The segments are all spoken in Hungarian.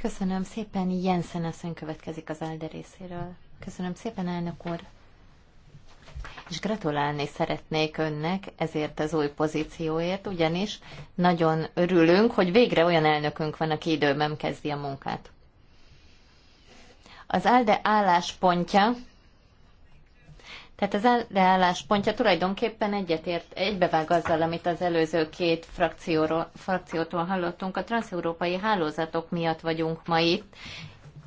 Köszönöm szépen, Jensen asszony következik az Alde részéről. Köszönöm szépen, elnök úr. És gratulálni szeretnék önnek ezért az új pozícióért, ugyanis nagyon örülünk, hogy végre olyan elnökünk van, aki időben kezdi a munkát. Az ALDE álláspontja tehát az álláspontja tulajdonképpen egyetért, egybevág azzal, amit az előző két frakcióról, frakciótól hallottunk. A transeurópai hálózatok miatt vagyunk ma itt,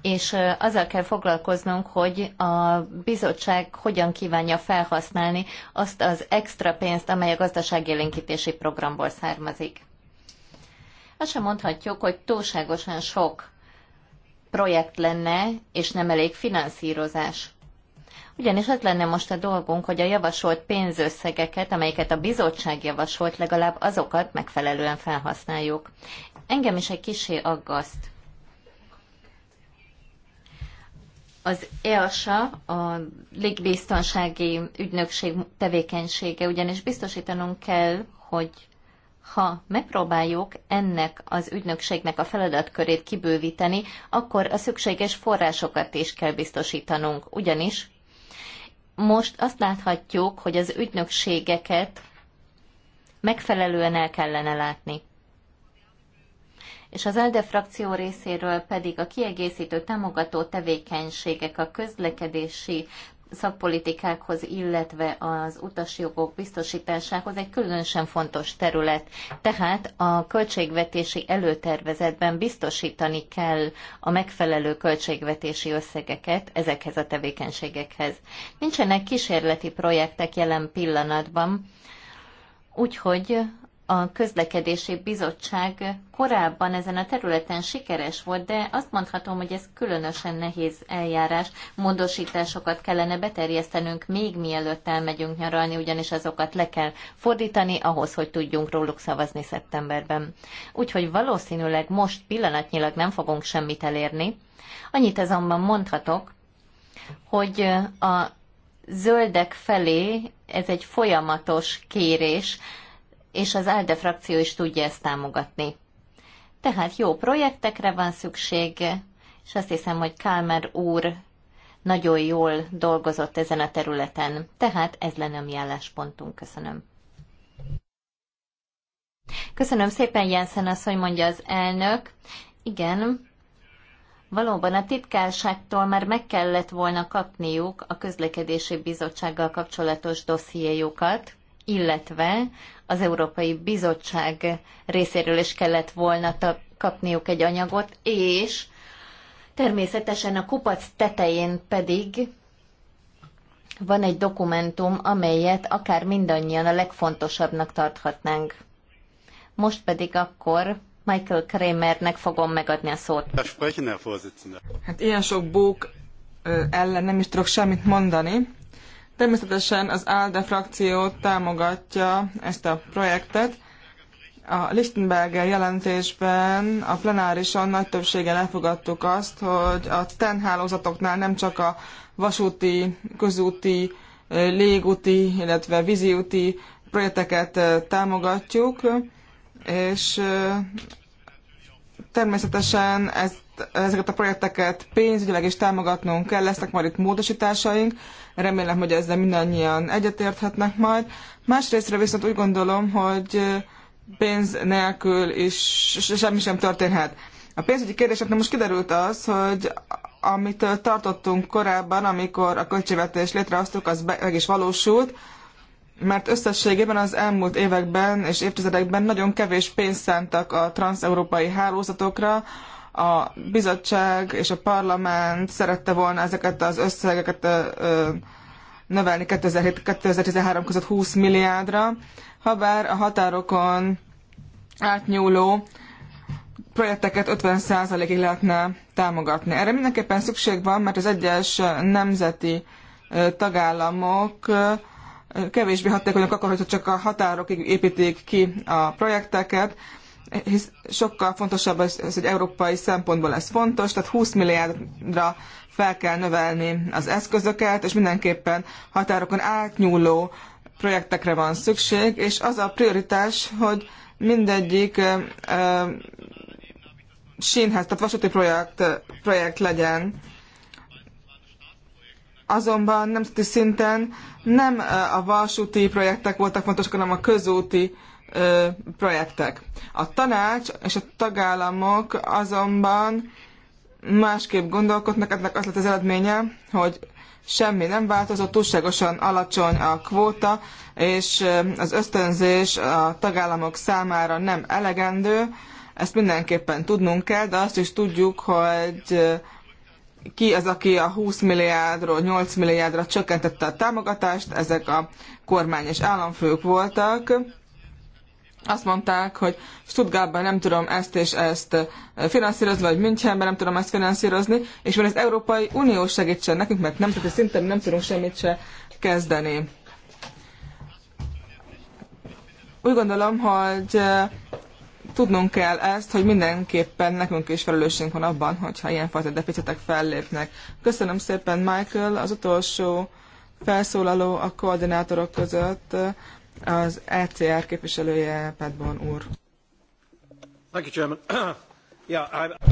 és azzal kell foglalkoznunk, hogy a bizottság hogyan kívánja felhasználni azt az extra pénzt, amely a gazdaságélénkítési programból származik. Azt sem mondhatjuk, hogy túlságosan sok projekt lenne, és nem elég finanszírozás ugyanis az lenne most a dolgunk, hogy a javasolt pénzösszegeket, amelyeket a bizottság javasolt, legalább azokat megfelelően felhasználjuk. Engem is egy kisé aggaszt. Az EASA, a légbiztonsági ügynökség tevékenysége, ugyanis biztosítanunk kell, hogy ha megpróbáljuk ennek az ügynökségnek a feladatkörét kibővíteni, akkor a szükséges forrásokat is kell biztosítanunk, ugyanis most azt láthatjuk, hogy az ügynökségeket megfelelően el kellene látni. És az ELDE frakció részéről pedig a kiegészítő támogató tevékenységek a közlekedési szakpolitikákhoz, illetve az utasjogok biztosításához egy különösen fontos terület. Tehát a költségvetési előtervezetben biztosítani kell a megfelelő költségvetési összegeket ezekhez a tevékenységekhez. Nincsenek kísérleti projektek jelen pillanatban, úgyhogy a közlekedési bizottság korábban ezen a területen sikeres volt, de azt mondhatom, hogy ez különösen nehéz eljárás. Módosításokat kellene beterjesztenünk még mielőtt elmegyünk nyaralni, ugyanis azokat le kell fordítani ahhoz, hogy tudjunk róluk szavazni szeptemberben. Úgyhogy valószínűleg most pillanatnyilag nem fogunk semmit elérni. Annyit azonban mondhatok, hogy a zöldek felé ez egy folyamatos kérés, és az ALDE frakció is tudja ezt támogatni. Tehát jó projektekre van szükség, és azt hiszem, hogy Kálmer úr nagyon jól dolgozott ezen a területen. Tehát ez lenne a mi álláspontunk. Köszönöm. Köszönöm szépen, Jensen, azt, hogy mondja az elnök. Igen, valóban a titkárságtól már meg kellett volna kapniuk a közlekedési bizottsággal kapcsolatos dossziéjukat, illetve az Európai Bizottság részéről is kellett volna kapniuk egy anyagot, és természetesen a kupac tetején pedig van egy dokumentum, amelyet akár mindannyian a legfontosabbnak tarthatnánk. Most pedig akkor Michael Kramernek fogom megadni a szót. Hát ilyen sok bók ellen nem is tudok semmit mondani, Természetesen az ALDE frakció támogatja ezt a projektet. A Lichtenberger jelentésben a plenárison nagy többséggel elfogadtuk azt, hogy a TEN hálózatoknál nem csak a vasúti, közúti, légúti, illetve víziúti projekteket támogatjuk, és természetesen ez ezeket a projekteket pénzügyileg is támogatnunk kell, lesznek majd itt módosításaink, remélem, hogy ezzel mindannyian egyetérthetnek majd. másrészt viszont úgy gondolom, hogy pénz nélkül is semmi sem történhet. A pénzügyi kérdéseknek most kiderült az, hogy amit tartottunk korábban, amikor a költségvetés létrehoztuk, az meg is valósult, mert összességében az elmúlt években és évtizedekben nagyon kevés pénzt szántak a transeurópai hálózatokra, a bizottság és a parlament szerette volna ezeket az összegeket növelni 2007-2013 között 20 milliárdra, habár a határokon átnyúló projekteket 50%-ig lehetne támogatni. Erre mindenképpen szükség van, mert az egyes nemzeti tagállamok kevésbé hatékonyak akkor, hogyha csak a határokig építik ki a projekteket, hisz sokkal fontosabb az, hogy európai szempontból ez fontos, tehát 20 milliárdra fel kell növelni az eszközöket, és mindenképpen határokon átnyúló projektekre van szükség, és az a prioritás, hogy mindegyik ö, ö, tehát vasúti projekt, projekt legyen. Azonban nemzeti szinten nem a vasúti projektek voltak fontosak, hanem a közúti projektek. A tanács és a tagállamok azonban másképp gondolkodnak, ennek az lett az eredménye, hogy semmi nem változott, túlságosan alacsony a kvóta, és az ösztönzés a tagállamok számára nem elegendő, ezt mindenképpen tudnunk kell, de azt is tudjuk, hogy ki az, aki a 20 milliárdról 8 milliárdra csökkentette a támogatást, ezek a kormány és államfők voltak, azt mondták, hogy Stuttgartban nem tudom ezt és ezt finanszírozni, vagy Münchenben nem tudom ezt finanszírozni, és mert az Európai Unió segítsen nekünk, mert nemzeti szinten nem tudunk semmit se kezdeni. Úgy gondolom, hogy tudnunk kell ezt, hogy mindenképpen nekünk is felelősségünk van abban, hogyha ilyenfajta deficitek fellépnek. Köszönöm szépen, Michael. Az utolsó felszólaló a koordinátorok között az ECR képviselője Padborn úr. Thank you,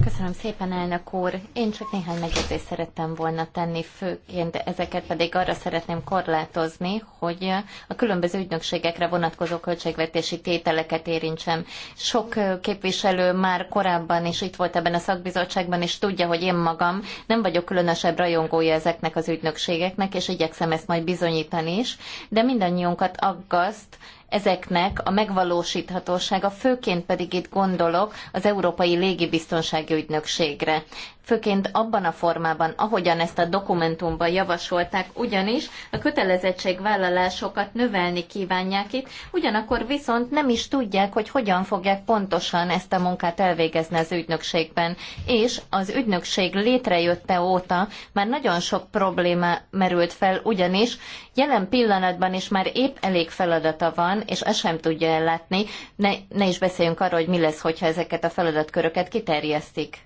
Köszönöm szépen, elnök úr. Én csak néhány megjegyzést szerettem volna tenni, főként ezeket pedig arra szeretném korlátozni, hogy a különböző ügynökségekre vonatkozó költségvetési tételeket érintsem. Sok képviselő már korábban is itt volt ebben a szakbizottságban, és tudja, hogy én magam nem vagyok különösebb rajongója ezeknek az ügynökségeknek, és igyekszem ezt majd bizonyítani is, de mindannyiunkat aggaszt, ezeknek a megvalósíthatósága, főként pedig itt gondolok az Európai Légibiztonsági Ügynökségre főként abban a formában, ahogyan ezt a dokumentumban javasolták, ugyanis a kötelezettségvállalásokat növelni kívánják itt, ugyanakkor viszont nem is tudják, hogy hogyan fogják pontosan ezt a munkát elvégezni az ügynökségben. És az ügynökség létrejötte óta már nagyon sok probléma merült fel, ugyanis jelen pillanatban is már épp elég feladata van, és ezt sem tudja ellátni. Ne, ne is beszéljünk arról, hogy mi lesz, hogyha ezeket a feladatköröket kiterjesztik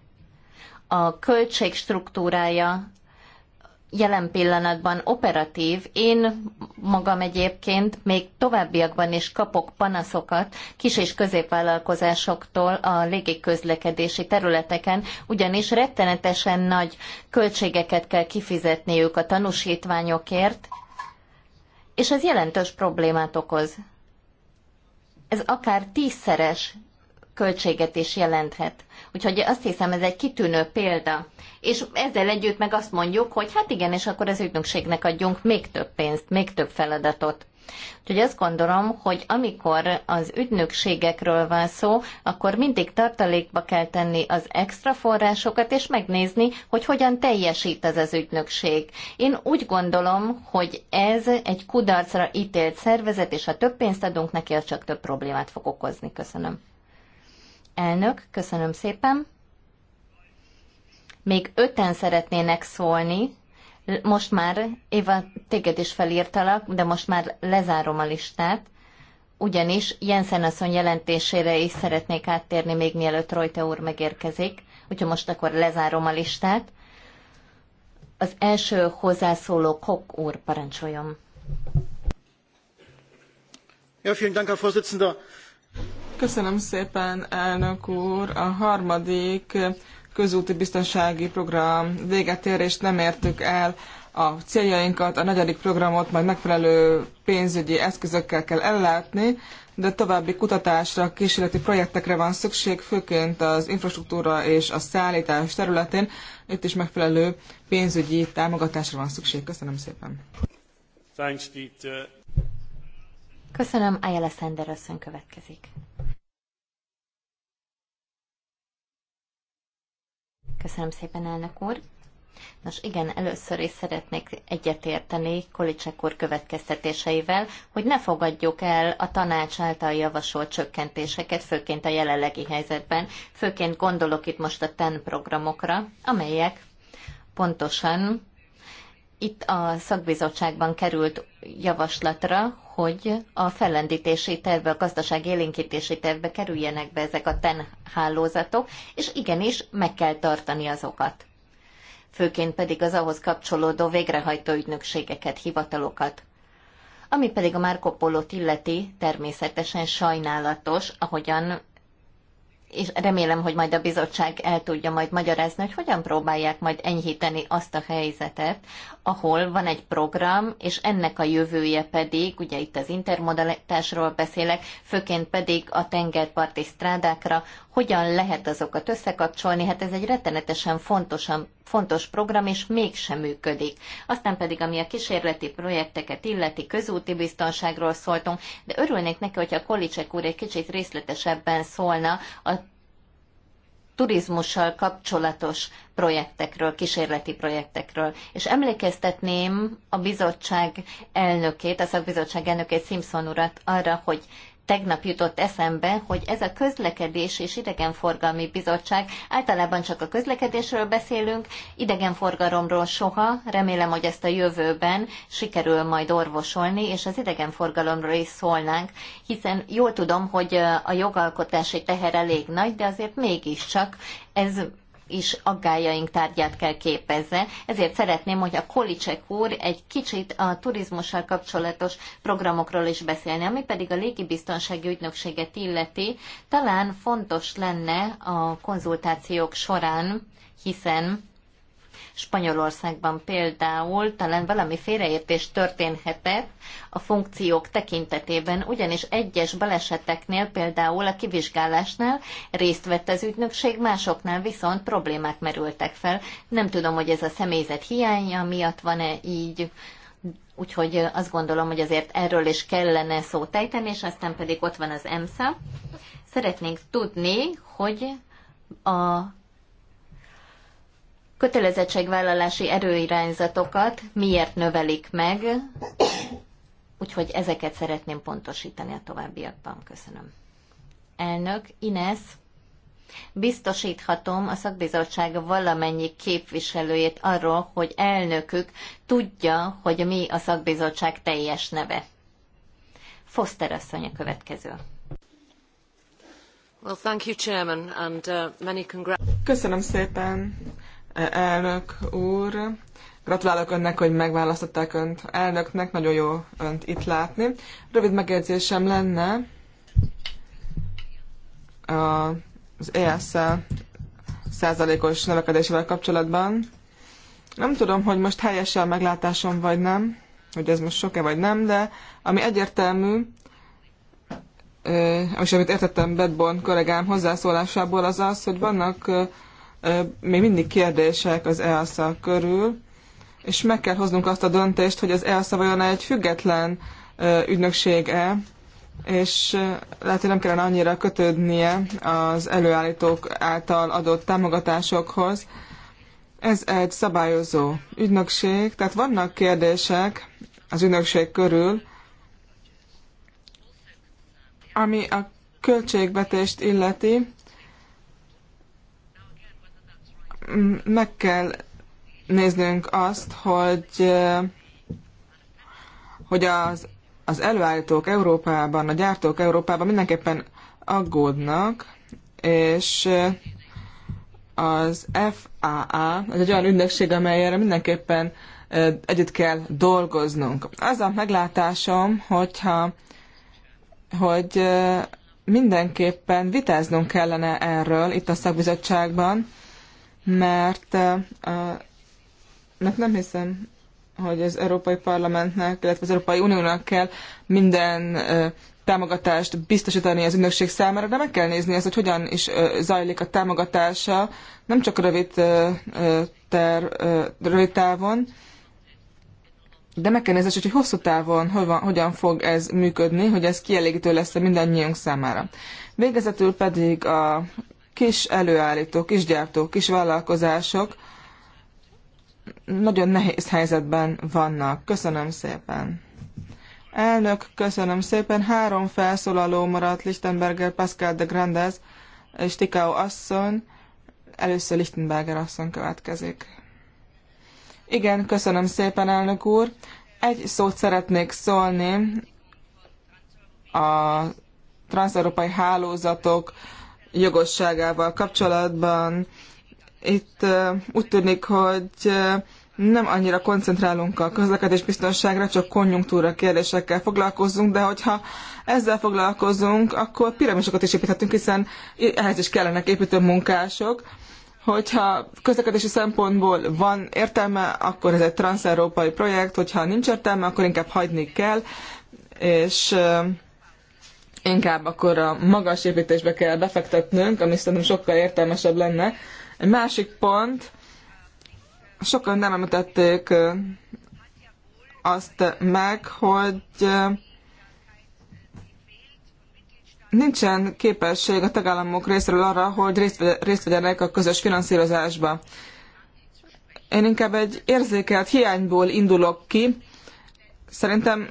a költség struktúrája jelen pillanatban operatív. Én magam egyébként még továbbiakban is kapok panaszokat kis- és középvállalkozásoktól a légiközlekedési területeken, ugyanis rettenetesen nagy költségeket kell kifizetniük a tanúsítványokért, és ez jelentős problémát okoz. Ez akár tízszeres költséget is jelenthet. Úgyhogy azt hiszem, ez egy kitűnő példa. És ezzel együtt meg azt mondjuk, hogy hát igen, és akkor az ügynökségnek adjunk még több pénzt, még több feladatot. Úgyhogy azt gondolom, hogy amikor az ügynökségekről van szó, akkor mindig tartalékba kell tenni az extra forrásokat, és megnézni, hogy hogyan teljesít ez az ügynökség. Én úgy gondolom, hogy ez egy kudarcra ítélt szervezet, és ha több pénzt adunk neki, az csak több problémát fog okozni. Köszönöm. Elnök, köszönöm szépen. Még öten szeretnének szólni. Most már, Éva, téged is felírtalak, de most már lezárom a listát. Ugyanis Jensen asszony jelentésére is szeretnék áttérni, még mielőtt Rojte úr megérkezik. Úgyhogy most akkor lezárom a listát. Az első hozzászóló Kok úr parancsoljon. Ja, vielen Dank, Herr Vorsitzender. Köszönöm szépen, elnök úr. A harmadik közúti biztonsági program véget ér, és nem értük el a céljainkat, a negyedik programot majd megfelelő pénzügyi eszközökkel kell ellátni, de további kutatásra, kísérleti projektekre van szükség, főként az infrastruktúra és a szállítás területén. Itt is megfelelő pénzügyi támogatásra van szükség. Köszönöm szépen. Thanks, Dieter. Köszönöm, Ayala Sender asszony következik. Köszönöm szépen, elnök úr. Nos igen, először is szeretnék egyetérteni Kolicsek úr következtetéseivel, hogy ne fogadjuk el a tanács által javasolt csökkentéseket, főként a jelenlegi helyzetben, főként gondolok itt most a TEN programokra, amelyek pontosan itt a szakbizottságban került javaslatra, hogy a fellendítési tervbe, a gazdaság élénkítési tervbe kerüljenek be ezek a TEN hálózatok, és igenis meg kell tartani azokat. Főként pedig az ahhoz kapcsolódó végrehajtó ügynökségeket, hivatalokat. Ami pedig a Marco illeti, természetesen sajnálatos, ahogyan és remélem, hogy majd a bizottság el tudja majd magyarázni, hogy hogyan próbálják majd enyhíteni azt a helyzetet, ahol van egy program, és ennek a jövője pedig, ugye itt az intermodalitásról beszélek, főként pedig a tengerparti strádákra, hogyan lehet azokat összekapcsolni, hát ez egy rettenetesen fontosan, fontos program, és mégsem működik. Aztán pedig, ami a kísérleti projekteket illeti, közúti biztonságról szóltunk, de örülnék neki, hogyha a Kolicek úr egy kicsit részletesebben szólna a turizmussal kapcsolatos projektekről, kísérleti projektekről. És emlékeztetném a bizottság elnökét, a szakbizottság elnökét Simpson urat arra, hogy tegnap jutott eszembe, hogy ez a közlekedés és idegenforgalmi bizottság, általában csak a közlekedésről beszélünk, idegenforgalomról soha, remélem, hogy ezt a jövőben sikerül majd orvosolni, és az idegenforgalomról is szólnánk, hiszen jól tudom, hogy a jogalkotási teher elég nagy, de azért mégiscsak ez is aggájaink tárgyát kell képezze. Ezért szeretném, hogy a Kolicek úr egy kicsit a turizmussal kapcsolatos programokról is beszélne, ami pedig a légibiztonsági ügynökséget illeti. Talán fontos lenne a konzultációk során, hiszen Spanyolországban például talán valami félreértés történhetett a funkciók tekintetében, ugyanis egyes baleseteknél, például a kivizsgálásnál részt vett az ügynökség, másoknál viszont problémák merültek fel. Nem tudom, hogy ez a személyzet hiánya miatt van-e így, Úgyhogy azt gondolom, hogy azért erről is kellene szót ejteni, és aztán pedig ott van az EMSA. Szeretnénk tudni, hogy a kötelezettségvállalási erőirányzatokat miért növelik meg, úgyhogy ezeket szeretném pontosítani a továbbiakban. Köszönöm. Elnök Ines, biztosíthatom a szakbizottság valamennyi képviselőjét arról, hogy elnökük tudja, hogy mi a szakbizottság teljes neve. Foster asszony a következő. Well, thank you, Chairman, and, uh, many Köszönöm szépen, elnök úr. Gratulálok önnek, hogy megválasztották önt elnöknek, nagyon jó önt itt látni. Rövid megjegyzésem lenne az ESZ százalékos növekedésével kapcsolatban. Nem tudom, hogy most helyesen a meglátásom vagy nem, hogy ez most sok-e vagy nem, de ami egyértelmű, és amit értettem Bedborn kollégám hozzászólásából, az az, hogy vannak még mindig kérdések az EASA körül, és meg kell hoznunk azt a döntést, hogy az EASA vajon egy független ügynökség-e, és lehet, hogy nem kellene annyira kötődnie az előállítók által adott támogatásokhoz. Ez egy szabályozó ügynökség, tehát vannak kérdések az ügynökség körül, ami a költségvetést illeti, meg kell néznünk azt, hogy, eh, hogy az, az előállítók Európában, a gyártók Európában mindenképpen aggódnak, és eh, az FAA, ez egy olyan ügynökség, amelyre mindenképpen eh, együtt kell dolgoznunk. Az a meglátásom, hogyha, hogy mindenképpen vitáznunk kellene erről itt a szakbizottságban, mert, mert nem hiszem, hogy az Európai Parlamentnek, illetve az Európai Uniónak kell minden támogatást biztosítani az ügynökség számára, de meg kell nézni ezt, hogy hogyan is zajlik a támogatása, nem csak rövid, ter, rövid távon, de meg kell nézni, hogy hosszú távon hogyan, hogyan fog ez működni, hogy ez kielégítő lesz -e mindannyiunk számára. Végezetül pedig a kis előállítók, kis gyártók, kis vállalkozások nagyon nehéz helyzetben vannak. Köszönöm szépen. Elnök, köszönöm szépen. Három felszólaló maradt Lichtenberger, Pascal de Grandez és Tikao asszony. Először Lichtenberger asszony következik. Igen, köszönöm szépen, elnök úr. Egy szót szeretnék szólni a transzeurópai hálózatok jogosságával kapcsolatban. Itt úgy tűnik, hogy nem annyira koncentrálunk a közlekedés biztonságra, csak konjunktúra kérdésekkel foglalkozunk, de hogyha ezzel foglalkozunk, akkor piramisokat is építhetünk, hiszen ehhez is kellenek építőmunkások. Hogyha közlekedési szempontból van értelme, akkor ez egy transzeurópai projekt, hogyha nincs értelme, akkor inkább hagyni kell, és inkább akkor a magas építésbe kell befektetnünk, ami szerintem sokkal értelmesebb lenne. Egy másik pont, sokan nem említették azt meg, hogy nincsen képesség a tagállamok részéről arra, hogy részt, részt vegyenek a közös finanszírozásba. Én inkább egy érzékelt hiányból indulok ki. Szerintem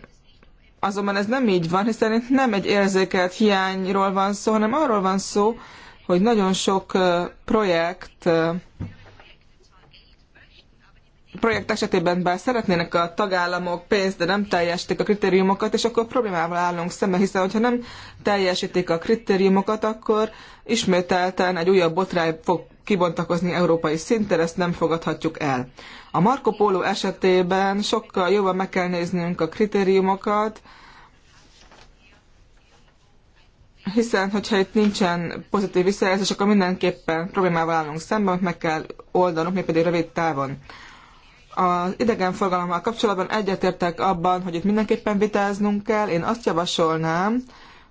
Azonban ez nem így van, hiszen itt nem egy érzékelt hiányról van szó, hanem arról van szó, hogy nagyon sok projekt projekt esetében bár szeretnének a tagállamok pénzt, de nem teljesítik a kritériumokat, és akkor problémával állunk szembe, hiszen hogyha nem teljesítik a kritériumokat, akkor ismételten egy újabb botrány fog kibontakozni európai szinten, ezt nem fogadhatjuk el. A Marco Polo esetében sokkal jobban meg kell néznünk a kritériumokat, hiszen, hogyha itt nincsen pozitív visszajelzés, akkor mindenképpen problémával állunk szemben, amit meg kell oldanunk, mégpedig rövid távon. Az idegenforgalommal kapcsolatban egyetértek abban, hogy itt mindenképpen vitáznunk kell. Én azt javasolnám,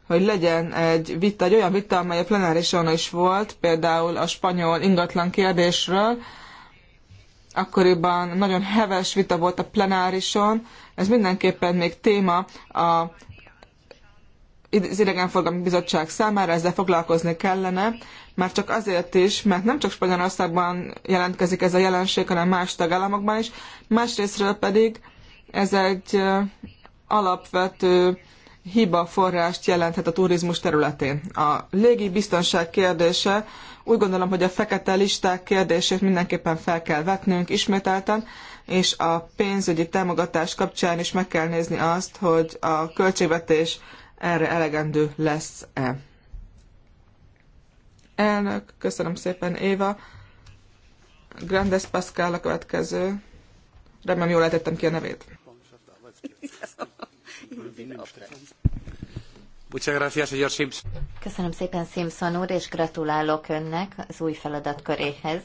hogy legyen egy vita, egy olyan vita, amely a plenárison is volt, például a spanyol ingatlan kérdésről. Akkoriban nagyon heves vita volt a plenárison. Ez mindenképpen még téma a az Idegenforgalmi Bizottság számára ezzel foglalkozni kellene, már csak azért is, mert nem csak Spanyolországban jelentkezik ez a jelenség, hanem más tagállamokban is, másrésztről pedig ez egy alapvető hiba forrást jelenthet a turizmus területén. A légi biztonság kérdése úgy gondolom, hogy a fekete listák kérdését mindenképpen fel kell vetnünk ismételten, és a pénzügyi támogatás kapcsán is meg kell nézni azt, hogy a költségvetés erre elegendő lesz-e. Elnök, köszönöm szépen Éva. Grandes Pascal a következő. Remélem jól lehetettem ki a nevét. Köszönöm szépen Simpson úr, és gratulálok önnek az új feladatköréhez.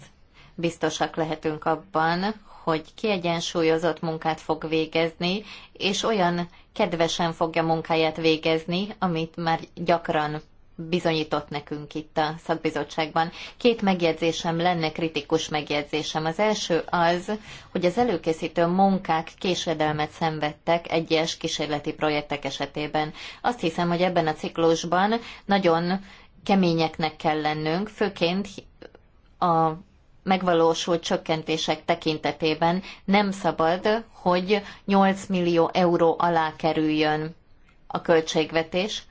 Biztosak lehetünk abban, hogy kiegyensúlyozott munkát fog végezni, és olyan kedvesen fogja munkáját végezni, amit már gyakran bizonyított nekünk itt a szakbizottságban. Két megjegyzésem lenne, kritikus megjegyzésem. Az első az, hogy az előkészítő munkák késedelmet szenvedtek egyes kísérleti projektek esetében. Azt hiszem, hogy ebben a ciklusban nagyon keményeknek kell lennünk, főként a megvalósult csökkentések tekintetében nem szabad, hogy 8 millió euró alá kerüljön a költségvetés,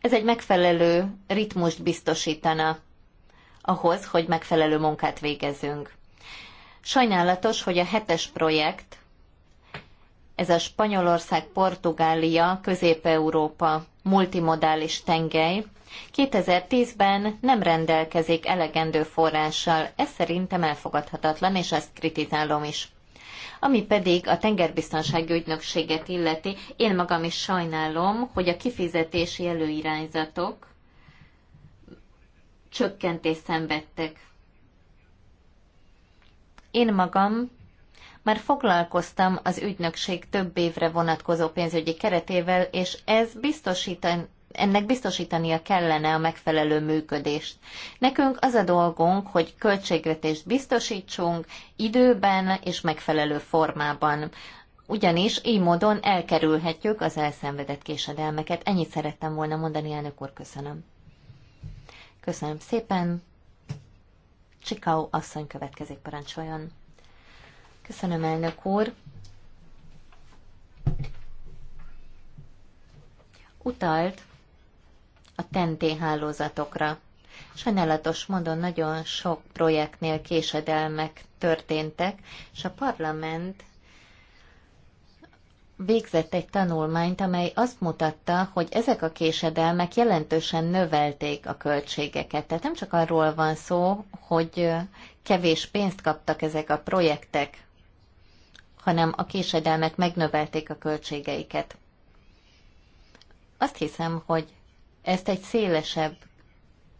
ez egy megfelelő ritmust biztosítana ahhoz, hogy megfelelő munkát végezzünk. Sajnálatos, hogy a hetes projekt, ez a Spanyolország, Portugália, Közép-Európa multimodális tengely, 2010-ben nem rendelkezik elegendő forrással. Ez szerintem elfogadhatatlan, és ezt kritizálom is. Ami pedig a tengerbiztonsági ügynökséget illeti, én magam is sajnálom, hogy a kifizetési előirányzatok csökkentést szenvedtek. Én magam már foglalkoztam az ügynökség több évre vonatkozó pénzügyi keretével, és ez biztosítani ennek biztosítania kellene a megfelelő működést. Nekünk az a dolgunk, hogy költségvetést biztosítsunk időben és megfelelő formában. Ugyanis így módon elkerülhetjük az elszenvedett késedelmeket. Ennyit szerettem volna mondani, elnök úr, köszönöm. Köszönöm szépen. Csikau asszony következik, parancsoljon. Köszönöm, elnök úr. Utalt a tenté hálózatokra. Sajnálatos módon nagyon sok projektnél késedelmek történtek, és a parlament végzett egy tanulmányt, amely azt mutatta, hogy ezek a késedelmek jelentősen növelték a költségeket. Tehát nem csak arról van szó, hogy kevés pénzt kaptak ezek a projektek, hanem a késedelmek megnövelték a költségeiket. Azt hiszem, hogy ezt egy szélesebb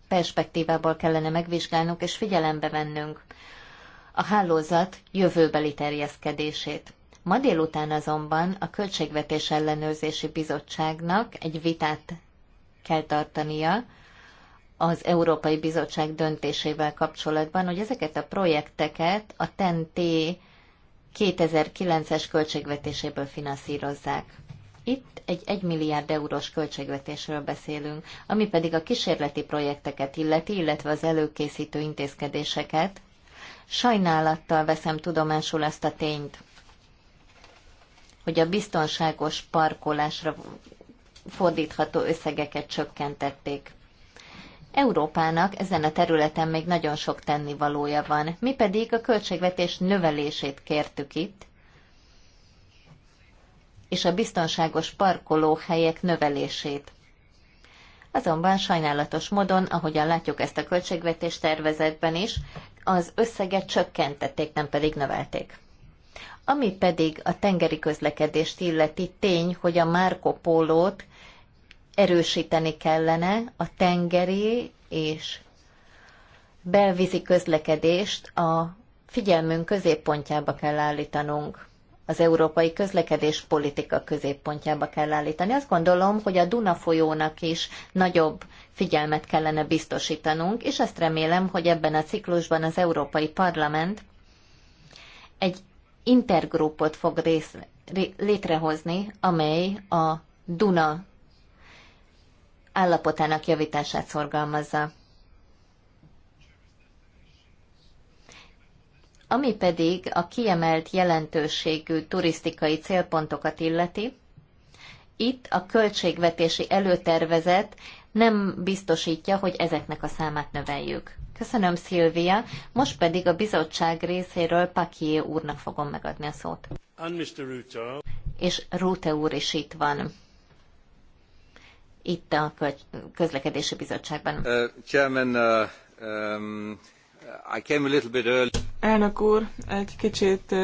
perspektívából kellene megvizsgálnunk és figyelembe vennünk a hálózat jövőbeli terjeszkedését. Ma délután azonban a Költségvetés Ellenőrzési Bizottságnak egy vitát kell tartania az Európai Bizottság döntésével kapcsolatban, hogy ezeket a projekteket a TEN-T 2009-es költségvetéséből finanszírozzák. Itt egy 1 milliárd eurós költségvetésről beszélünk, ami pedig a kísérleti projekteket illeti, illetve az előkészítő intézkedéseket. Sajnálattal veszem tudomásul ezt a tényt, hogy a biztonságos parkolásra fordítható összegeket csökkentették. Európának ezen a területen még nagyon sok tennivalója van, mi pedig a költségvetés növelését kértük itt, és a biztonságos parkolóhelyek növelését. Azonban sajnálatos módon, ahogyan látjuk ezt a költségvetés tervezetben is, az összeget csökkentették, nem pedig növelték. Ami pedig a tengeri közlekedést illeti tény, hogy a Marco Polo-t erősíteni kellene a tengeri és belvízi közlekedést a figyelmünk középpontjába kell állítanunk az európai közlekedés politika középpontjába kell állítani. Azt gondolom, hogy a Duna folyónak is nagyobb figyelmet kellene biztosítanunk, és azt remélem, hogy ebben a ciklusban az Európai Parlament egy intergrupot fog rész, ré, létrehozni, amely a Duna állapotának javítását szorgalmazza. Ami pedig a kiemelt jelentőségű turisztikai célpontokat illeti, itt a költségvetési előtervezet nem biztosítja, hogy ezeknek a számát növeljük. Köszönöm, Szilvia. Most pedig a bizottság részéről Pakié úrnak fogom megadni a szót. És Rute úr is itt van. Itt a közlekedési bizottságban. Uh, chairman, uh, um, I came a little bit early. Elnök úr, egy kicsit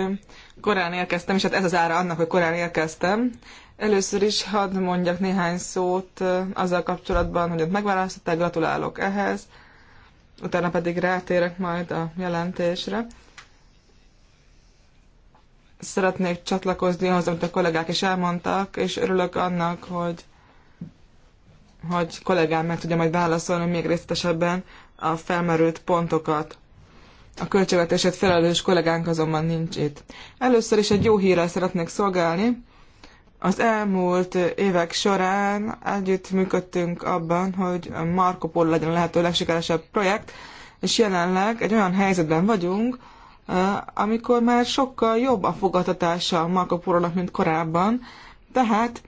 korán érkeztem, és hát ez az ára annak, hogy korán érkeztem. Először is hadd mondjak néhány szót azzal kapcsolatban, hogy ott megválasztották, gratulálok ehhez, utána pedig rátérek majd a jelentésre. Szeretnék csatlakozni ahhoz, amit a kollégák is elmondtak, és örülök annak, hogy, hogy kollégám meg tudja majd válaszolni még részletesebben a felmerült pontokat. A költségvetését felelős kollégánk azonban nincs itt. Először is egy jó hírrel szeretnék szolgálni. Az elmúlt évek során együtt működtünk abban, hogy a Marco Polo legyen a lehető legsikeresebb projekt, és jelenleg egy olyan helyzetben vagyunk, amikor már sokkal jobb a fogadtatása a Marco Polo-nak, mint korábban, tehát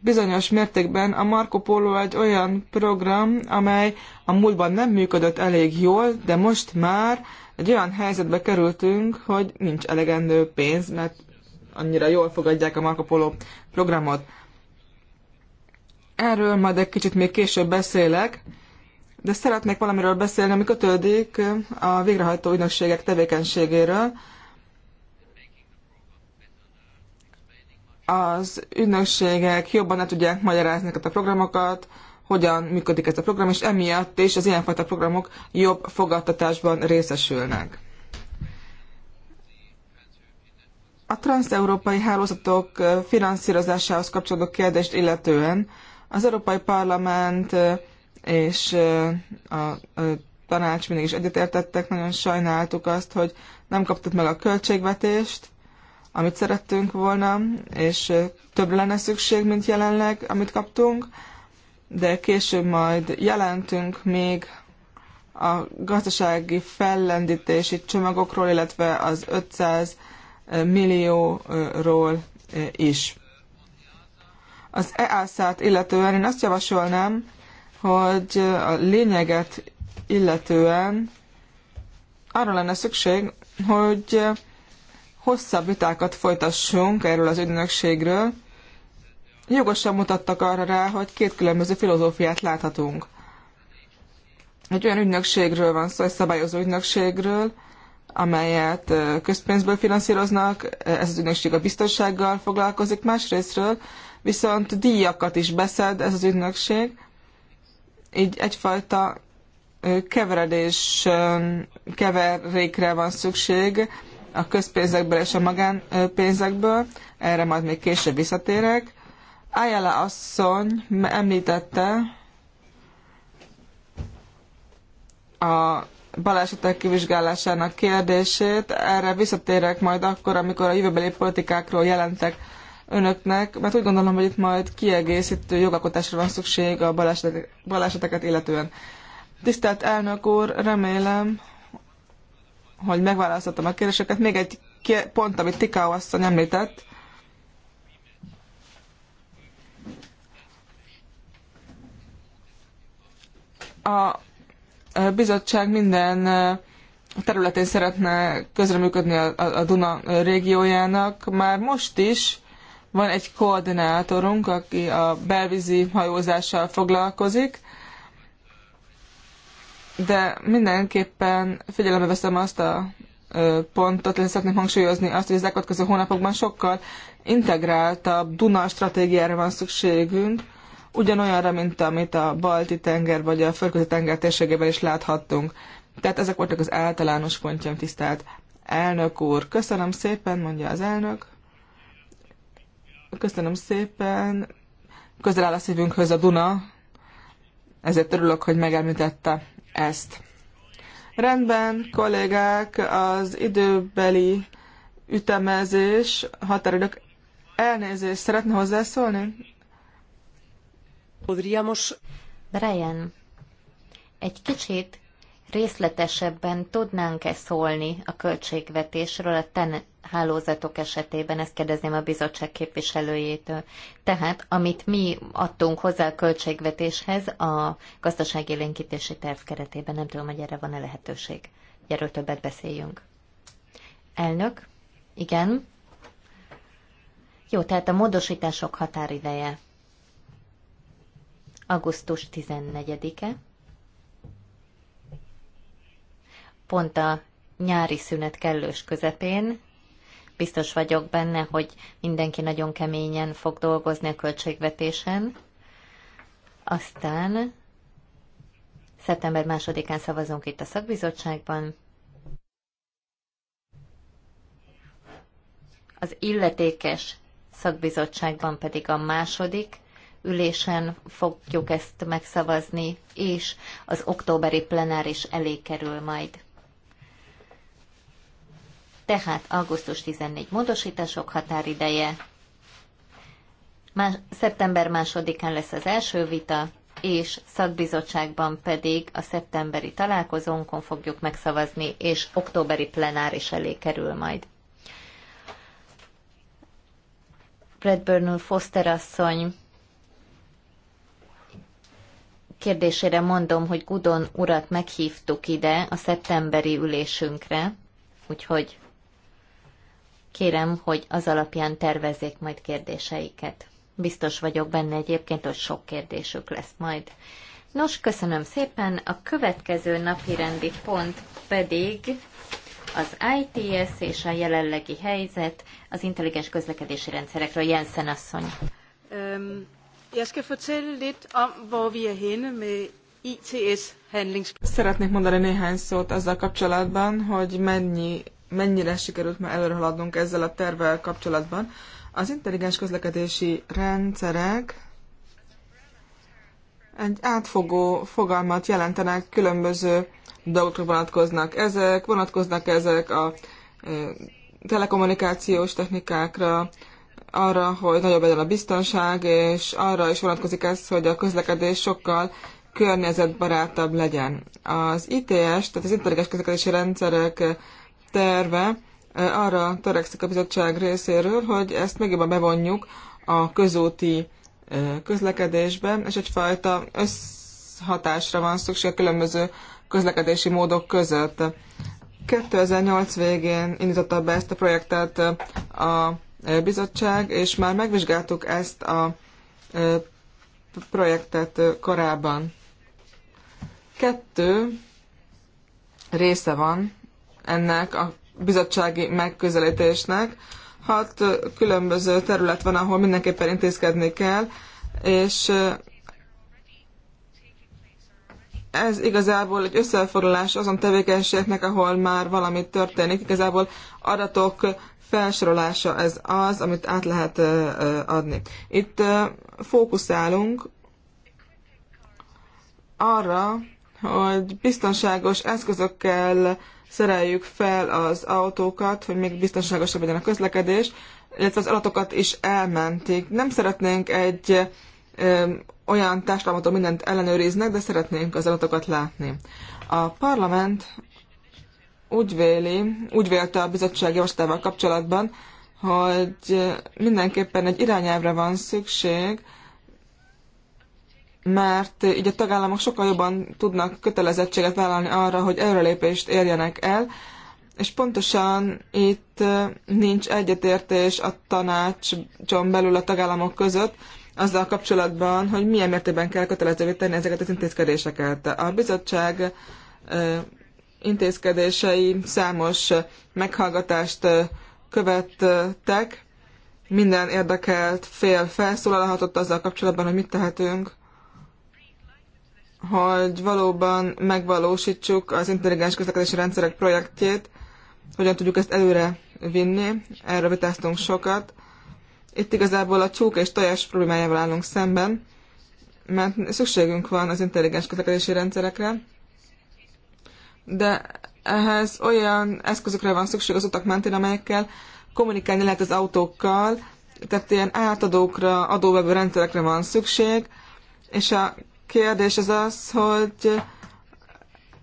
bizonyos mértékben a Marco Polo egy olyan program, amely a múltban nem működött elég jól, de most már egy olyan helyzetbe kerültünk, hogy nincs elegendő pénz, mert annyira jól fogadják a Marco Polo programot. Erről majd egy kicsit még később beszélek, de szeretnék valamiről beszélni, ami kötődik a végrehajtó ügynökségek tevékenységéről. Az ügynökségek jobban ne tudják magyarázni a programokat, hogyan működik ez a program, és emiatt és az ilyenfajta programok jobb fogadtatásban részesülnek. A transeurópai hálózatok finanszírozásához kapcsolódó kérdést illetően az Európai Parlament és a tanács mindig is egyetértettek, nagyon sajnáltuk azt, hogy nem kaptuk meg a költségvetést, amit szerettünk volna, és többre lenne szükség, mint jelenleg, amit kaptunk de később majd jelentünk még a gazdasági fellendítési csomagokról, illetve az 500 millióról is. Az easz át illetően én azt javasolnám, hogy a lényeget illetően arra lenne szükség, hogy hosszabb vitákat folytassunk erről az ügynökségről, jogosan mutattak arra rá, hogy két különböző filozófiát láthatunk. Egy olyan ügynökségről van szó, egy szabályozó ügynökségről, amelyet közpénzből finanszíroznak, ez az ügynökség a biztonsággal foglalkozik, másrésztről viszont díjakat is beszed ez az ügynökség, így egyfajta keveredés, keverékre van szükség a közpénzekből és a magánpénzekből, erre majd még később visszatérek. Ayala asszony említette a balesetek kivizsgálásának kérdését. Erre visszatérek majd akkor, amikor a jövőbeli politikákról jelentek önöknek, mert úgy gondolom, hogy itt majd kiegészítő jogalkotásra van szükség a balesetek, baleseteket illetően. Tisztelt elnök úr, remélem, hogy megválaszoltam a kérdéseket. Még egy pont, amit Tikao asszony említett, A bizottság minden területén szeretne közreműködni a, a Duna régiójának. Már most is van egy koordinátorunk, aki a belvízi hajózással foglalkozik, de mindenképpen figyelembe veszem azt a pontot, én szeretném hangsúlyozni azt, hogy az elkövetkező hónapokban sokkal integráltabb Duna stratégiára van szükségünk, ugyanolyanra, mint amit a balti tenger vagy a földközi tenger térségében is láthattunk. Tehát ezek voltak az általános pontjaim, tisztelt elnök úr. Köszönöm szépen, mondja az elnök. Köszönöm szépen. Közel áll a szívünkhöz a Duna, ezért örülök, hogy megemlítette ezt. Rendben, kollégák, az időbeli ütemezés, határidők elnézést, szeretne hozzászólni? Podríamos... Brian, egy kicsit részletesebben tudnánk-e szólni a költségvetésről a TEN hálózatok esetében, ezt kérdezném a bizottság képviselőjétől. Tehát, amit mi adtunk hozzá a költségvetéshez a gazdasági gazdaságélénkítési terv keretében, nem tudom, hogy erre van-e lehetőség. Erről többet beszéljünk. Elnök, igen. Jó, tehát a módosítások határideje augusztus 14-e. Pont a nyári szünet kellős közepén. Biztos vagyok benne, hogy mindenki nagyon keményen fog dolgozni a költségvetésen. Aztán szeptember másodikán szavazunk itt a szakbizottságban. Az illetékes szakbizottságban pedig a második ülésen fogjuk ezt megszavazni, és az októberi plenáris elé kerül majd. Tehát augusztus 14 módosítások határideje, Más, szeptember másodikán lesz az első vita, és szakbizottságban pedig a szeptemberi találkozónkon fogjuk megszavazni, és októberi plenáris elé kerül majd. Fred Burnell Foster asszony kérdésére mondom, hogy Gudon urat meghívtuk ide a szeptemberi ülésünkre, úgyhogy kérem, hogy az alapján tervezzék majd kérdéseiket. Biztos vagyok benne egyébként, hogy sok kérdésük lesz majd. Nos, köszönöm szépen. A következő napi rendi pont pedig az ITS és a jelenlegi helyzet az intelligens közlekedési rendszerekről. Jensen asszony. Um fortælle lidt om, hvor vi er henne med ITS Szeretnék mondani néhány szót ezzel kapcsolatban, hogy mennyi, mennyire sikerült már előre haladnunk ezzel a tervvel kapcsolatban. Az intelligens közlekedési rendszerek egy átfogó fogalmat jelentenek, különböző dolgokra vonatkoznak ezek, vonatkoznak ezek a telekommunikációs technikákra, arra, hogy nagyobb legyen a biztonság, és arra is vonatkozik ez, hogy a közlekedés sokkal környezetbarátabb legyen. Az ITS, tehát az intelligens közlekedési rendszerek terve arra törekszik a bizottság részéről, hogy ezt még jobban bevonjuk a közúti közlekedésbe, és egyfajta összhatásra van szükség a különböző közlekedési módok között. 2008 végén indította be ezt a projektet a bizottság, és már megvizsgáltuk ezt a projektet korábban. Kettő része van ennek a bizottsági megközelítésnek. Hat különböző terület van, ahol mindenképpen intézkedni kell, és ez igazából egy összefoglalás azon tevékenységnek, ahol már valami történik. Igazából adatok felsorolása ez az, amit át lehet adni. Itt fókuszálunk arra, hogy biztonságos eszközökkel szereljük fel az autókat, hogy még biztonságosabb legyen a közlekedés, illetve az adatokat is elmentik. Nem szeretnénk egy ö, olyan társadalmat, mindent ellenőriznek, de szeretnénk az adatokat látni. A parlament úgy véli, úgy vélte a bizottság javaslatával kapcsolatban, hogy mindenképpen egy irányelvre van szükség, mert így a tagállamok sokkal jobban tudnak kötelezettséget vállalni arra, hogy előrelépést érjenek el, és pontosan itt nincs egyetértés a tanácson belül a tagállamok között, azzal kapcsolatban, hogy milyen mértékben kell kötelezővé tenni ezeket az intézkedéseket. A bizottság intézkedései számos meghallgatást követtek. Minden érdekelt fél felszólalhatott azzal kapcsolatban, hogy mit tehetünk, hogy valóban megvalósítsuk az intelligens közlekedési rendszerek projektjét, hogyan tudjuk ezt előre vinni, erről vitáztunk sokat. Itt igazából a csók és tojás problémájával állunk szemben, mert szükségünk van az intelligens közlekedési rendszerekre, de ehhez olyan eszközökre van szükség az utak mentén, amelyekkel kommunikálni lehet az autókkal, tehát ilyen átadókra, adóvevő rendszerekre van szükség, és a kérdés az az, hogy,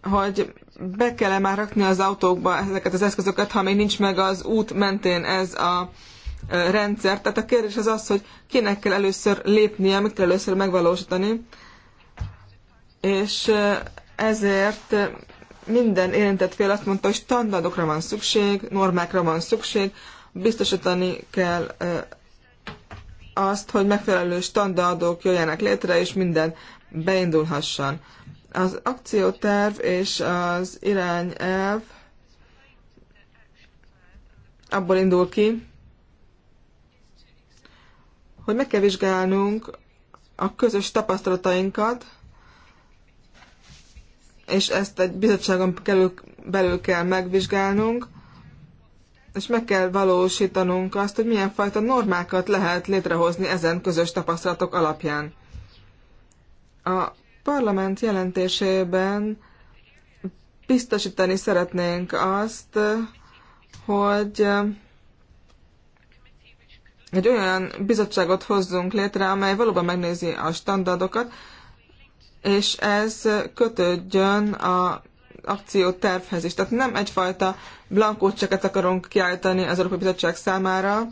hogy be kell -e már rakni az autókba ezeket az eszközöket, ha még nincs meg az út mentén ez a rendszer. Tehát a kérdés az az, hogy kinek kell először lépnie, mit kell először megvalósítani, és ezért minden érintett fél azt mondta, hogy standardokra van szükség, normákra van szükség, biztosítani kell azt, hogy megfelelő standardok jöjjenek létre, és minden beindulhasson. Az akcióterv és az irányelv abból indul ki, hogy meg kell vizsgálnunk a közös tapasztalatainkat, és ezt egy bizottságon belül, belül kell megvizsgálnunk, és meg kell valósítanunk azt, hogy milyen fajta normákat lehet létrehozni ezen közös tapasztalatok alapján. A parlament jelentésében biztosítani szeretnénk azt, hogy egy olyan bizottságot hozzunk létre, amely valóban megnézi a standardokat, és ez kötődjön a akciótervhez is. Tehát nem egyfajta blankó cseket akarunk kiállítani az Európai Bizottság számára.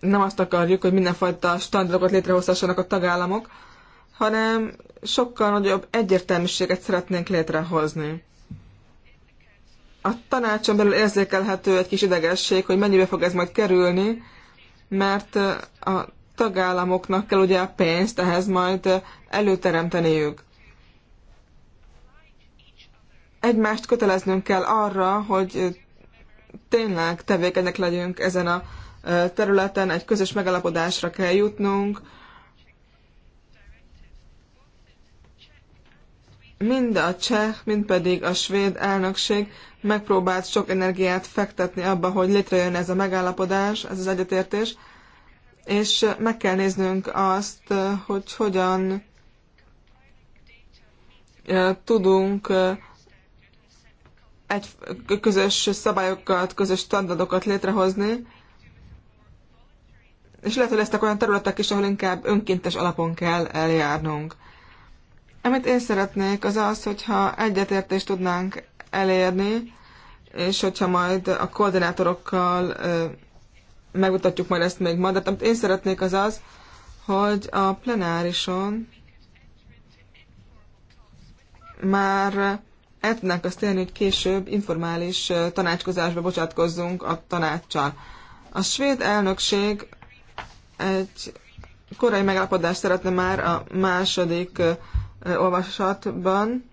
Nem azt akarjuk, hogy mindenfajta standardokat létrehozhassanak a tagállamok, hanem sokkal nagyobb egyértelműséget szeretnénk létrehozni. A tanácson belül érzékelhető egy kis idegesség, hogy mennyibe fog ez majd kerülni, mert a tagállamoknak kell ugye a pénzt ehhez majd előteremteniük. Egymást köteleznünk kell arra, hogy tényleg tevékenyek legyünk ezen a területen, egy közös megalapodásra kell jutnunk. Mind a cseh, mind pedig a svéd elnökség megpróbált sok energiát fektetni abba, hogy létrejön ez a megállapodás, ez az egyetértés és meg kell néznünk azt, hogy hogyan tudunk egy közös szabályokat, közös standardokat létrehozni, és lehet, hogy lesznek olyan területek is, ahol inkább önkéntes alapon kell eljárnunk. Amit én szeretnék, az az, hogyha egyetértést tudnánk elérni, és hogyha majd a koordinátorokkal megmutatjuk majd ezt még ma, de amit én szeretnék az az, hogy a plenárison már el tudnánk azt élni, hogy később informális tanácskozásba bocsátkozzunk a tanácssal. A svéd elnökség egy korai megállapodást szeretne már a második olvasatban,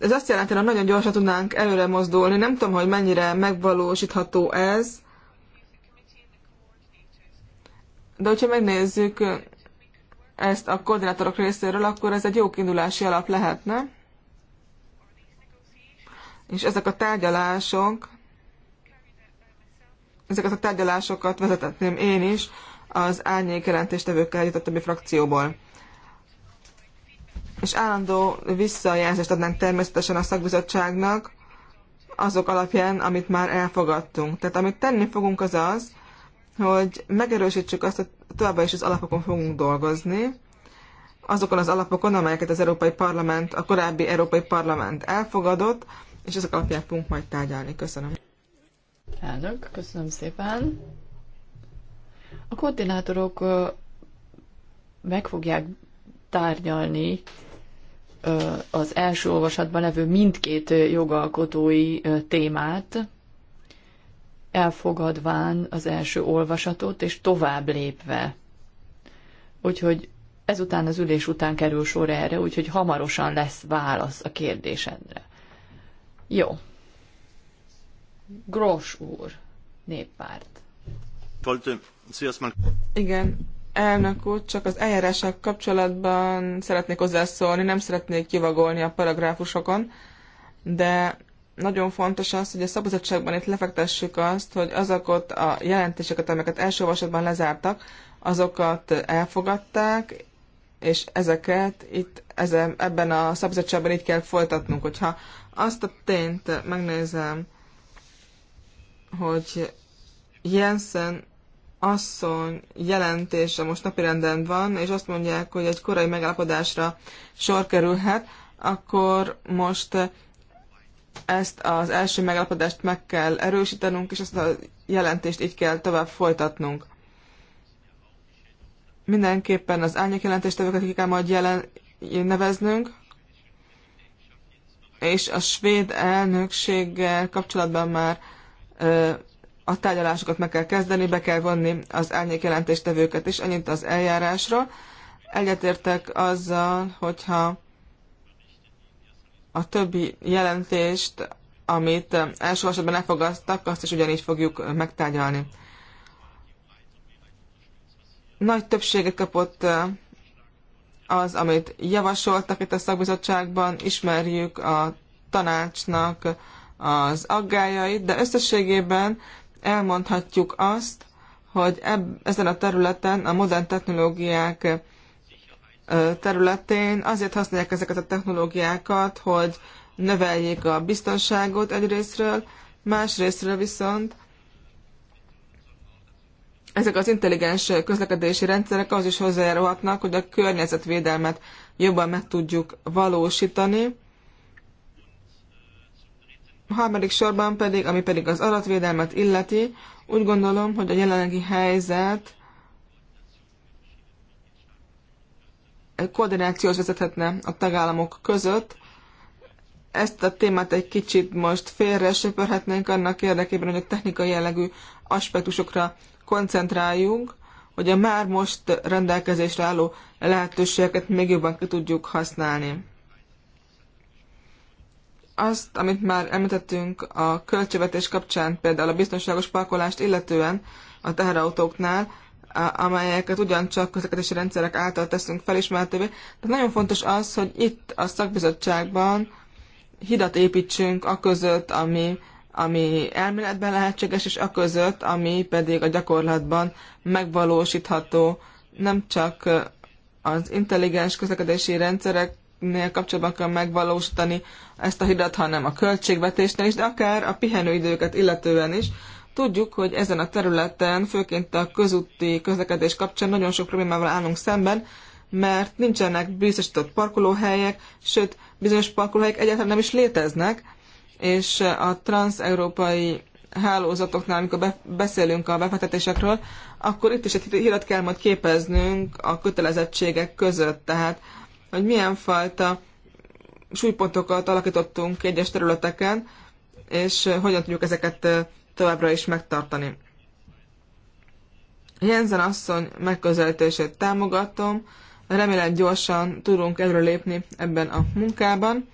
Ez azt jelenti, hogy nagyon gyorsan tudnánk előre mozdulni. Nem tudom, hogy mennyire megvalósítható ez. De hogyha megnézzük ezt a koordinátorok részéről, akkor ez egy jó kiindulási alap lehetne. És ezek a tárgyalások, ezeket a tárgyalásokat vezetetném én is az árnyék jelentéstevőkkel együtt a többi frakcióból és állandó visszajelzést adnánk természetesen a szakbizottságnak azok alapján, amit már elfogadtunk. Tehát amit tenni fogunk az az, hogy megerősítsük azt, hogy továbbá is az alapokon fogunk dolgozni, azokon az alapokon, amelyeket az Európai Parlament, a korábbi Európai Parlament elfogadott, és ezek alapján fogunk majd tárgyalni. Köszönöm. Elnök, köszönöm szépen. A koordinátorok meg fogják tárgyalni az első olvasatban levő mindkét jogalkotói témát, elfogadván az első olvasatot, és tovább lépve. Úgyhogy ezután az ülés után kerül sor erre, úgyhogy hamarosan lesz válasz a kérdésedre. Jó. Grosz úr, néppárt. Igen, Elnök úr, csak az eljárással kapcsolatban szeretnék hozzászólni, nem szeretnék kivagolni a paragráfusokon, de nagyon fontos az, hogy a szabadságban itt lefektessük azt, hogy azokat a jelentéseket, amiket első olvasatban lezártak, azokat elfogadták, és ezeket itt ezen, ebben a szabadságban így kell folytatnunk. Hogyha azt a tényt megnézem, hogy Jensen asszony jelentése most napirenden van, és azt mondják, hogy egy korai megállapodásra sor kerülhet, akkor most ezt az első megállapodást meg kell erősítenünk, és ezt a jelentést így kell tovább folytatnunk. Mindenképpen az árnyék jelentéstevőket ki kell majd jelen, neveznünk, és a svéd elnökséggel kapcsolatban már a tárgyalásokat meg kell kezdeni, be kell vonni az árnyékjelentéstevőket jelentéstevőket is, ennyit az eljárásra. Egyetértek azzal, hogyha a többi jelentést, amit első esetben elfogadtak, azt is ugyanígy fogjuk megtárgyalni. Nagy többséget kapott eh, az, amit javasoltak itt a szakbizottságban, ismerjük a tanácsnak az aggájait, de összességében elmondhatjuk azt, hogy eb, ezen a területen, a modern technológiák területén azért használják ezeket a technológiákat, hogy növeljék a biztonságot egyrésztről, másrésztről viszont ezek az intelligens közlekedési rendszerek az is hozzájárulhatnak, hogy a környezetvédelmet jobban meg tudjuk valósítani, harmadik sorban pedig, ami pedig az adatvédelmet illeti, úgy gondolom, hogy a jelenlegi helyzet koordinációhoz vezethetne a tagállamok között. Ezt a témát egy kicsit most félre söpörhetnénk annak érdekében, hogy a technikai jellegű aspektusokra koncentráljunk, hogy a már most rendelkezésre álló lehetőségeket még jobban ki tudjuk használni. Azt, amit már említettünk a költségvetés kapcsán, például a biztonságos parkolást illetően a teherautóknál, amelyeket ugyancsak közlekedési rendszerek által teszünk felismertővé. De nagyon fontos az, hogy itt a szakbizottságban hidat építsünk a között, ami, ami elméletben lehetséges, és a között, ami pedig a gyakorlatban megvalósítható. Nem csak az intelligens közlekedési rendszerek kapcsolatban kell megvalósítani ezt a hidat, hanem a költségvetésnél is, de akár a pihenőidőket illetően is. Tudjuk, hogy ezen a területen, főként a közúti közlekedés kapcsán nagyon sok problémával állunk szemben, mert nincsenek biztosított parkolóhelyek, sőt, bizonyos parkolóhelyek egyáltalán nem is léteznek, és a transeurópai hálózatoknál, amikor beszélünk a befektetésekről, akkor itt is egy hírat kell majd képeznünk a kötelezettségek között. Tehát hogy milyen fajta súlypontokat alakítottunk egyes területeken, és eh, hogyan tudjuk ezeket eh, továbbra is megtartani. Jensen asszony megközelítését támogatom, remélem gyorsan tudunk lépni ebben a munkában,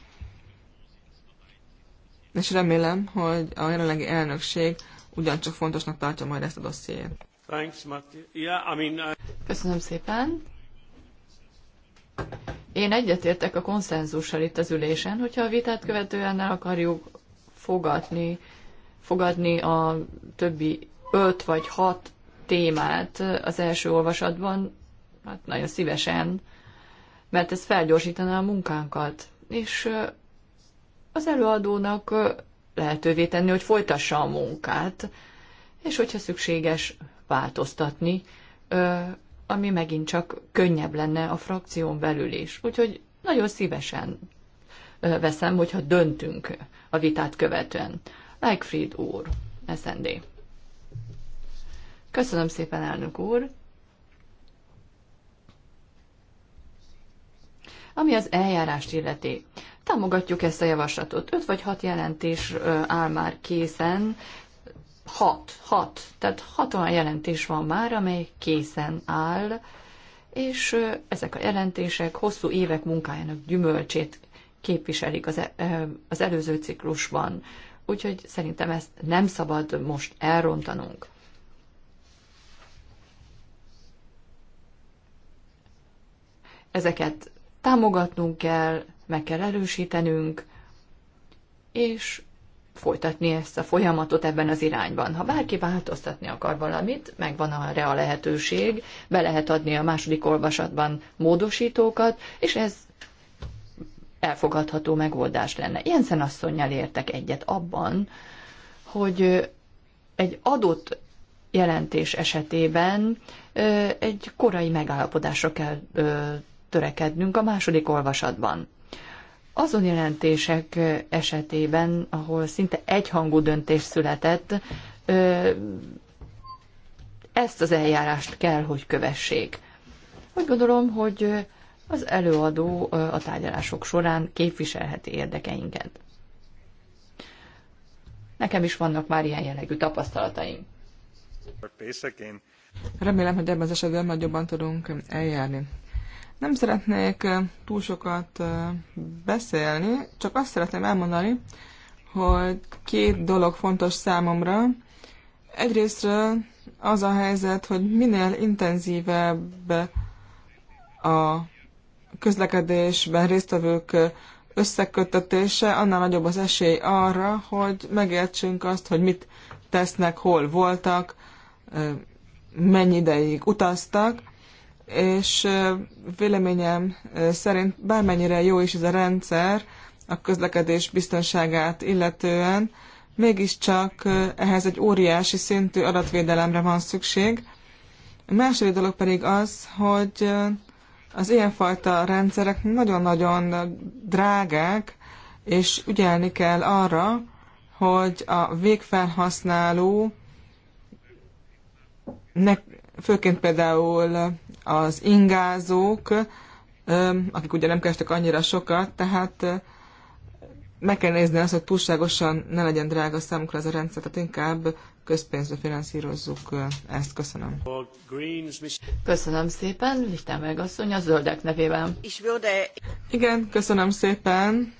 és remélem, hogy a jelenlegi elnökség ugyancsak fontosnak tartja majd ezt a dossziét. Uh, Köszönöm szépen. Én egyetértek a konszenzussal itt az ülésen, hogyha a vitát követően el akarjuk fogadni, fogadni a többi öt vagy hat témát az első olvasatban, hát nagyon szívesen, mert ez felgyorsítaná a munkánkat. És az előadónak lehetővé tenni, hogy folytassa a munkát, és hogyha szükséges változtatni ami megint csak könnyebb lenne a frakción belül is. Úgyhogy nagyon szívesen veszem, hogyha döntünk a vitát követően. Leikfried úr, SND. Köszönöm szépen, elnök úr. Ami az eljárást illeti, támogatjuk ezt a javaslatot. Öt vagy hat jelentés áll már készen, Hat, hat. Tehát hat olyan jelentés van már, amely készen áll, és ezek a jelentések hosszú évek munkájának gyümölcsét képviselik az, e, az előző ciklusban. Úgyhogy szerintem ezt nem szabad most elrontanunk. Ezeket támogatnunk kell, meg kell erősítenünk, és folytatni ezt a folyamatot ebben az irányban. Ha bárki változtatni akar valamit, megvan arra a lehetőség, be lehet adni a második olvasatban módosítókat, és ez elfogadható megoldás lenne. Jensen asszonynal értek egyet abban, hogy egy adott jelentés esetében egy korai megállapodásra kell törekednünk a második olvasatban azon jelentések esetében, ahol szinte egyhangú döntés született, ezt az eljárást kell, hogy kövessék. Úgy gondolom, hogy az előadó a tárgyalások során képviselheti érdekeinket. Nekem is vannak már ilyen jellegű tapasztalataim. Remélem, hogy ebben az esetben nagyobban jobban tudunk eljárni. Nem szeretnék túl sokat beszélni, csak azt szeretném elmondani, hogy két dolog fontos számomra. Egyrészt az a helyzet, hogy minél intenzívebb a közlekedésben résztvevők összeköttetése, annál nagyobb az esély arra, hogy megértsünk azt, hogy mit tesznek, hol voltak, mennyi ideig utaztak, és véleményem szerint bármennyire jó is ez a rendszer a közlekedés biztonságát illetően, mégiscsak ehhez egy óriási szintű adatvédelemre van szükség. A második dolog pedig az, hogy az ilyenfajta rendszerek nagyon-nagyon drágák, és ügyelni kell arra, hogy a végfelhasználó, ne, főként például az ingázók, akik ugye nem kerestek annyira sokat, tehát meg kell nézni azt, hogy túlságosan ne legyen drága számukra ez a rendszer, tehát inkább közpénzbe finanszírozzuk ezt. Köszönöm. Köszönöm szépen, Lichtenberg asszony a zöldek nevében. Igen, köszönöm szépen.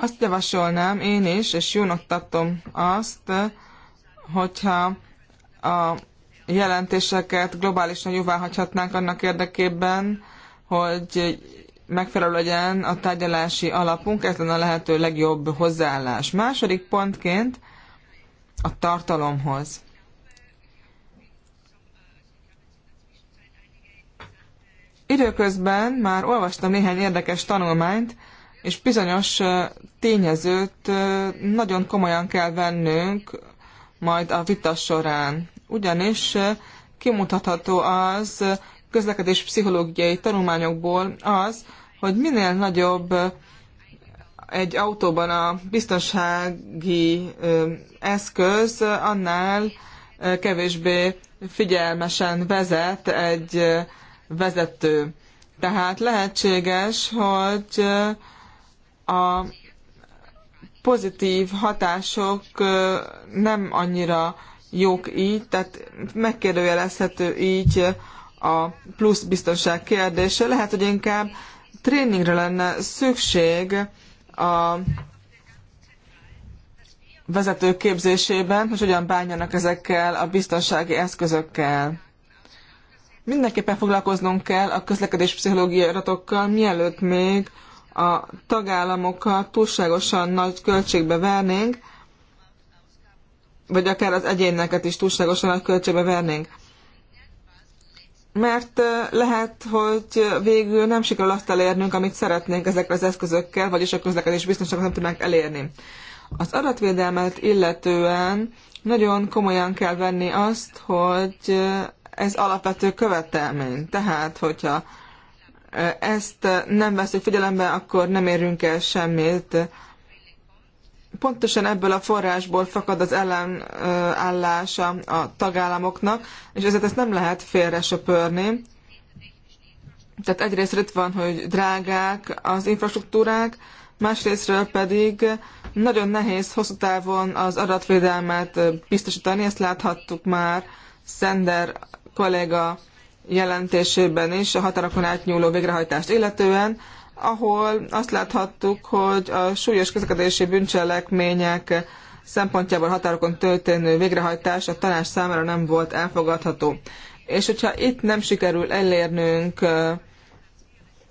Azt javasolnám én is, és jónak tartom azt, hogyha a jelentéseket globálisan jóváhagyhatnánk annak érdekében, hogy megfelelő legyen a tárgyalási alapunk, ez lenne a lehető legjobb hozzáállás. Második pontként a tartalomhoz. Időközben már olvastam néhány érdekes tanulmányt, és bizonyos tényezőt nagyon komolyan kell vennünk majd a vita során ugyanis kimutatható az közlekedés pszichológiai tanulmányokból az, hogy minél nagyobb egy autóban a biztonsági eszköz, annál kevésbé figyelmesen vezet egy vezető. Tehát lehetséges, hogy a pozitív hatások nem annyira jók így, tehát megkérdőjelezhető így a plusz biztonság kérdése. Lehet, hogy inkább tréningre lenne szükség a vezetők képzésében, hogy hogyan bánjanak ezekkel a biztonsági eszközökkel. Mindenképpen foglalkoznunk kell a közlekedés pszichológiai adatokkal, mielőtt még a tagállamokat túlságosan nagy költségbe vernénk, vagy akár az egyéneket is túlságosan a költségbe vernénk. Mert lehet, hogy végül nem sikerül azt elérnünk, amit szeretnénk ezekkel az eszközökkel, vagyis a közlekedés biztonságot nem tudnánk elérni. Az adatvédelmet illetően nagyon komolyan kell venni azt, hogy ez alapvető követelmény. Tehát, hogyha ezt nem veszük figyelembe, akkor nem érünk el semmit pontosan ebből a forrásból fakad az ellenállása a tagállamoknak, és ezért ezt nem lehet félre söpörni. Tehát egyrészt itt van, hogy drágák az infrastruktúrák, másrésztről pedig nagyon nehéz hosszú távon az adatvédelmet biztosítani, ezt láthattuk már Szender kolléga jelentésében is a határokon átnyúló végrehajtást illetően, ahol azt láthattuk, hogy a súlyos közlekedési bűncselekmények szempontjából határokon történő végrehajtás a tanács számára nem volt elfogadható. És hogyha itt nem sikerül elérnünk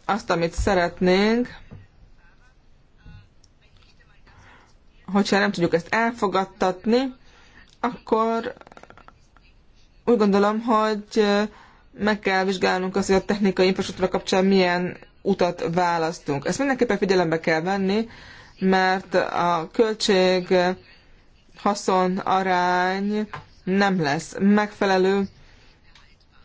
azt, amit szeretnénk, hogyha nem tudjuk ezt elfogadtatni, akkor úgy gondolom, hogy meg kell vizsgálnunk azt, hogy a technikai infrastruktúra kapcsán milyen utat választunk. Ezt mindenképpen figyelembe kell venni, mert a költség haszon arány nem lesz megfelelő,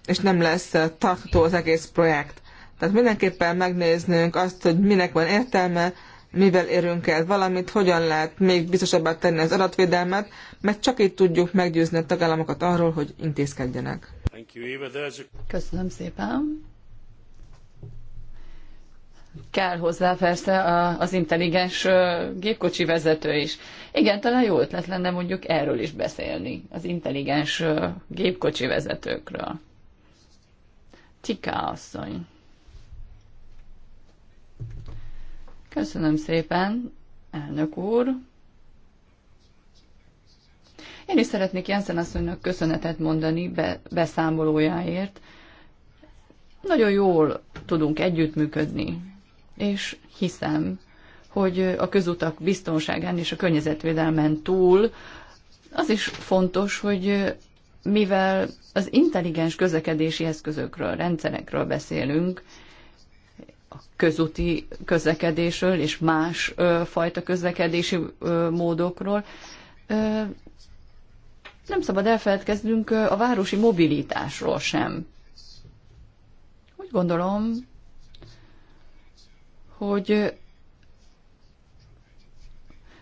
és nem lesz tartható az egész projekt. Tehát mindenképpen megnéznünk azt, hogy minek van értelme, mivel érünk el valamit, hogyan lehet még biztosabbá tenni az adatvédelmet, mert csak így tudjuk meggyőzni a tagállamokat arról, hogy intézkedjenek. Köszönöm szépen kell hozzá persze az intelligens gépkocsi vezető is. Igen, talán jó ötlet lenne mondjuk erről is beszélni, az intelligens gépkocsi vezetőkről. Tika asszony. Köszönöm szépen, elnök úr. Én is szeretnék Jensen asszonynak köszönetet mondani be, beszámolójáért. Nagyon jól tudunk együttműködni és hiszem, hogy a közutak biztonságán és a környezetvédelmen túl az is fontos, hogy mivel az intelligens közlekedési eszközökről, rendszerekről beszélünk, a közúti közlekedésről és más ö, fajta közlekedési ö, módokról, ö, nem szabad elfeledkeznünk a városi mobilitásról sem. Úgy gondolom, hogy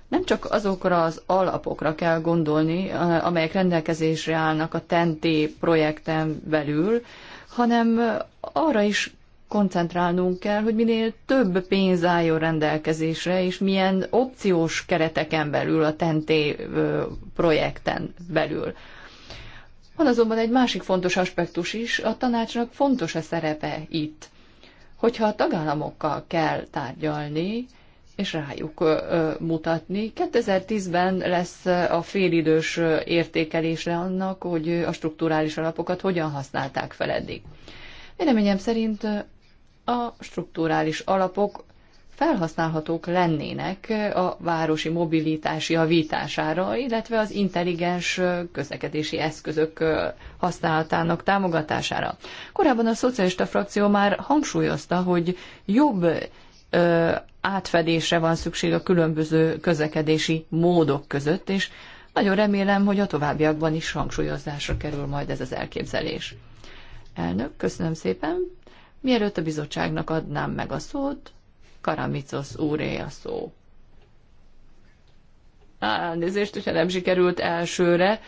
nem csak azokra az alapokra kell gondolni, amelyek rendelkezésre állnak a TNT projekten belül, hanem arra is koncentrálnunk kell, hogy minél több pénz álljon rendelkezésre, és milyen opciós kereteken belül a TNT projekten belül. Van azonban egy másik fontos aspektus is, a tanácsnak fontos a szerepe itt hogyha a tagállamokkal kell tárgyalni, és rájuk mutatni. 2010-ben lesz a félidős értékelésre annak, hogy a strukturális alapokat hogyan használták fel eddig. Véleményem szerint a strukturális alapok felhasználhatók lennének a városi mobilitás javítására, illetve az intelligens közlekedési eszközök használatának támogatására. Korábban a szocialista frakció már hangsúlyozta, hogy jobb ö, átfedésre van szükség a különböző közlekedési módok között, és nagyon remélem, hogy a továbbiakban is hangsúlyozásra kerül majd ez az elképzelés. Elnök, köszönöm szépen. Mielőtt a bizottságnak adnám meg a szót, Karamicosz úré a szó. Elnézést, hogyha nem sikerült elsőre,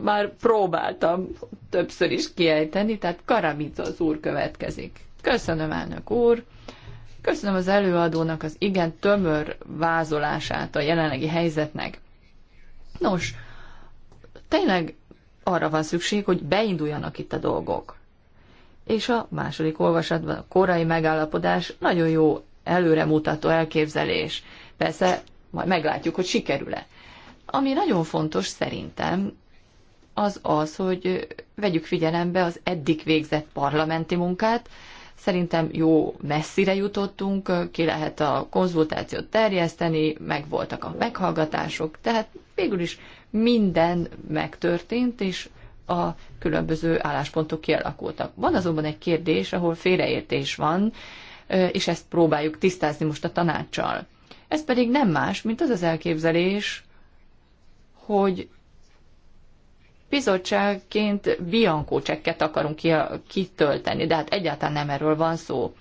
már próbáltam többször is kiejteni, tehát Karamicosz úr következik. Köszönöm, elnök úr! Köszönöm az előadónak az igen tömör vázolását a jelenlegi helyzetnek. Nos, tényleg arra van szükség, hogy beinduljanak itt a dolgok. És a második olvasatban a korai megállapodás nagyon jó előremutató elképzelés. Persze majd meglátjuk, hogy sikerül-e. Ami nagyon fontos szerintem, az az, hogy vegyük figyelembe az eddig végzett parlamenti munkát. Szerintem jó messzire jutottunk, ki lehet a konzultációt terjeszteni, meg voltak a meghallgatások, tehát végül is minden megtörtént, és a különböző álláspontok kialakultak. Van azonban egy kérdés, ahol félreértés van, és ezt próbáljuk tisztázni most a tanácssal. Ez pedig nem más, mint az az elképzelés, hogy bizottságként biankó csekket akarunk ki, kitölteni, de hát egyáltalán nem erről van szó.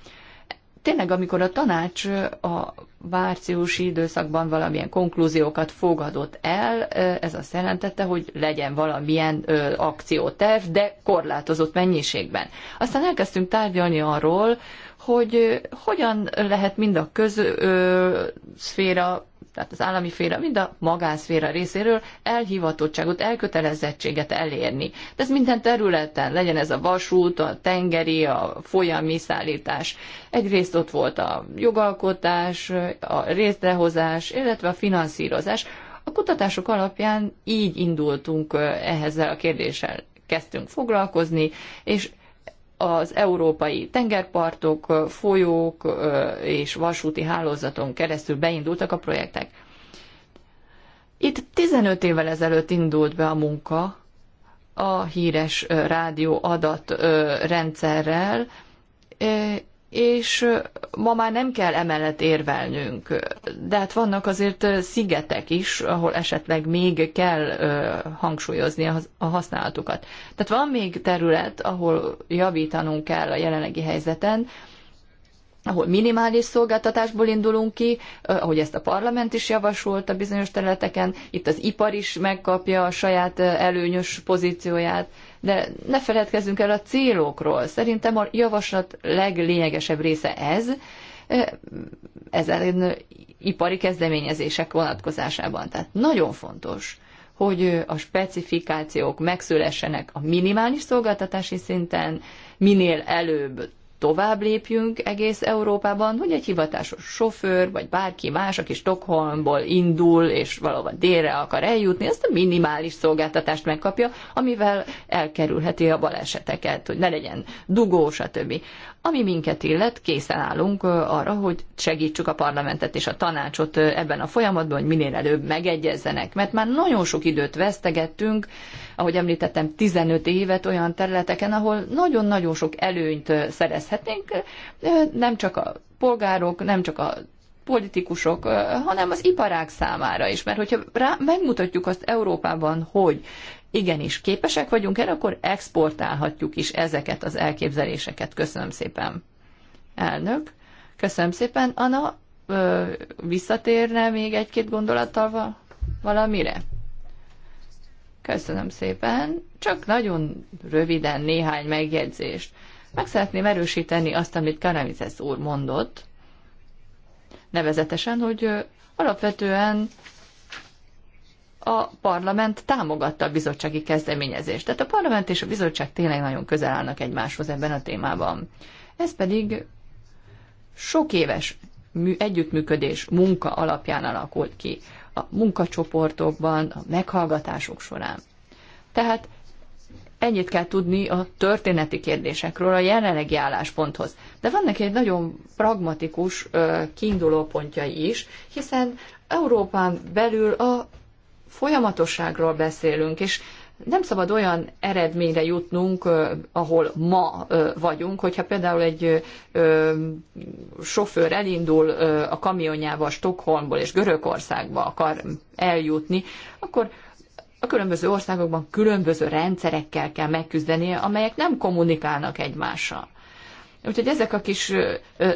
Tényleg, amikor a tanács a várciusi időszakban valamilyen konklúziókat fogadott el, ez azt jelentette, hogy legyen valamilyen akcióterv, de korlátozott mennyiségben. Aztán elkezdtünk tárgyalni arról, hogy hogyan lehet mind a közszféra, tehát az állami féra, mind a magánszféra részéről elhivatottságot, elkötelezettséget elérni. De ez minden területen, legyen ez a vasút, a tengeri, a folyami szállítás. Egyrészt ott volt a jogalkotás, a részrehozás, illetve a finanszírozás. A kutatások alapján így indultunk ehhez a kérdéssel kezdtünk foglalkozni, és az európai tengerpartok, folyók és vasúti hálózaton keresztül beindultak a projektek. Itt 15 évvel ezelőtt indult be a munka a híres rádió adat rendszerrel, és ma már nem kell emellett érvelnünk. De hát vannak azért szigetek is, ahol esetleg még kell hangsúlyozni a használatukat. Tehát van még terület, ahol javítanunk kell a jelenlegi helyzeten, ahol minimális szolgáltatásból indulunk ki, ahogy ezt a parlament is javasolt a bizonyos területeken, itt az ipar is megkapja a saját előnyös pozícióját, de ne feledkezzünk el a célokról. Szerintem a javaslat leglényegesebb része ez, ezen ipari kezdeményezések vonatkozásában. Tehát nagyon fontos, hogy a specifikációk megszülessenek a minimális szolgáltatási szinten, minél előbb tovább lépjünk egész Európában, hogy egy hivatásos sofőr, vagy bárki más, aki Stockholmból indul, és valahova délre akar eljutni, azt a minimális szolgáltatást megkapja, amivel elkerülheti a baleseteket, hogy ne legyen dugó, stb. Ami minket illet, készen állunk arra, hogy segítsük a parlamentet és a tanácsot ebben a folyamatban, hogy minél előbb megegyezzenek. Mert már nagyon sok időt vesztegettünk, ahogy említettem, 15 évet olyan területeken, ahol nagyon-nagyon sok előnyt szerezhetnénk, nem csak a polgárok, nem csak a politikusok, hanem az iparák számára is. Mert hogyha rá, megmutatjuk azt Európában, hogy igenis képesek vagyunk erre, akkor exportálhatjuk is ezeket az elképzeléseket. Köszönöm szépen, elnök. Köszönöm szépen, Anna. Ö, visszatérne még egy-két gondolattal valamire? Köszönöm szépen. Csak nagyon röviden néhány megjegyzést. Meg szeretném erősíteni azt, amit Karamizesz úr mondott, nevezetesen, hogy alapvetően a parlament támogatta a bizottsági kezdeményezést. Tehát a parlament és a bizottság tényleg nagyon közel állnak egymáshoz ebben a témában. Ez pedig sok éves együttműködés, munka alapján alakult ki a munkacsoportokban, a meghallgatások során. Tehát ennyit kell tudni a történeti kérdésekről a jelenlegi állásponthoz. De vannak egy nagyon pragmatikus kiinduló pontjai is, hiszen Európán belül a folyamatosságról beszélünk, és nem szabad olyan eredményre jutnunk, ahol ma vagyunk, hogyha például egy sofőr elindul a kamionjával Stockholmból és Görögországba akar eljutni, akkor a különböző országokban különböző rendszerekkel kell megküzdenie, amelyek nem kommunikálnak egymással. Úgyhogy ezek a kis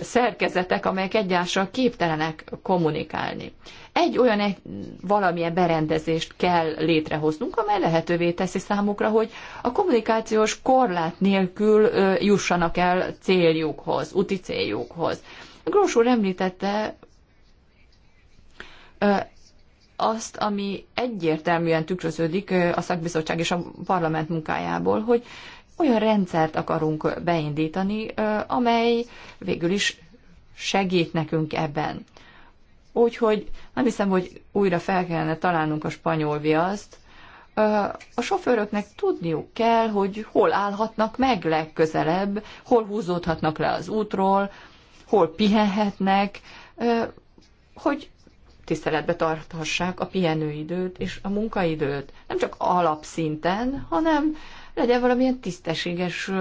szerkezetek, amelyek egyáltalán képtelenek kommunikálni. Egy olyan egy, valamilyen berendezést kell létrehoznunk, amely lehetővé teszi számukra, hogy a kommunikációs korlát nélkül jussanak el céljukhoz, úti céljukhoz. Grós úr említette azt, ami egyértelműen tükröződik a szakbizottság és a parlament munkájából, hogy olyan rendszert akarunk beindítani, amely végül is segít nekünk ebben. Úgyhogy nem hiszem, hogy újra fel kellene találnunk a spanyol viaszt. A sofőröknek tudniuk kell, hogy hol állhatnak meg legközelebb, hol húzódhatnak le az útról, hol pihenhetnek, hogy tiszteletbe tarthassák a pihenőidőt és a munkaidőt. Nem csak alapszinten, hanem legyen valamilyen tisztességes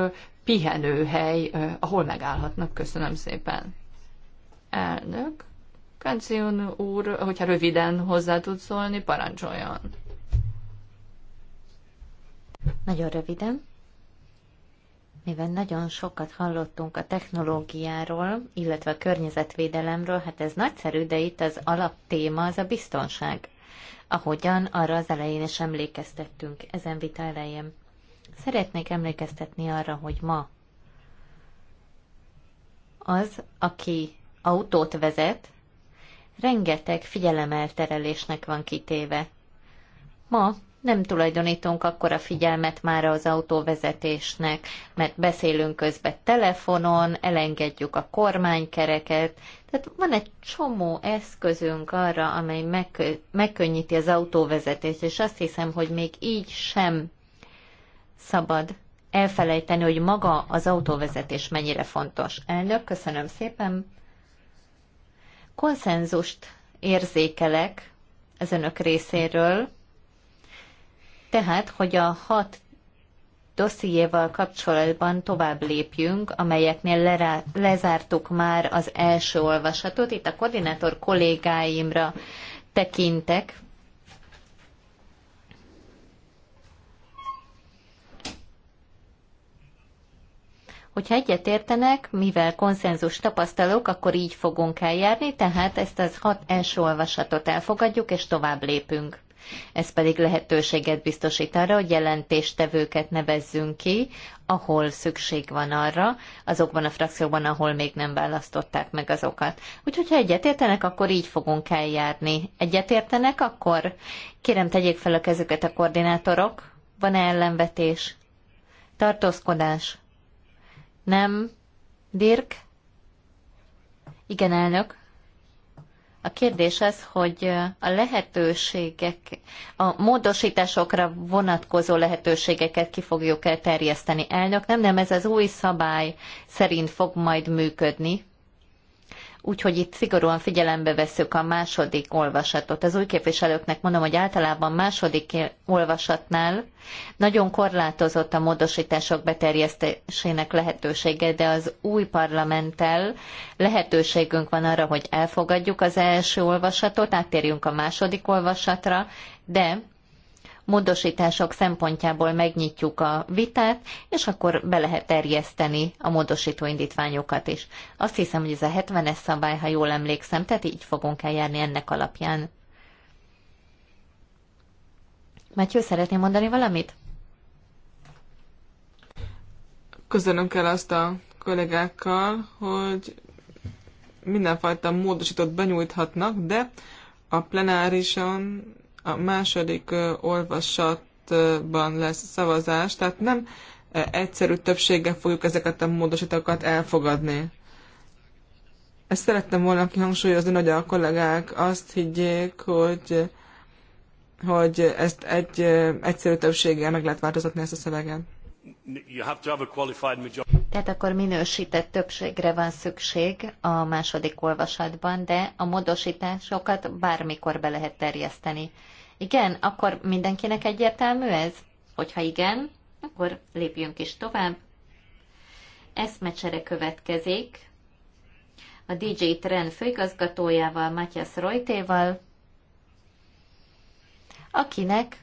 pihenőhely, ahol megállhatnak. Köszönöm szépen. Elnök. Kancion úr, hogyha röviden hozzá tud szólni, parancsoljon. Nagyon röviden. Mivel nagyon sokat hallottunk a technológiáról, illetve a környezetvédelemről, hát ez nagyszerű, de itt az alaptéma az a biztonság. Ahogyan arra az elején is emlékeztettünk ezen vita elején. Szeretnék emlékeztetni arra, hogy ma az, aki autót vezet, rengeteg figyelemelterelésnek van kitéve. Ma nem tulajdonítunk akkora figyelmet már az autóvezetésnek, mert beszélünk közben telefonon, elengedjük a kormánykereket, tehát van egy csomó eszközünk arra, amely megkö- megkönnyíti az autóvezetést, és azt hiszem, hogy még így sem szabad elfelejteni, hogy maga az autóvezetés mennyire fontos. Elnök, köszönöm szépen. Konszenzust érzékelek az önök részéről, tehát, hogy a hat dossziéval kapcsolatban tovább lépjünk, amelyeknél lerá, lezártuk már az első olvasatot. Itt a koordinátor kollégáimra tekintek, Hogyha egyet értenek, mivel konszenzus tapasztalok, akkor így fogunk eljárni, tehát ezt az hat első olvasatot elfogadjuk, és tovább lépünk. Ez pedig lehetőséget biztosít arra, hogy jelentéstevőket nevezzünk ki, ahol szükség van arra, azokban a frakciókban, ahol még nem választották meg azokat. Úgyhogy, ha egyetértenek, akkor így fogunk eljárni. Egyetértenek, akkor kérem tegyék fel a kezüket a koordinátorok. Van-e ellenvetés? Tartózkodás? Nem. Dirk? Igen, elnök. A kérdés az, hogy a lehetőségek, a módosításokra vonatkozó lehetőségeket ki fogjuk elterjeszteni. Elnök, nem, nem, ez az új szabály szerint fog majd működni úgyhogy itt szigorúan figyelembe veszük a második olvasatot. Az új képviselőknek mondom, hogy általában második olvasatnál nagyon korlátozott a módosítások beterjesztésének lehetősége, de az új parlamenttel lehetőségünk van arra, hogy elfogadjuk az első olvasatot, áttérjünk a második olvasatra, de módosítások szempontjából megnyitjuk a vitát, és akkor be lehet terjeszteni a módosító indítványokat is. Azt hiszem, hogy ez a 70-es szabály, ha jól emlékszem, tehát így fogunk eljárni ennek alapján. Mátyó, szeretné mondani valamit? Köszönöm el azt a kollégákkal, hogy mindenfajta módosítót benyújthatnak, de a plenárison a második olvasatban lesz szavazás, tehát nem egyszerű többséggel fogjuk ezeket a módosítókat elfogadni. Ezt szerettem volna kihangsúlyozni, hogy a kollégák azt higgyék, hogy, hogy ezt egy egyszerű többséggel meg lehet változtatni ezt a szöveget. Tehát akkor minősített többségre van szükség a második olvasatban, de a módosításokat bármikor be lehet terjeszteni. Igen, akkor mindenkinek egyértelmű ez? Hogyha igen, akkor lépjünk is tovább. Eszmecsere következik. A DJ Trend főigazgatójával, Matthias Rojtéval, akinek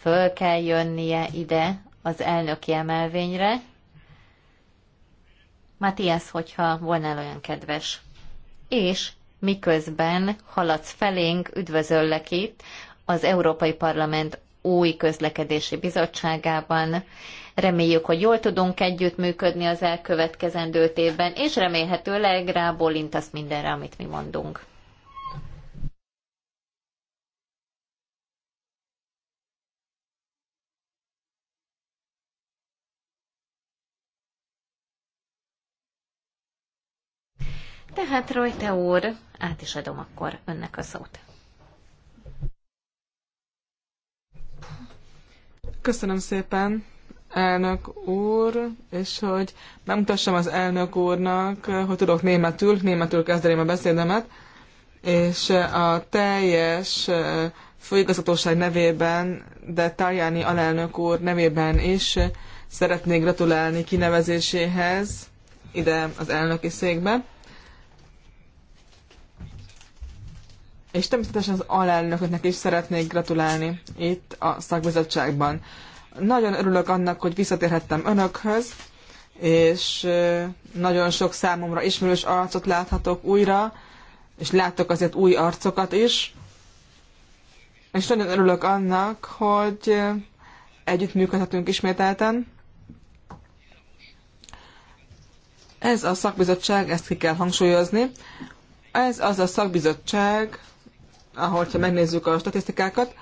föl kell jönnie ide az elnöki emelvényre. Matthias, hogyha volna olyan kedves. És miközben haladsz felénk, üdvözöllek itt az Európai Parlament új közlekedési bizottságában. Reméljük, hogy jól tudunk együttműködni az elkövetkezendő évben, és remélhetőleg rábólintasz mindenre, amit mi mondunk. Tehát rajta úr, át is adom akkor önnek a szót. Köszönöm szépen, elnök úr, és hogy bemutassam az elnök úrnak, hogy tudok németül, németül kezdeném a beszédemet, és a teljes főigazgatóság nevében, de Tajani alelnök úr nevében is szeretnék gratulálni kinevezéséhez ide az elnöki székbe. és természetesen az alelnököknek is szeretnék gratulálni itt a szakbizottságban. Nagyon örülök annak, hogy visszatérhettem önökhöz, és nagyon sok számomra ismerős arcot láthatok újra, és látok azért új arcokat is. És nagyon örülök annak, hogy együttműködhetünk ismételten. Ez a szakbizottság, ezt ki kell hangsúlyozni, ez az a szakbizottság, ahogyha megnézzük a statisztikákat.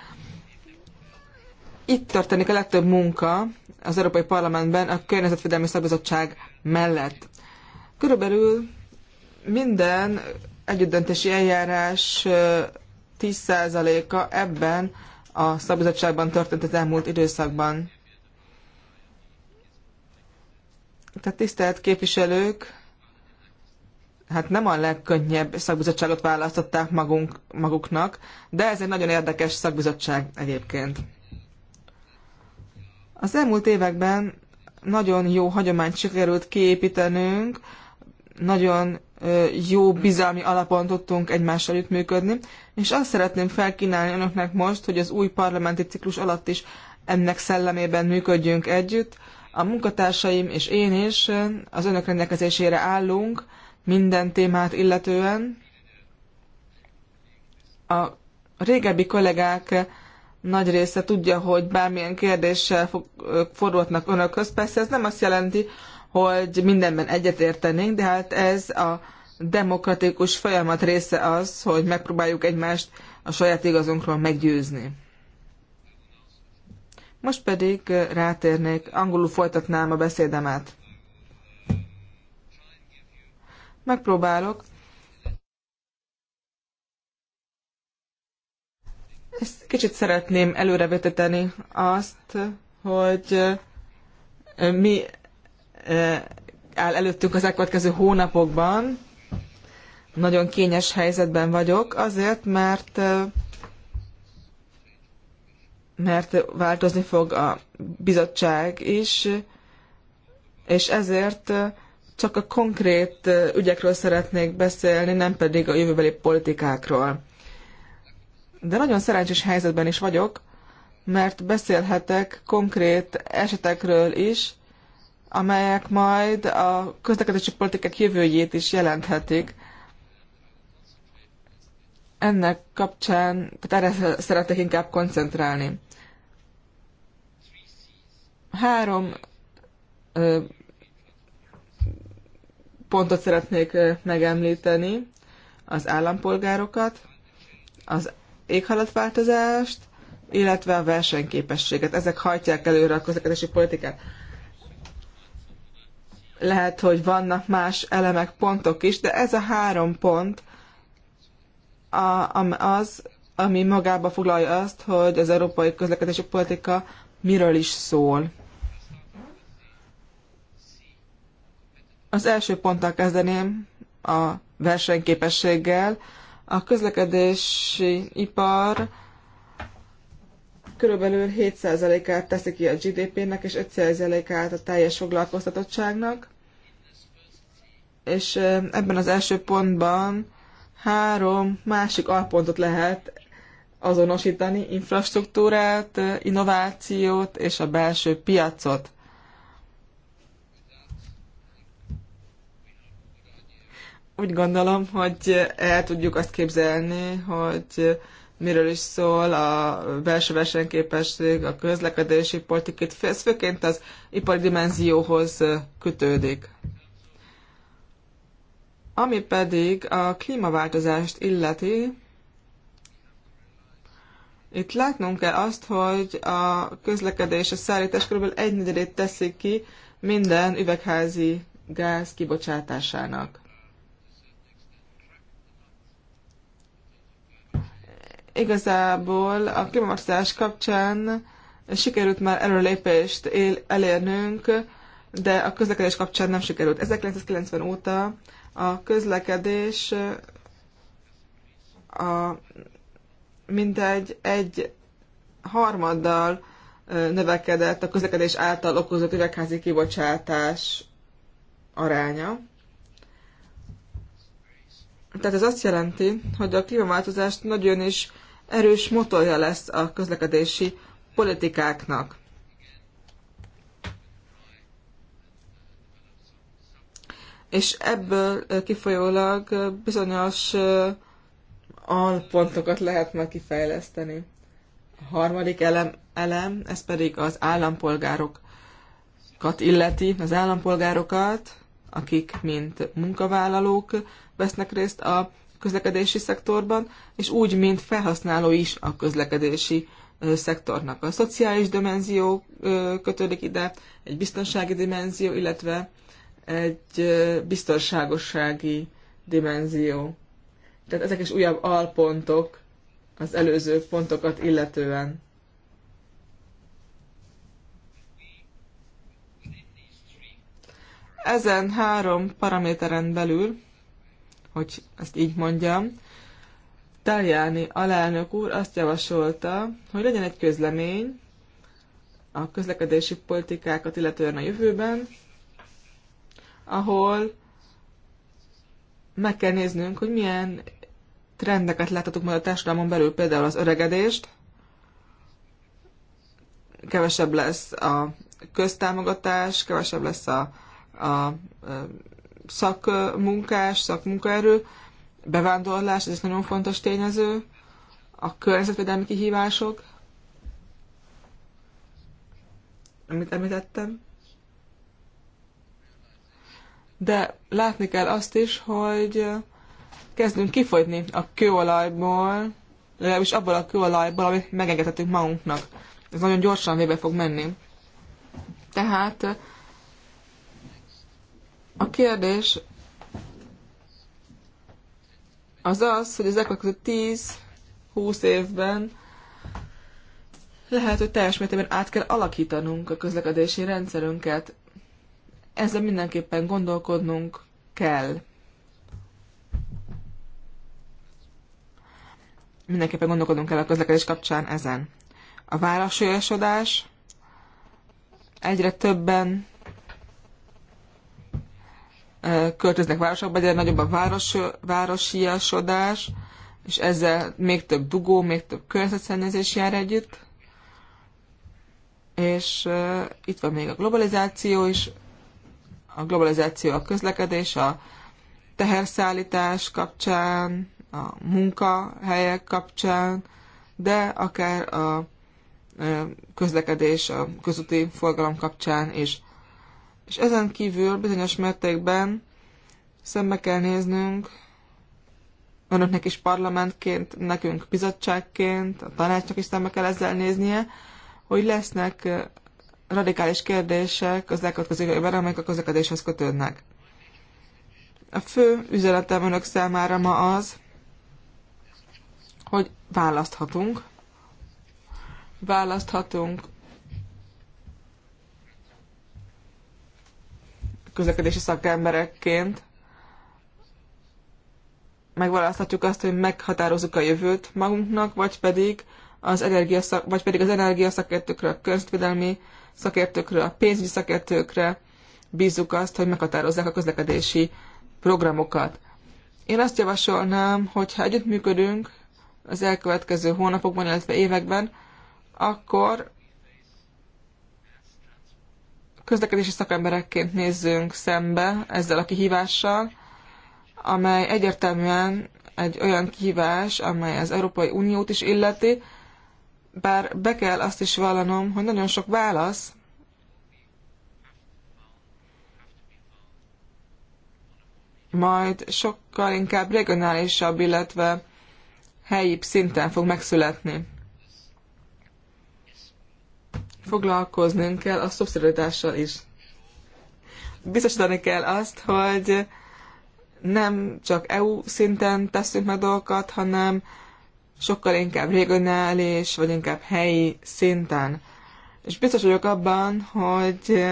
Itt történik a legtöbb munka az Európai Parlamentben a Környezetvédelmi Szakbizottság mellett. Körülbelül minden együttdöntési eljárás 10%-a ebben a szabizottságban történt az elmúlt időszakban. Tehát tisztelt képviselők, hát nem a legkönnyebb szakbizottságot választották magunk, maguknak, de ez egy nagyon érdekes szakbizottság egyébként. Az elmúlt években nagyon jó hagyományt sikerült kiépítenünk, nagyon jó bizalmi alapon tudtunk egymással működni, és azt szeretném felkínálni önöknek most, hogy az új parlamenti ciklus alatt is ennek szellemében működjünk együtt. A munkatársaim és én is az önök rendelkezésére állunk, minden témát illetően. A régebbi kollégák nagy része tudja, hogy bármilyen kérdéssel fordulhatnak önökhöz. Persze ez nem azt jelenti, hogy mindenben egyetértenénk, de hát ez a demokratikus folyamat része az, hogy megpróbáljuk egymást a saját igazunkról meggyőzni. Most pedig rátérnék, angolul folytatnám a beszédemet. Megpróbálok. Ezt kicsit szeretném előrevetíteni azt, hogy mi áll előttünk az elkövetkező hónapokban. Nagyon kényes helyzetben vagyok, azért, mert mert változni fog a bizottság is, és ezért csak a konkrét ügyekről szeretnék beszélni, nem pedig a jövőbeli politikákról. De nagyon szerencsés helyzetben is vagyok, mert beszélhetek konkrét esetekről is, amelyek majd a közlekedési politikák jövőjét is jelenthetik. Ennek kapcsán, tehát erre szeretek inkább koncentrálni. Három pontot szeretnék megemlíteni, az állampolgárokat, az éghajlatváltozást, illetve a versenyképességet. Ezek hajtják előre a közlekedési politikát. Lehet, hogy vannak más elemek, pontok is, de ez a három pont az, ami magába foglalja azt, hogy az európai közlekedési politika miről is szól. Az első ponttal kezdeném a versenyképességgel. A közlekedési ipar körülbelül 7%-át teszi ki a GDP-nek, és 5%-át a teljes foglalkoztatottságnak. És ebben az első pontban három másik alpontot lehet azonosítani, infrastruktúrát, innovációt és a belső piacot. úgy gondolom, hogy el tudjuk azt képzelni, hogy miről is szól a belső versenyképesség, a közlekedési politikát, ez főként az ipari dimenzióhoz kötődik. Ami pedig a klímaváltozást illeti, itt látnunk kell azt, hogy a közlekedés, a szállítás kb. egynegyedét teszik ki minden üvegházi gáz kibocsátásának. Igazából a klímaváltozás kapcsán sikerült már előlépést él, elérnünk, de a közlekedés kapcsán nem sikerült. 1990 óta a közlekedés a mintegy egy harmaddal növekedett a közlekedés által okozott üvegházi kibocsátás aránya. Tehát ez azt jelenti, hogy a klímaváltozás nagyon is erős motorja lesz a közlekedési politikáknak. És ebből kifolyólag bizonyos alpontokat lehet meg kifejleszteni. A harmadik elem, elem, ez pedig az állampolgárokat illeti, az állampolgárokat, akik mint munkavállalók vesznek részt a közlekedési szektorban, és úgy, mint felhasználó is a közlekedési szektornak. A szociális dimenzió kötődik ide, egy biztonsági dimenzió, illetve egy biztonságossági dimenzió. Tehát ezek is újabb alpontok az előző pontokat illetően. Ezen három paraméteren belül, hogy ezt így mondjam, Tajani alelnök úr azt javasolta, hogy legyen egy közlemény a közlekedési politikákat illetően a jövőben, ahol meg kell néznünk, hogy milyen trendeket láthatunk majd a társadalmon belül, például az öregedést, kevesebb lesz a köztámogatás, kevesebb lesz a a szakmunkás, szakmunkaerő, bevándorlás, ez egy nagyon fontos tényező, a környezetvédelmi kihívások, amit említettem. De látni kell azt is, hogy kezdünk kifogyni a kőolajból, legalábbis abból a kőolajból, amit megengedhetünk magunknak. Ez nagyon gyorsan vébe fog menni. Tehát a kérdés az az, hogy ezek között 10-20 évben lehet, hogy teljes mértékben át kell alakítanunk a közlekedési rendszerünket. Ezzel mindenképpen gondolkodnunk kell. Mindenképpen gondolkodnunk kell a közlekedés kapcsán ezen. A válasősodás egyre többen költöznek városokba, egyre nagyobb a város, városiasodás, és ezzel még több dugó, még több környezetszennyezés jár együtt. És uh, itt van még a globalizáció is, a globalizáció a közlekedés, a teherszállítás kapcsán, a munkahelyek kapcsán, de akár a közlekedés, a közúti forgalom kapcsán is. És ezen kívül bizonyos mértékben szembe kell néznünk önöknek is parlamentként, nekünk bizottságként, a tanácsnak is szembe kell ezzel néznie, hogy lesznek radikális kérdések az elkövetkező években, amelyek a közlekedéshez kötődnek. A fő üzenetem önök számára ma az, hogy választhatunk. Választhatunk közlekedési szakemberekként megválaszthatjuk azt, hogy meghatározzuk a jövőt magunknak, vagy pedig az, szak, vagy pedig az energia szakértőkre a közvédelmi szakértőkre, a pénzügyi szakértőkre bízzuk azt, hogy meghatározzák a közlekedési programokat. Én azt javasolnám, hogy ha együttműködünk az elkövetkező hónapokban, illetve években, akkor közlekedési szakemberekként nézzünk szembe ezzel a kihívással, amely egyértelműen egy olyan kihívás, amely az Európai Uniót is illeti, bár be kell azt is vallanom, hogy nagyon sok válasz majd sokkal inkább regionálisabb, illetve helyi szinten fog megszületni foglalkoznunk kell a szubszidiaritással is. Biztosítani kell azt, hogy nem csak EU szinten teszünk meg dolgokat, hanem sokkal inkább regionális, vagy inkább helyi szinten. És biztos vagyok abban, hogy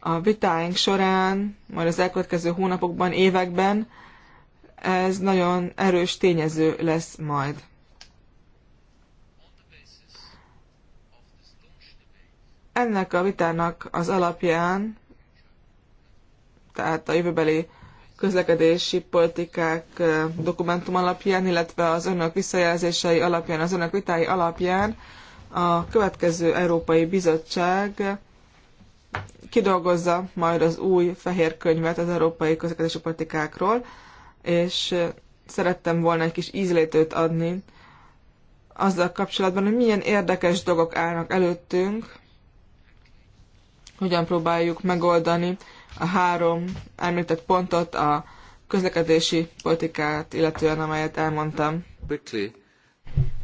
a vitáink során, majd az elkövetkező hónapokban, években ez nagyon erős tényező lesz majd. Ennek a vitának az alapján, tehát a jövőbeli közlekedési politikák dokumentum alapján, illetve az önök visszajelzései alapján, az önök vitái alapján a következő Európai Bizottság kidolgozza majd az új fehér könyvet az európai közlekedési politikákról, és szerettem volna egy kis ízlétőt adni azzal kapcsolatban, hogy milyen érdekes dolgok állnak előttünk, hogyan próbáljuk megoldani a három említett pontot, a közlekedési politikát, illetően amelyet elmondtam.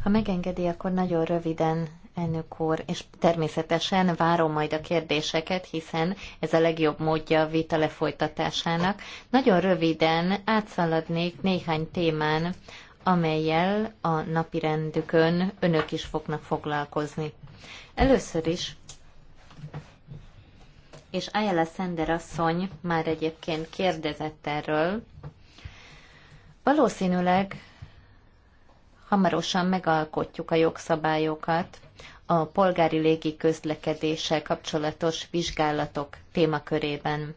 Ha megengedi, akkor nagyon röviden, elnök úr, és természetesen várom majd a kérdéseket, hiszen ez a legjobb módja a vita lefolytatásának. Nagyon röviden átszaladnék néhány témán, amelyel a napi rendükön önök is fognak foglalkozni. Először is és Ayala Sender asszony már egyébként kérdezett erről. Valószínűleg hamarosan megalkotjuk a jogszabályokat a polgári légi közlekedéssel kapcsolatos vizsgálatok témakörében.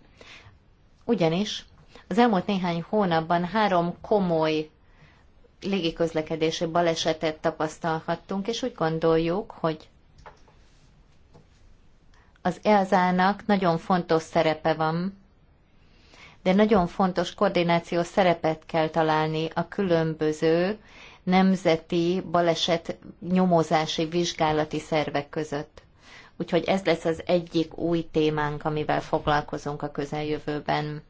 Ugyanis az elmúlt néhány hónapban három komoly légiközlekedési balesetet tapasztalhattunk, és úgy gondoljuk, hogy az EASA-nak nagyon fontos szerepe van, de nagyon fontos koordináció szerepet kell találni a különböző nemzeti baleset nyomozási vizsgálati szervek között. Úgyhogy ez lesz az egyik új témánk, amivel foglalkozunk a közeljövőben.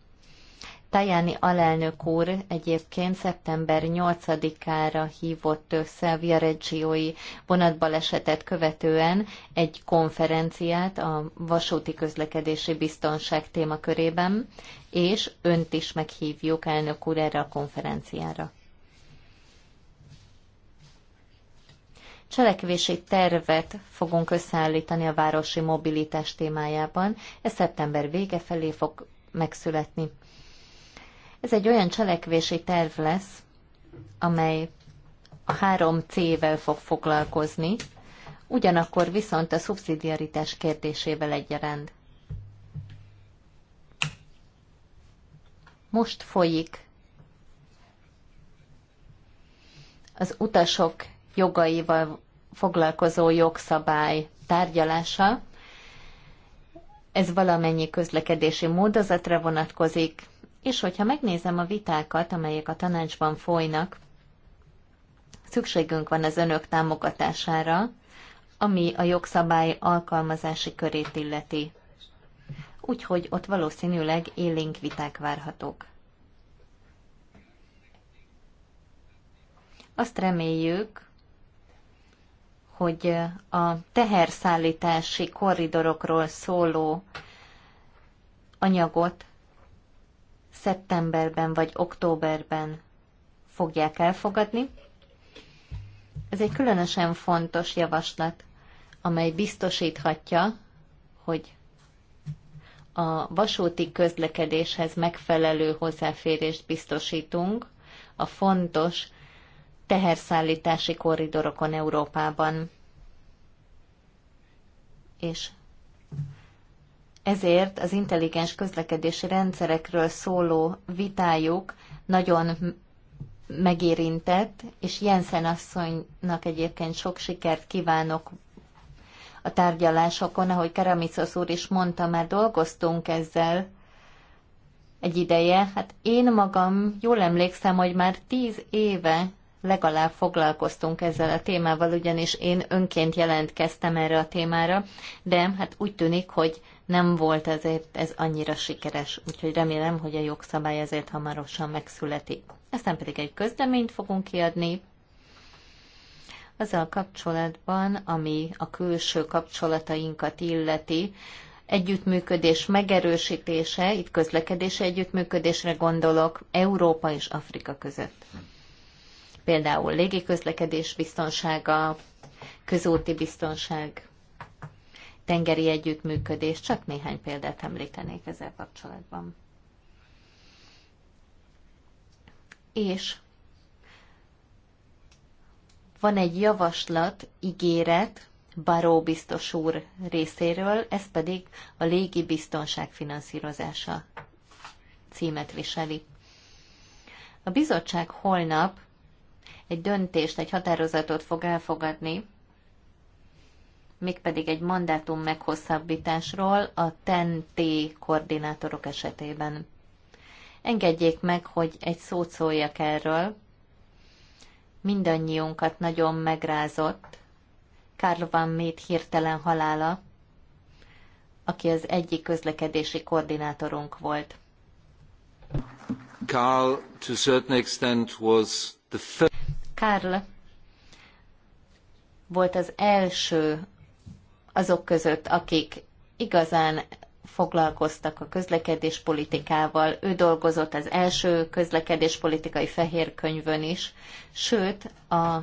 Tajani alelnök úr egyébként szeptember 8-ára hívott össze a Via Reggioi vonatbalesetet követően egy konferenciát a vasúti közlekedési biztonság témakörében, és önt is meghívjuk elnök úr erre a konferenciára. Cselekvési tervet fogunk összeállítani a városi mobilitás témájában, ez szeptember vége felé fog megszületni. Ez egy olyan cselekvési terv lesz, amely a három C-vel fog foglalkozni, ugyanakkor viszont a szubszidiaritás kérdésével egyaránt. Most folyik az utasok jogaival foglalkozó jogszabály tárgyalása. Ez valamennyi közlekedési módozatra vonatkozik, és hogyha megnézem a vitákat, amelyek a tanácsban folynak, szükségünk van az önök támogatására, ami a jogszabály alkalmazási körét illeti. Úgyhogy ott valószínűleg élénk viták várhatók. Azt reméljük, hogy a teherszállítási korridorokról szóló anyagot szeptemberben vagy októberben fogják elfogadni. Ez egy különösen fontos javaslat, amely biztosíthatja, hogy a vasúti közlekedéshez megfelelő hozzáférést biztosítunk a fontos teherszállítási korridorokon Európában. És ezért az intelligens közlekedési rendszerekről szóló vitájuk nagyon megérintett, és Jensen asszonynak egyébként sok sikert kívánok a tárgyalásokon, ahogy Karamicos úr is mondta, már dolgoztunk ezzel egy ideje. Hát én magam jól emlékszem, hogy már tíz éve legalább foglalkoztunk ezzel a témával, ugyanis én önként jelentkeztem erre a témára, de hát úgy tűnik, hogy nem volt ezért ez annyira sikeres, úgyhogy remélem, hogy a jogszabály ezért hamarosan megszületik. Aztán pedig egy közleményt fogunk kiadni, azzal kapcsolatban, ami a külső kapcsolatainkat illeti, együttműködés megerősítése, itt közlekedési együttműködésre gondolok, Európa és Afrika között. Például légiközlekedés biztonsága, közúti biztonság, tengeri együttműködés, csak néhány példát említenék ezzel kapcsolatban. És van egy javaslat, ígéret, Baró biztos úr részéről, ez pedig a légi biztonság finanszírozása címet viseli. A bizottság holnap egy döntést, egy határozatot fog elfogadni mégpedig egy mandátum meghosszabbításról a TEN-T koordinátorok esetében. Engedjék meg, hogy egy szót szóljak erről. Mindannyiunkat nagyon megrázott Karl van Mét hirtelen halála, aki az egyik közlekedési koordinátorunk volt. Karl, to certain extent, was the first... Karl volt az első, azok között, akik igazán foglalkoztak a közlekedéspolitikával, ő dolgozott az első közlekedéspolitikai fehér könyvön is, sőt a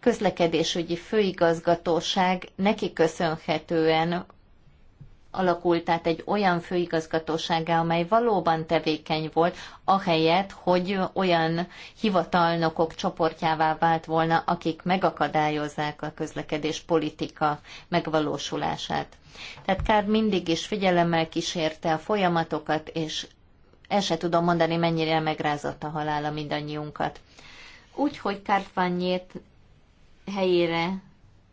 közlekedésügyi főigazgatóság neki köszönhetően alakult át egy olyan főigazgatósága, amely valóban tevékeny volt, ahelyett, hogy olyan hivatalnokok csoportjává vált volna, akik megakadályozzák a közlekedés politika megvalósulását. Tehát Kár mindig is figyelemmel kísérte a folyamatokat, és el se tudom mondani, mennyire megrázott a halála mindannyiunkat. Úgyhogy Kártványét helyére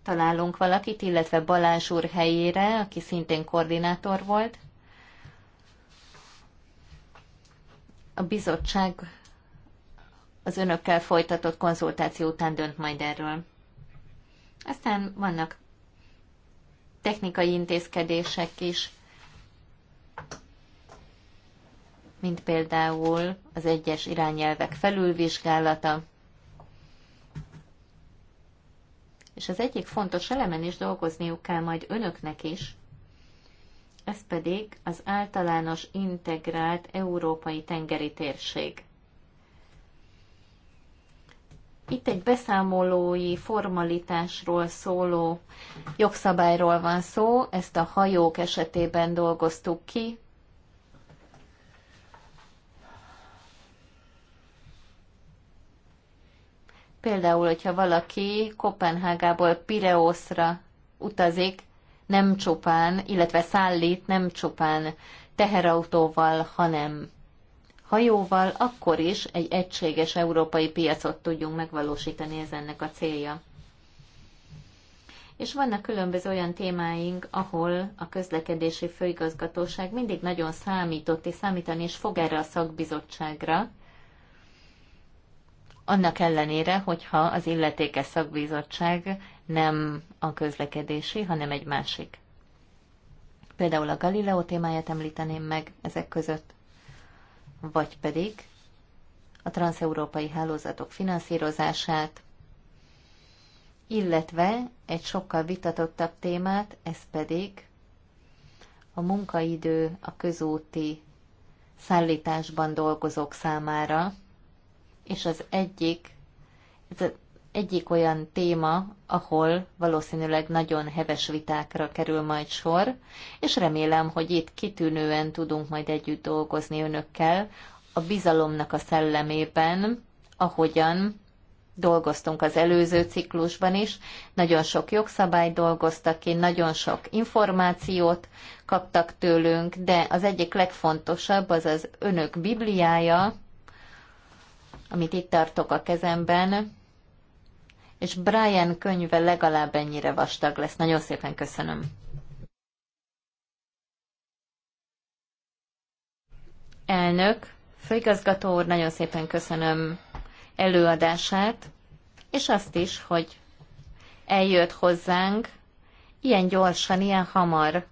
találunk valakit, illetve Balázs úr helyére, aki szintén koordinátor volt. A bizottság az önökkel folytatott konzultáció után dönt majd erről. Aztán vannak technikai intézkedések is, mint például az egyes irányelvek felülvizsgálata, és az egyik fontos elemen is dolgozniuk kell majd önöknek is, ez pedig az általános integrált európai tengeri térség. Itt egy beszámolói formalitásról szóló jogszabályról van szó, ezt a hajók esetében dolgoztuk ki, Például, hogyha valaki Kopenhágából Pireoszra utazik, nem csupán, illetve szállít nem csupán teherautóval, hanem hajóval, akkor is egy egységes európai piacot tudjunk megvalósítani, ez ennek a célja. És vannak különböző olyan témáink, ahol a közlekedési főigazgatóság mindig nagyon számított és számítani is fog erre a szakbizottságra, annak ellenére, hogyha az illetékes szakbizottság nem a közlekedési, hanem egy másik. Például a Galileo témáját említeném meg ezek között, vagy pedig a transeurópai hálózatok finanszírozását, illetve egy sokkal vitatottabb témát, ez pedig a munkaidő a közúti szállításban dolgozók számára, és az egyik, ez az egyik olyan téma, ahol valószínűleg nagyon heves vitákra kerül majd sor, és remélem, hogy itt kitűnően tudunk majd együtt dolgozni önökkel a bizalomnak a szellemében, ahogyan dolgoztunk az előző ciklusban is, nagyon sok jogszabály dolgoztak ki, nagyon sok információt kaptak tőlünk, de az egyik legfontosabb az az önök bibliája, amit itt tartok a kezemben, és Brian könyve legalább ennyire vastag lesz. Nagyon szépen köszönöm. Elnök, főigazgató úr, nagyon szépen köszönöm előadását, és azt is, hogy eljött hozzánk ilyen gyorsan, ilyen hamar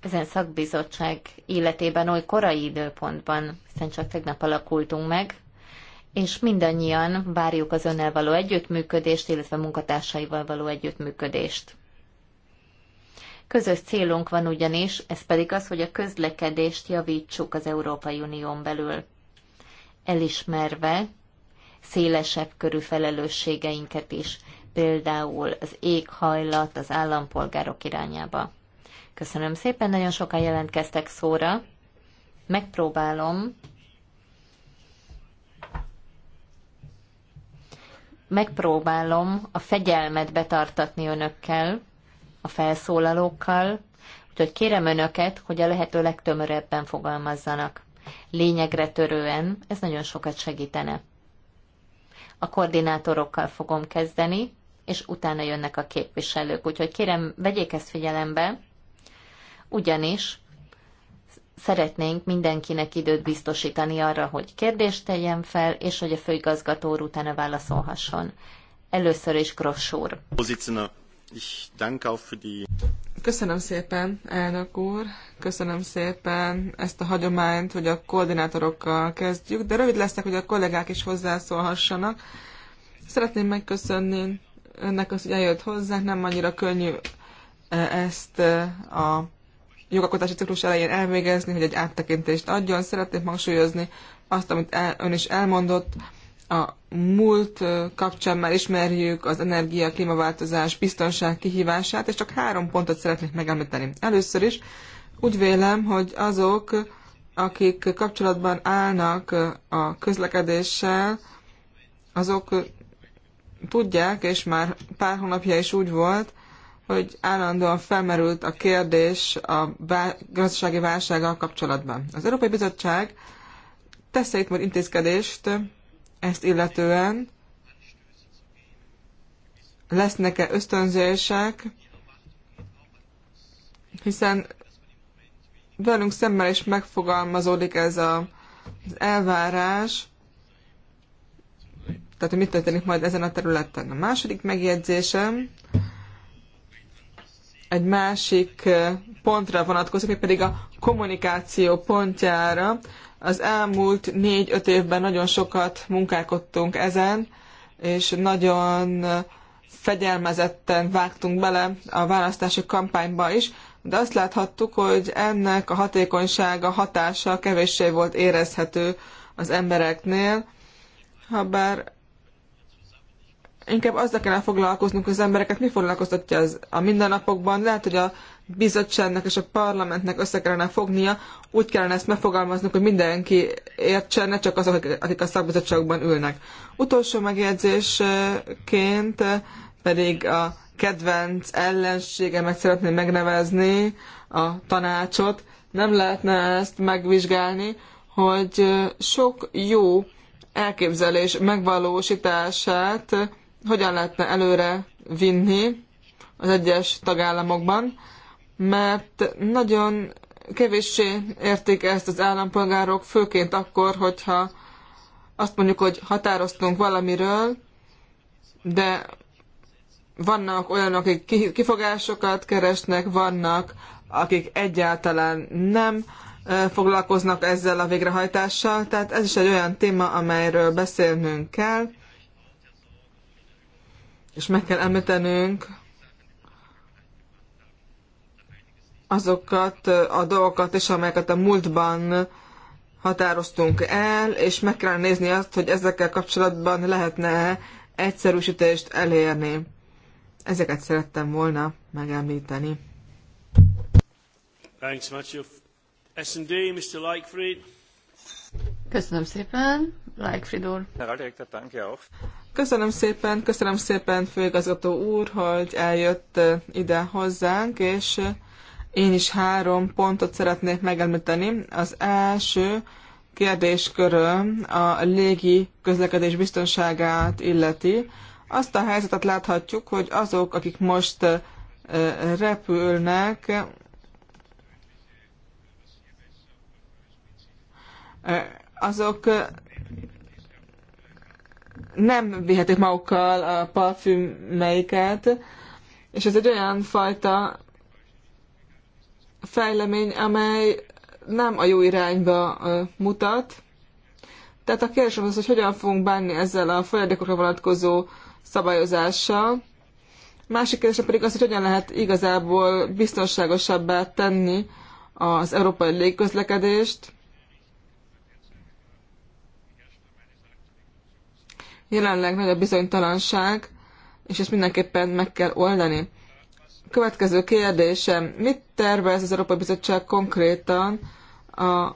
ezen szakbizottság életében oly korai időpontban, hiszen csak tegnap alakultunk meg és mindannyian várjuk az önnel való együttműködést, illetve munkatársaival való együttműködést. Közös célunk van ugyanis, ez pedig az, hogy a közlekedést javítsuk az Európai Unión belül. Elismerve szélesebb körű felelősségeinket is, például az éghajlat az állampolgárok irányába. Köszönöm szépen, nagyon sokan jelentkeztek szóra. Megpróbálom megpróbálom a fegyelmet betartatni önökkel, a felszólalókkal, úgyhogy kérem önöket, hogy a lehető legtömörebben fogalmazzanak. Lényegre törően ez nagyon sokat segítene. A koordinátorokkal fogom kezdeni, és utána jönnek a képviselők, úgyhogy kérem, vegyék ezt figyelembe, ugyanis szeretnénk mindenkinek időt biztosítani arra, hogy kérdést tegyen fel, és hogy a főigazgató úr utána válaszolhasson. Először is Gross úr. Köszönöm szépen, elnök úr, köszönöm szépen ezt a hagyományt, hogy a koordinátorokkal kezdjük, de rövid lesznek, hogy a kollégák is hozzászólhassanak. Szeretném megköszönni önnek azt, hogy eljött hozzánk, nem annyira könnyű eh, ezt eh, a jogalkotási ciklus elején elvégezni, hogy egy áttekintést adjon. Szeretném hangsúlyozni azt, amit el, ön is elmondott, a múlt kapcsán már ismerjük az energia, klímaváltozás, biztonság kihívását, és csak három pontot szeretnék megemlíteni. Először is úgy vélem, hogy azok, akik kapcsolatban állnak a közlekedéssel, azok tudják, és már pár hónapja is úgy volt, hogy állandóan felmerült a kérdés a vá- gazdasági válsággal kapcsolatban. Az Európai Bizottság tesz itt majd intézkedést ezt illetően, lesznek-e ösztönzések, hiszen velünk szemmel is megfogalmazódik ez a, az elvárás, tehát hogy mit történik majd ezen a területen. A második megjegyzésem egy másik pontra vonatkozik, még pedig a kommunikáció pontjára. Az elmúlt négy-öt évben nagyon sokat munkálkodtunk ezen, és nagyon fegyelmezetten vágtunk bele a választási kampányba is, de azt láthattuk, hogy ennek a hatékonysága, hatása kevéssé volt érezhető az embereknél, habár Inkább azzal kellene foglalkoznunk, hogy az embereket mi foglalkoztatja az a mindennapokban. Lehet, hogy a bizottságnak és a parlamentnek össze kellene fognia, úgy kellene ezt megfogalmaznunk, hogy mindenki értsen, ne csak azok, akik a szakbizottságban ülnek. Utolsó megjegyzésként pedig a kedvenc ellenségemet szeretném megnevezni, a tanácsot. Nem lehetne ezt megvizsgálni, hogy sok jó elképzelés megvalósítását hogyan lehetne előre vinni az egyes tagállamokban, mert nagyon kevéssé értik ezt az állampolgárok, főként akkor, hogyha azt mondjuk, hogy határoztunk valamiről, de vannak olyanok, akik kifogásokat keresnek, vannak, akik egyáltalán nem foglalkoznak ezzel a végrehajtással, tehát ez is egy olyan téma, amelyről beszélnünk kell és meg kell említenünk azokat a dolgokat is, amelyeket a múltban határoztunk el, és meg kell nézni azt, hogy ezekkel kapcsolatban lehetne egyszerűsítést elérni. Ezeket szerettem volna megemlíteni. Thanks, S&D, Mr. Leichfried. Köszönöm szépen, Leichfried úr. Köszönöm szépen, köszönöm szépen főigazgató úr, hogy eljött ide hozzánk, és én is három pontot szeretnék megemlíteni. Az első kérdésköröm a légi közlekedés biztonságát illeti. Azt a helyzetet láthatjuk, hogy azok, akik most repülnek, azok nem vihetik magukkal a parfümmeiket, és ez egy olyan fajta fejlemény, amely nem a jó irányba mutat. Tehát a kérdésem az, hogy hogyan fogunk bánni ezzel a folyadékokra vonatkozó szabályozással. Másik kérdése pedig az, hogy hogyan lehet igazából biztonságosabbá tenni az európai légközlekedést, Jelenleg nagy a bizonytalanság, és ezt mindenképpen meg kell oldani. Következő kérdésem, mit tervez az Európai Bizottság konkrétan a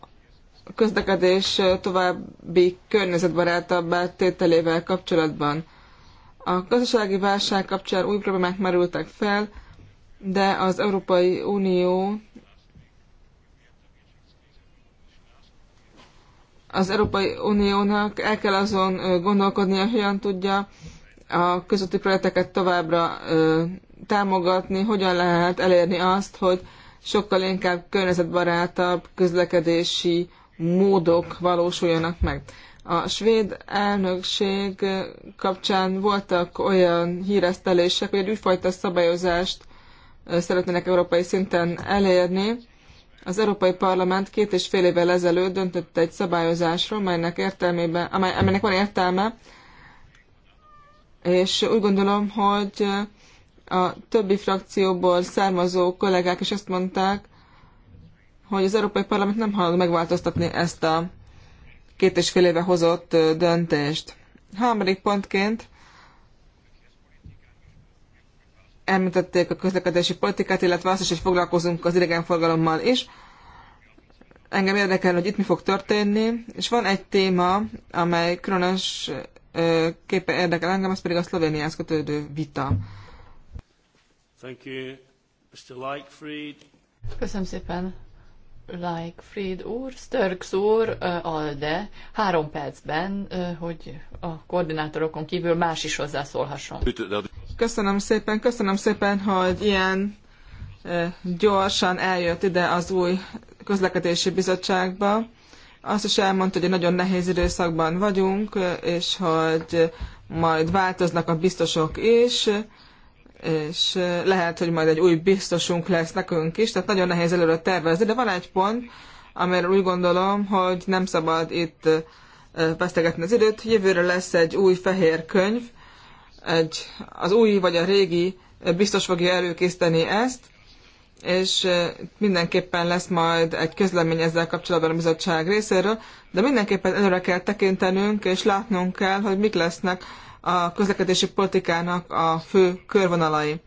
közlekedés további környezetbarátabbá tételével kapcsolatban? A gazdasági válság kapcsán új problémák merültek fel, de az Európai Unió Az Európai Uniónak el kell azon gondolkodnia, hogyan tudja a közötti projekteket továbbra támogatni, hogyan lehet elérni azt, hogy sokkal inkább környezetbarátabb közlekedési módok valósuljanak meg. A svéd elnökség kapcsán voltak olyan híresztelések, hogy egy újfajta szabályozást szeretnének európai szinten elérni, az Európai Parlament két és fél évvel ezelőtt döntött egy szabályozásról, melynek, értelmében, amely, amelynek van értelme, és úgy gondolom, hogy a többi frakcióból származó kollégák is azt mondták, hogy az Európai Parlament nem hallod megváltoztatni ezt a két és fél éve hozott döntést. Harmadik pontként említették a közlekedési politikát, illetve azt is, hogy foglalkozunk az idegenforgalommal is. Engem érdekel, hogy itt mi fog történni, és van egy téma, amely különös képe érdekel engem, az pedig a Szlovéniához kötődő vita. Thank you, Mr. Köszönöm szépen, Like Fried úr, Störks úr, Alde, három percben, hogy a koordinátorokon kívül más is hozzászólhasson. Köszönöm szépen, köszönöm szépen, hogy ilyen gyorsan eljött ide az új közlekedési bizottságba. Azt is elmondta, hogy nagyon nehéz időszakban vagyunk, és hogy majd változnak a biztosok is és lehet, hogy majd egy új biztosunk lesz nekünk is, tehát nagyon nehéz előre tervezni, de van egy pont, amiről úgy gondolom, hogy nem szabad itt vesztegetni az időt. Jövőre lesz egy új fehér könyv, egy, az új vagy a régi biztos fogja előkészíteni ezt, és mindenképpen lesz majd egy közlemény ezzel kapcsolatban a bizottság részéről, de mindenképpen előre kell tekintenünk, és látnunk kell, hogy mik lesznek a közlekedési politikának a fő körvonalai.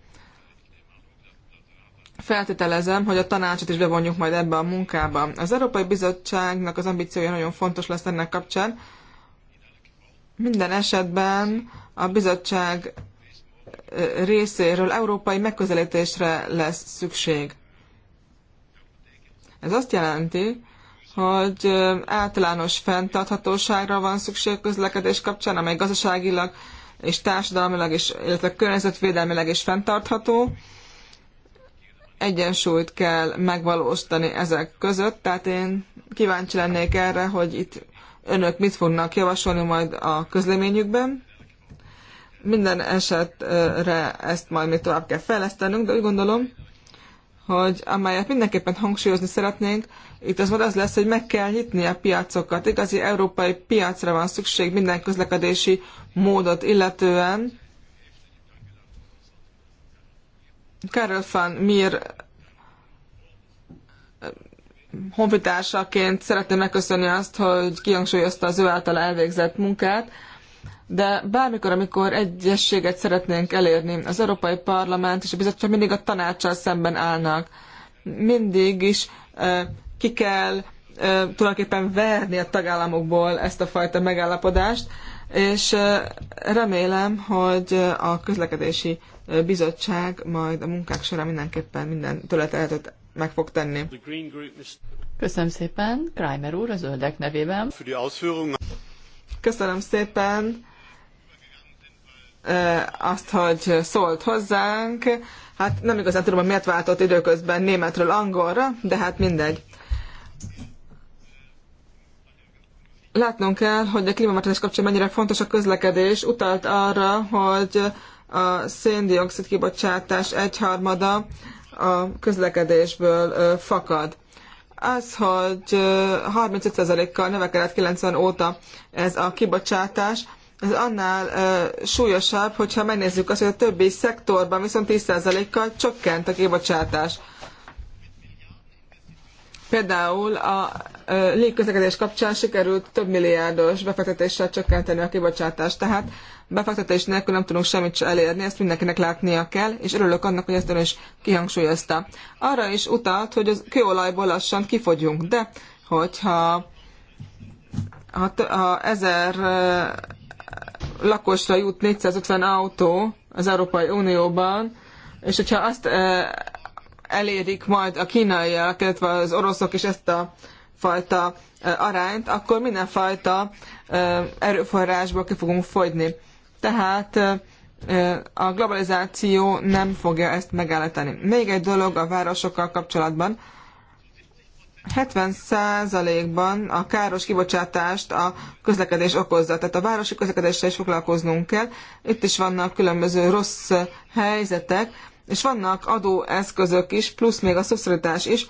Feltételezem, hogy a tanácsot is bevonjuk majd ebbe a munkába. Az Európai Bizottságnak az ambíciója nagyon fontos lesz ennek kapcsán. Minden esetben a bizottság részéről európai megközelítésre lesz szükség. Ez azt jelenti, hogy általános fenntarthatóságra van szükség közlekedés kapcsán, amely gazdaságilag és társadalmilag, és, illetve környezetvédelmileg is fenntartható. Egyensúlyt kell megvalósítani ezek között, tehát én kíváncsi lennék erre, hogy itt önök mit fognak javasolni majd a közleményükben. Minden esetre ezt majd mi tovább kell fejlesztenünk, de úgy gondolom, hogy amelyet mindenképpen hangsúlyozni szeretnénk, itt az az lesz, hogy meg kell nyitni a piacokat. Igazi európai piacra van szükség minden közlekedési módot illetően. Karel van Mir eh, honfitársaként szeretném megköszönni azt, hogy kihangsúlyozta az ő által elvégzett munkát, de bármikor, amikor egyességet szeretnénk elérni, az Európai Parlament és a bizottság mindig a tanácssal szemben állnak. Mindig is ki kell tulajdonképpen verni a tagállamokból ezt a fajta megállapodást, és remélem, hogy a közlekedési bizottság majd a munkák során mindenképpen minden tőletelhetőt meg fog tenni. Köszönöm szépen, Kreimer úr, az öldek nevében. Köszönöm szépen azt, hogy szólt hozzánk. Hát nem igazán tudom, hogy miért váltott időközben németről angolra, de hát mindegy. Látnunk kell, hogy a klímaváltozás kapcsán mennyire fontos a közlekedés. Utalt arra, hogy a széndiokszid kibocsátás egyharmada a közlekedésből fakad. Az, hogy 35%-kal növekedett 90 óta ez a kibocsátás, ez annál uh, súlyosabb, hogyha megnézzük azt, hogy a többi szektorban viszont 10%-kal csökkent a kibocsátás. Például a uh, légközlekedés kapcsán sikerült több milliárdos befektetéssel csökkenteni a kibocsátást, tehát befektetés nélkül nem tudunk semmit sem elérni, ezt mindenkinek látnia kell, és örülök annak, hogy ezt ön is kihangsúlyozta. Arra is utalt, hogy az kőolajból lassan kifogyunk, de hogyha ha, ha ezer lakosra jut 450 autó az Európai Unióban, és hogyha azt e, elérik majd a kínaiak, illetve az oroszok is ezt a fajta e, arányt, akkor mindenfajta e, erőforrásból ki fogunk fogyni. Tehát a globalizáció nem fogja ezt megállítani. Még egy dolog a városokkal kapcsolatban. 70%-ban a káros kibocsátást a közlekedés okozza. Tehát a városi közlekedéssel is foglalkoznunk kell. Itt is vannak különböző rossz helyzetek, és vannak adóeszközök is, plusz még a szubszidatás is,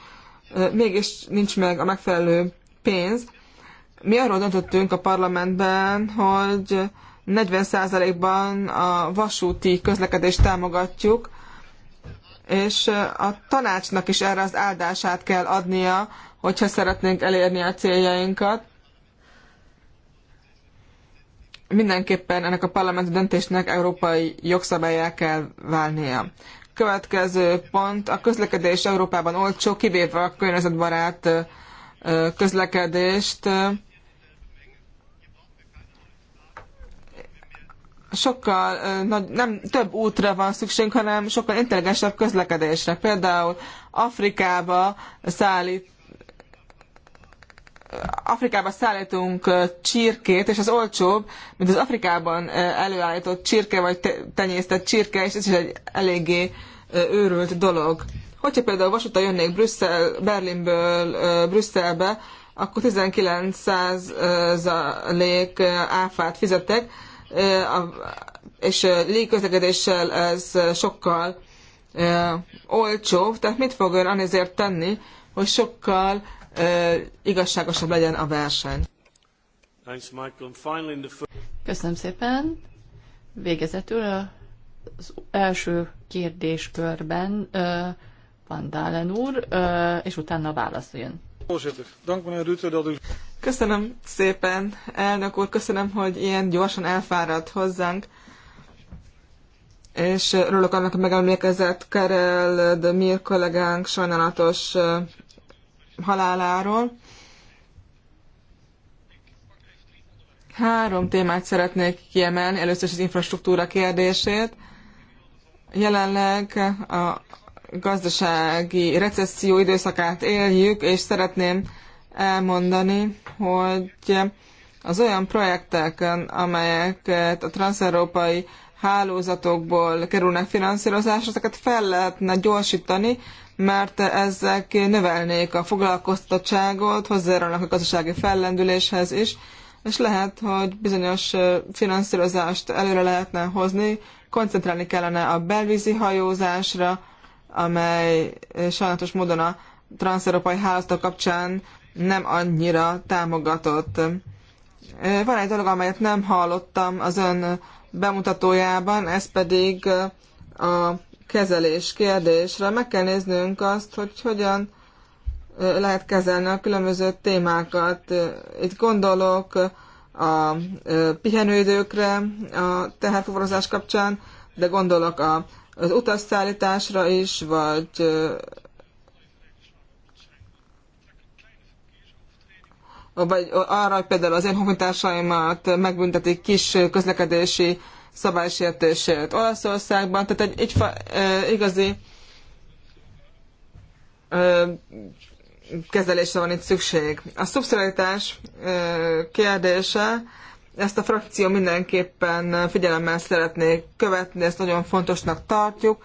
mégis nincs meg a megfelelő pénz. Mi arról döntöttünk a parlamentben, hogy 40%-ban a vasúti közlekedést támogatjuk, és a tanácsnak is erre az áldását kell adnia, hogyha szeretnénk elérni a céljainkat. Mindenképpen ennek a parlamenti döntésnek európai jogszabályá kell válnia. Következő pont, a közlekedés Európában olcsó, kivéve a környezetbarát közlekedést. sokkal nagy, nem több útra van szükségünk, hanem sokkal intelligensebb közlekedésre. Például Afrikába szállít Afrikába szállítunk csirkét, és az olcsóbb, mint az Afrikában előállított csirke, vagy tenyésztett csirke, és ez is egy eléggé őrült dolog. Hogyha például vasúta jönnék Brüsszel, Berlinből Brüsszelbe, akkor 19% áfát fizetek, és légközlekedéssel ez sokkal olcsóbb, tehát mit fog ön anézért tenni, hogy sokkal igazságosabb legyen a verseny? Köszönöm szépen. Végezetül az első kérdéskörben Van Dálen úr, és utána válaszoljon. Köszönöm szépen, elnök úr, köszönöm, hogy ilyen gyorsan elfáradt hozzánk. És örülök annak, hogy megemlékezett Karel de Mir kollégánk sajnálatos haláláról. Három témát szeretnék kiemelni, először is az infrastruktúra kérdését. Jelenleg a gazdasági recesszió időszakát éljük, és szeretném elmondani, hogy az olyan projekteken, amelyeket eh, a transzeurópai hálózatokból kerülnek finanszírozásra, ezeket fel lehetne gyorsítani, mert ezek növelnék a foglalkoztatottságot, hozzájárulnak a gazdasági fellendüléshez is, és lehet, hogy bizonyos eh, finanszírozást előre lehetne hozni, koncentrálni kellene a belvízi hajózásra, amely eh, sajnálatos módon a transzeurópai hálózat kapcsán nem annyira támogatott. Van egy dolog, amelyet nem hallottam az ön bemutatójában, ez pedig a kezelés kérdésre. Meg kell néznünk azt, hogy hogyan lehet kezelni a különböző témákat. Itt gondolok a pihenőidőkre a teherfuvarozás kapcsán, de gondolok a, az utasszállításra is, vagy vagy arra, hogy például az én honfitársaimat megbüntetik kis közlekedési szabálysértésért Olaszországban, tehát egy, egy e, igazi e, kezelésre van itt szükség. A szubszidiaritás e, kérdése, ezt a frakció mindenképpen figyelemmel szeretné követni, ezt nagyon fontosnak tartjuk.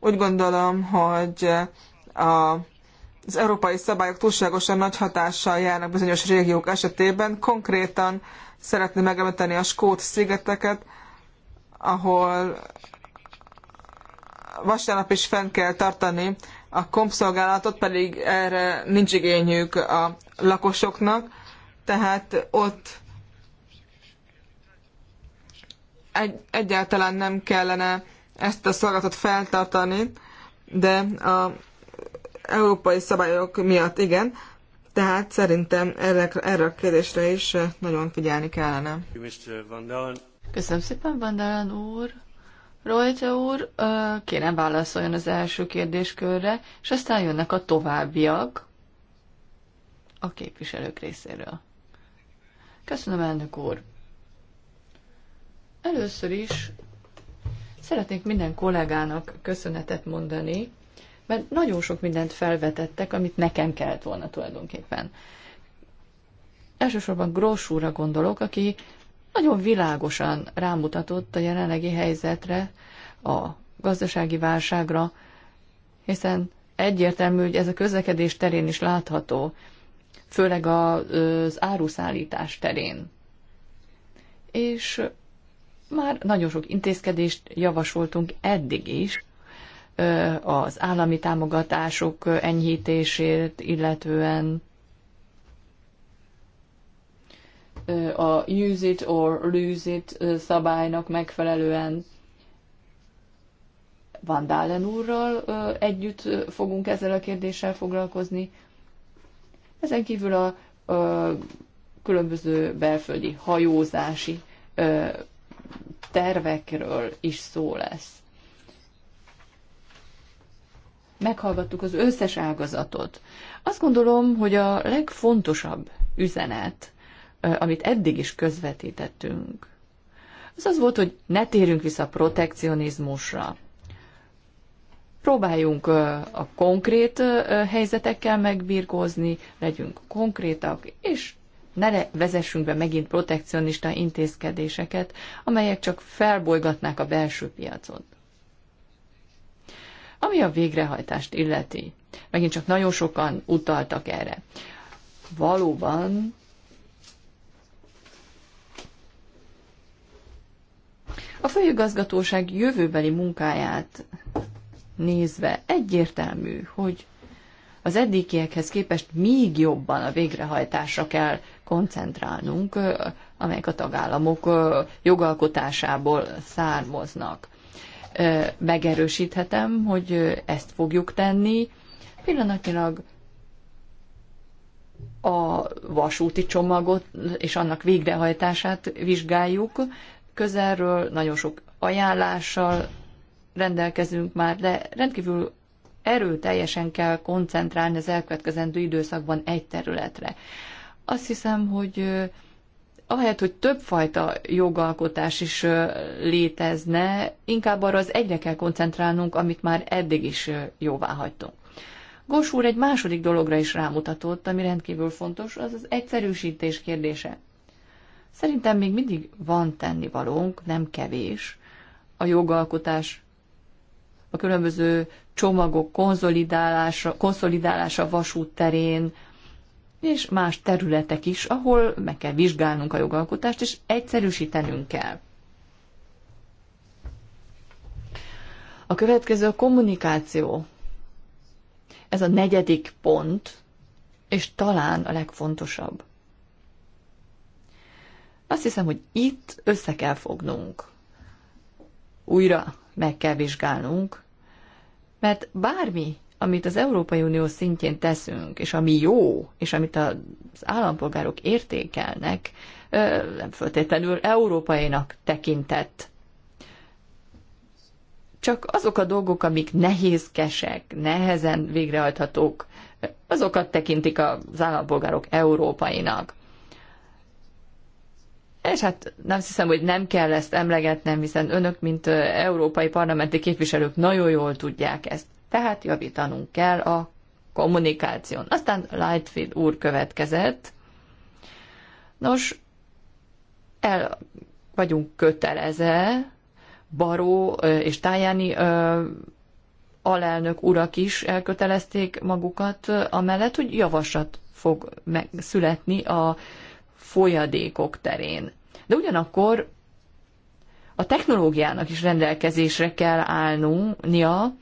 Úgy gondolom, hogy a az európai szabályok túlságosan nagy hatással járnak bizonyos régiók esetében. Konkrétan szeretném megemlíteni a Skót szigeteket, ahol vasárnap is fenn kell tartani a kompszolgálatot, pedig erre nincs igényük a lakosoknak, tehát ott egy, egyáltalán nem kellene ezt a szolgáltatot feltartani, de a európai szabályok miatt, igen. Tehát szerintem erre, erre a kérdésre is nagyon figyelni kellene. Köszönöm szépen, Vandalan úr. Rojta úr, kérem válaszoljon az első kérdéskörre, és aztán jönnek a továbbiak a képviselők részéről. Köszönöm, elnök úr. Először is szeretnék minden kollégának köszönetet mondani, mert nagyon sok mindent felvetettek, amit nekem kellett volna tulajdonképpen. Elsősorban Gross úrra gondolok, aki nagyon világosan rámutatott a jelenlegi helyzetre, a gazdasági válságra, hiszen egyértelmű, hogy ez a közlekedés terén is látható, főleg az áruszállítás terén. És már nagyon sok intézkedést javasoltunk eddig is, az állami támogatások enyhítését, illetően a use it or lose it szabálynak megfelelően Van Dalen úrral együtt fogunk ezzel a kérdéssel foglalkozni. Ezen kívül a különböző belföldi hajózási tervekről is szó lesz meghallgattuk az összes ágazatot. Azt gondolom, hogy a legfontosabb üzenet, amit eddig is közvetítettünk, az az volt, hogy ne térjünk vissza protekcionizmusra. Próbáljunk a konkrét helyzetekkel megbírkozni, legyünk konkrétak, és ne vezessünk be megint protekcionista intézkedéseket, amelyek csak felbolygatnák a belső piacot. Ami a végrehajtást illeti, megint csak nagyon sokan utaltak erre. Valóban a főigazgatóság jövőbeli munkáját nézve egyértelmű, hogy az eddigiekhez képest még jobban a végrehajtásra kell koncentrálnunk, amelyek a tagállamok jogalkotásából származnak megerősíthetem, hogy ezt fogjuk tenni. Pillanatnyilag a vasúti csomagot és annak végrehajtását vizsgáljuk közelről, nagyon sok ajánlással rendelkezünk már, de rendkívül erőteljesen kell koncentrálni az elkövetkezendő időszakban egy területre. Azt hiszem, hogy ahelyett, hogy többfajta jogalkotás is létezne, inkább arra az egyre kell koncentrálnunk, amit már eddig is jóvá hagytunk. Gos úr egy második dologra is rámutatott, ami rendkívül fontos, az az egyszerűsítés kérdése. Szerintem még mindig van tennivalónk, nem kevés, a jogalkotás, a különböző csomagok konszolidálása, konszolidálása vasút terén, és más területek is, ahol meg kell vizsgálnunk a jogalkotást, és egyszerűsítenünk kell. A következő a kommunikáció. Ez a negyedik pont, és talán a legfontosabb. Azt hiszem, hogy itt össze kell fognunk. Újra meg kell vizsgálnunk, mert bármi amit az Európai Unió szintjén teszünk, és ami jó, és amit az állampolgárok értékelnek, nem föltétlenül európainak tekintett. Csak azok a dolgok, amik nehézkesek, nehezen végrehajthatók, azokat tekintik az állampolgárok európainak. És hát nem hiszem, hogy nem kell ezt emlegetnem, hiszen önök, mint európai parlamenti képviselők nagyon jól tudják ezt tehát javítanunk kell a kommunikáción. Aztán Lightfield úr következett. Nos, el vagyunk köteleze, Baró és Tájáni alelnök urak is elkötelezték magukat amellett, hogy javaslat fog születni a folyadékok terén. De ugyanakkor a technológiának is rendelkezésre kell állnia,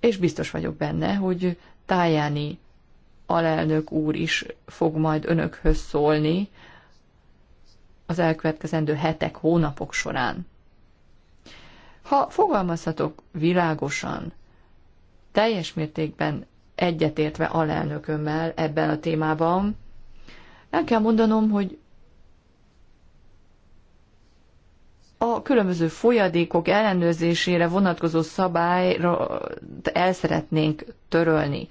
és biztos vagyok benne, hogy Tájáni alelnök úr is fog majd önökhöz szólni az elkövetkezendő hetek, hónapok során. Ha fogalmazhatok világosan, teljes mértékben egyetértve alelnökömmel ebben a témában, el kell mondanom, hogy a különböző folyadékok ellenőrzésére vonatkozó szabályra el szeretnénk törölni.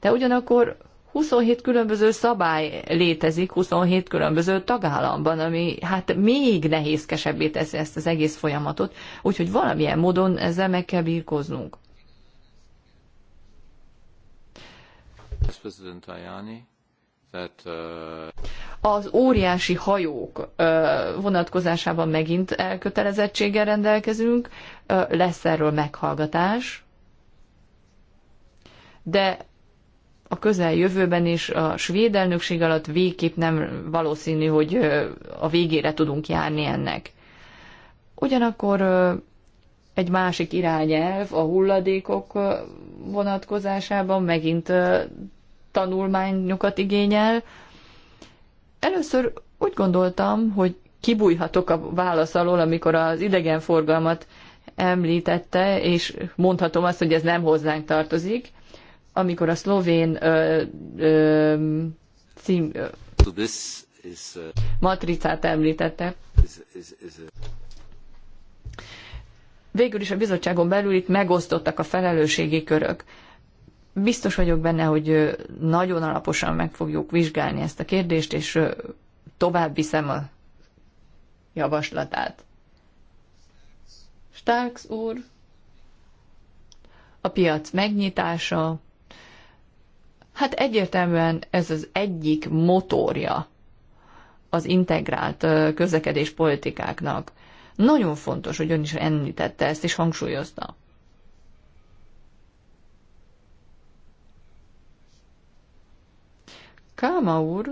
De ugyanakkor 27 különböző szabály létezik 27 különböző tagállamban, ami hát még nehézkesebbé teszi ezt az egész folyamatot, úgyhogy valamilyen módon ezzel meg kell bírkoznunk. President Tajani. Uh, Az óriási hajók vonatkozásában megint elkötelezettséggel rendelkezünk, lesz erről meghallgatás, de a közeljövőben is a svéd elnökség alatt végképp nem valószínű, hogy a végére tudunk járni ennek. Ugyanakkor egy másik irányelv a hulladékok vonatkozásában megint tanulmányokat igényel. Először úgy gondoltam, hogy kibújhatok a válasz alól, amikor az idegenforgalmat említette, és mondhatom azt, hogy ez nem hozzánk tartozik, amikor a szlovén ö, ö, cím, ö, matricát említette. Végül is a bizottságon belül itt megosztottak a felelősségi körök. Biztos vagyok benne, hogy nagyon alaposan meg fogjuk vizsgálni ezt a kérdést, és tovább viszem a javaslatát. Starks úr, a piac megnyitása, hát egyértelműen ez az egyik motorja az integrált közlekedéspolitikáknak. Nagyon fontos, hogy ön is említette ezt, és hangsúlyozta. Káma úr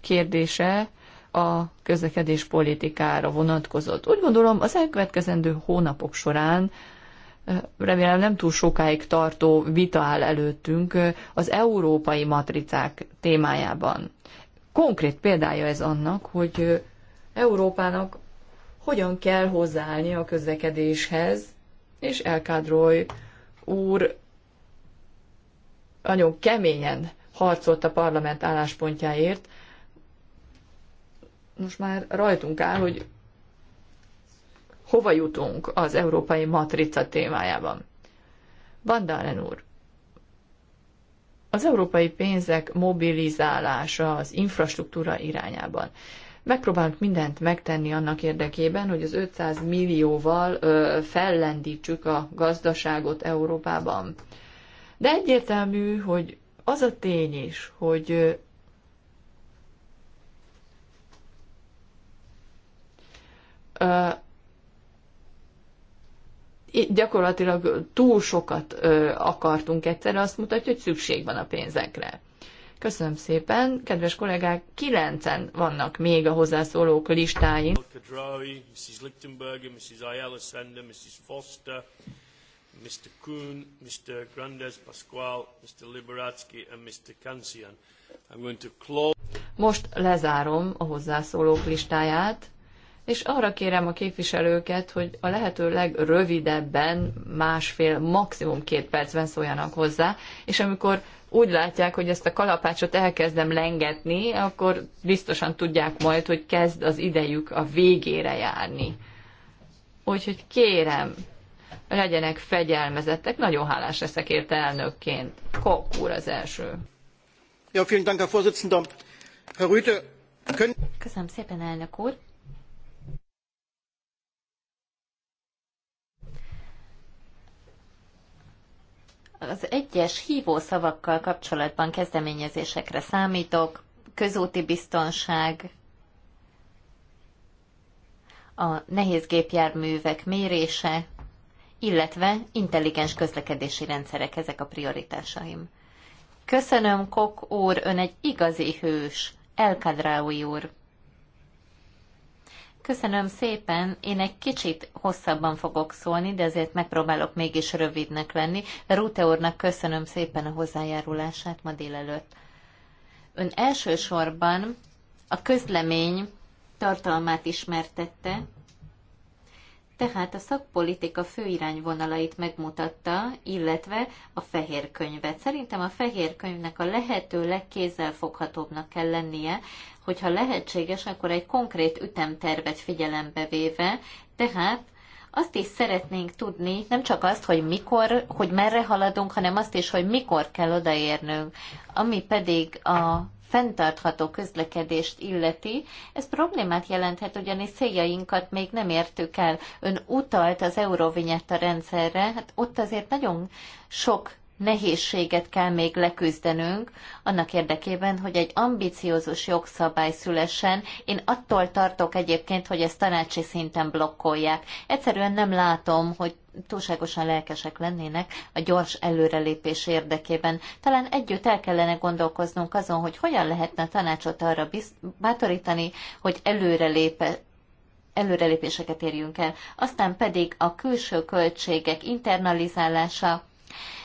kérdése a közlekedés politikára vonatkozott. Úgy gondolom, az elkövetkezendő hónapok során eh, remélem nem túl sokáig tartó vita áll előttünk eh, az európai matricák témájában. Konkrét példája ez annak, hogy eh, Európának hogyan kell hozzáállni a közlekedéshez, és Elkádroly úr nagyon keményen harcolt a parlament álláspontjáért. Most már rajtunk áll, hogy hova jutunk az európai matrica témájában. Van úr, az európai pénzek mobilizálása az infrastruktúra irányában. Megpróbálunk mindent megtenni annak érdekében, hogy az 500 millióval ö, fellendítsük a gazdaságot Európában. De egyértelmű, hogy az a tény is, hogy uh, gyakorlatilag túl sokat ö, akartunk egyszerre, azt mutatja, hogy szükség van a pénzekre. Köszönöm szépen, kedves kollégák, kilencen vannak még a hozzászólók listáin. Mrs. Mrs. Ayala Sender, Mrs. Foster, Mr. Kuhn, Mr. Grandes Pascual, Mr. Liberatsky and Mr. Kansian. I'm going to close. Most lezárom a hozzászólók listáját, és arra kérem a képviselőket, hogy a lehető legrövidebben, másfél, maximum két percben szóljanak hozzá, és amikor úgy látják, hogy ezt a kalapácsot elkezdem lengetni, akkor biztosan tudják majd, hogy kezd az idejük a végére járni. Úgyhogy kérem, legyenek fegyelmezettek. Nagyon hálás leszek érte elnökként. Kok úr az első. Ja, vielen Dank, Herr Vorsitzender. Herr Rüte, können... Köszönöm szépen, elnök úr. Az egyes hívószavakkal kapcsolatban kezdeményezésekre számítok, közúti biztonság, a nehéz gépjárművek mérése, illetve intelligens közlekedési rendszerek, ezek a prioritásaim. Köszönöm, Kok úr, ön egy igazi hős, Elkadráui úr. Köszönöm szépen, én egy kicsit hosszabban fogok szólni, de azért megpróbálok mégis rövidnek lenni. Rute úrnak köszönöm szépen a hozzájárulását ma délelőtt. Ön elsősorban a közlemény tartalmát ismertette, tehát a szakpolitika főirányvonalait megmutatta, illetve a fehér könyvet. Szerintem a fehér könyvnek a lehető legkézzelfoghatóbbnak kell lennie, hogyha lehetséges, akkor egy konkrét ütemtervet figyelembe véve, tehát azt is szeretnénk tudni, nem csak azt, hogy mikor, hogy merre haladunk, hanem azt is, hogy mikor kell odaérnünk. Ami pedig a fenntartható közlekedést illeti, ez problémát jelenthet, ugyanis céljainkat még nem értük el. Ön utalt az Eurovinyetta rendszerre, hát ott azért nagyon sok nehézséget kell még leküzdenünk, annak érdekében, hogy egy ambiciózus jogszabály szülessen. Én attól tartok egyébként, hogy ezt tanácsi szinten blokkolják. Egyszerűen nem látom, hogy túlságosan lelkesek lennének a gyors előrelépés érdekében. Talán együtt el kellene gondolkoznunk azon, hogy hogyan lehetne a tanácsot arra bátorítani, hogy előrelépe, előrelépéseket érjünk el. Aztán pedig a külső költségek internalizálása,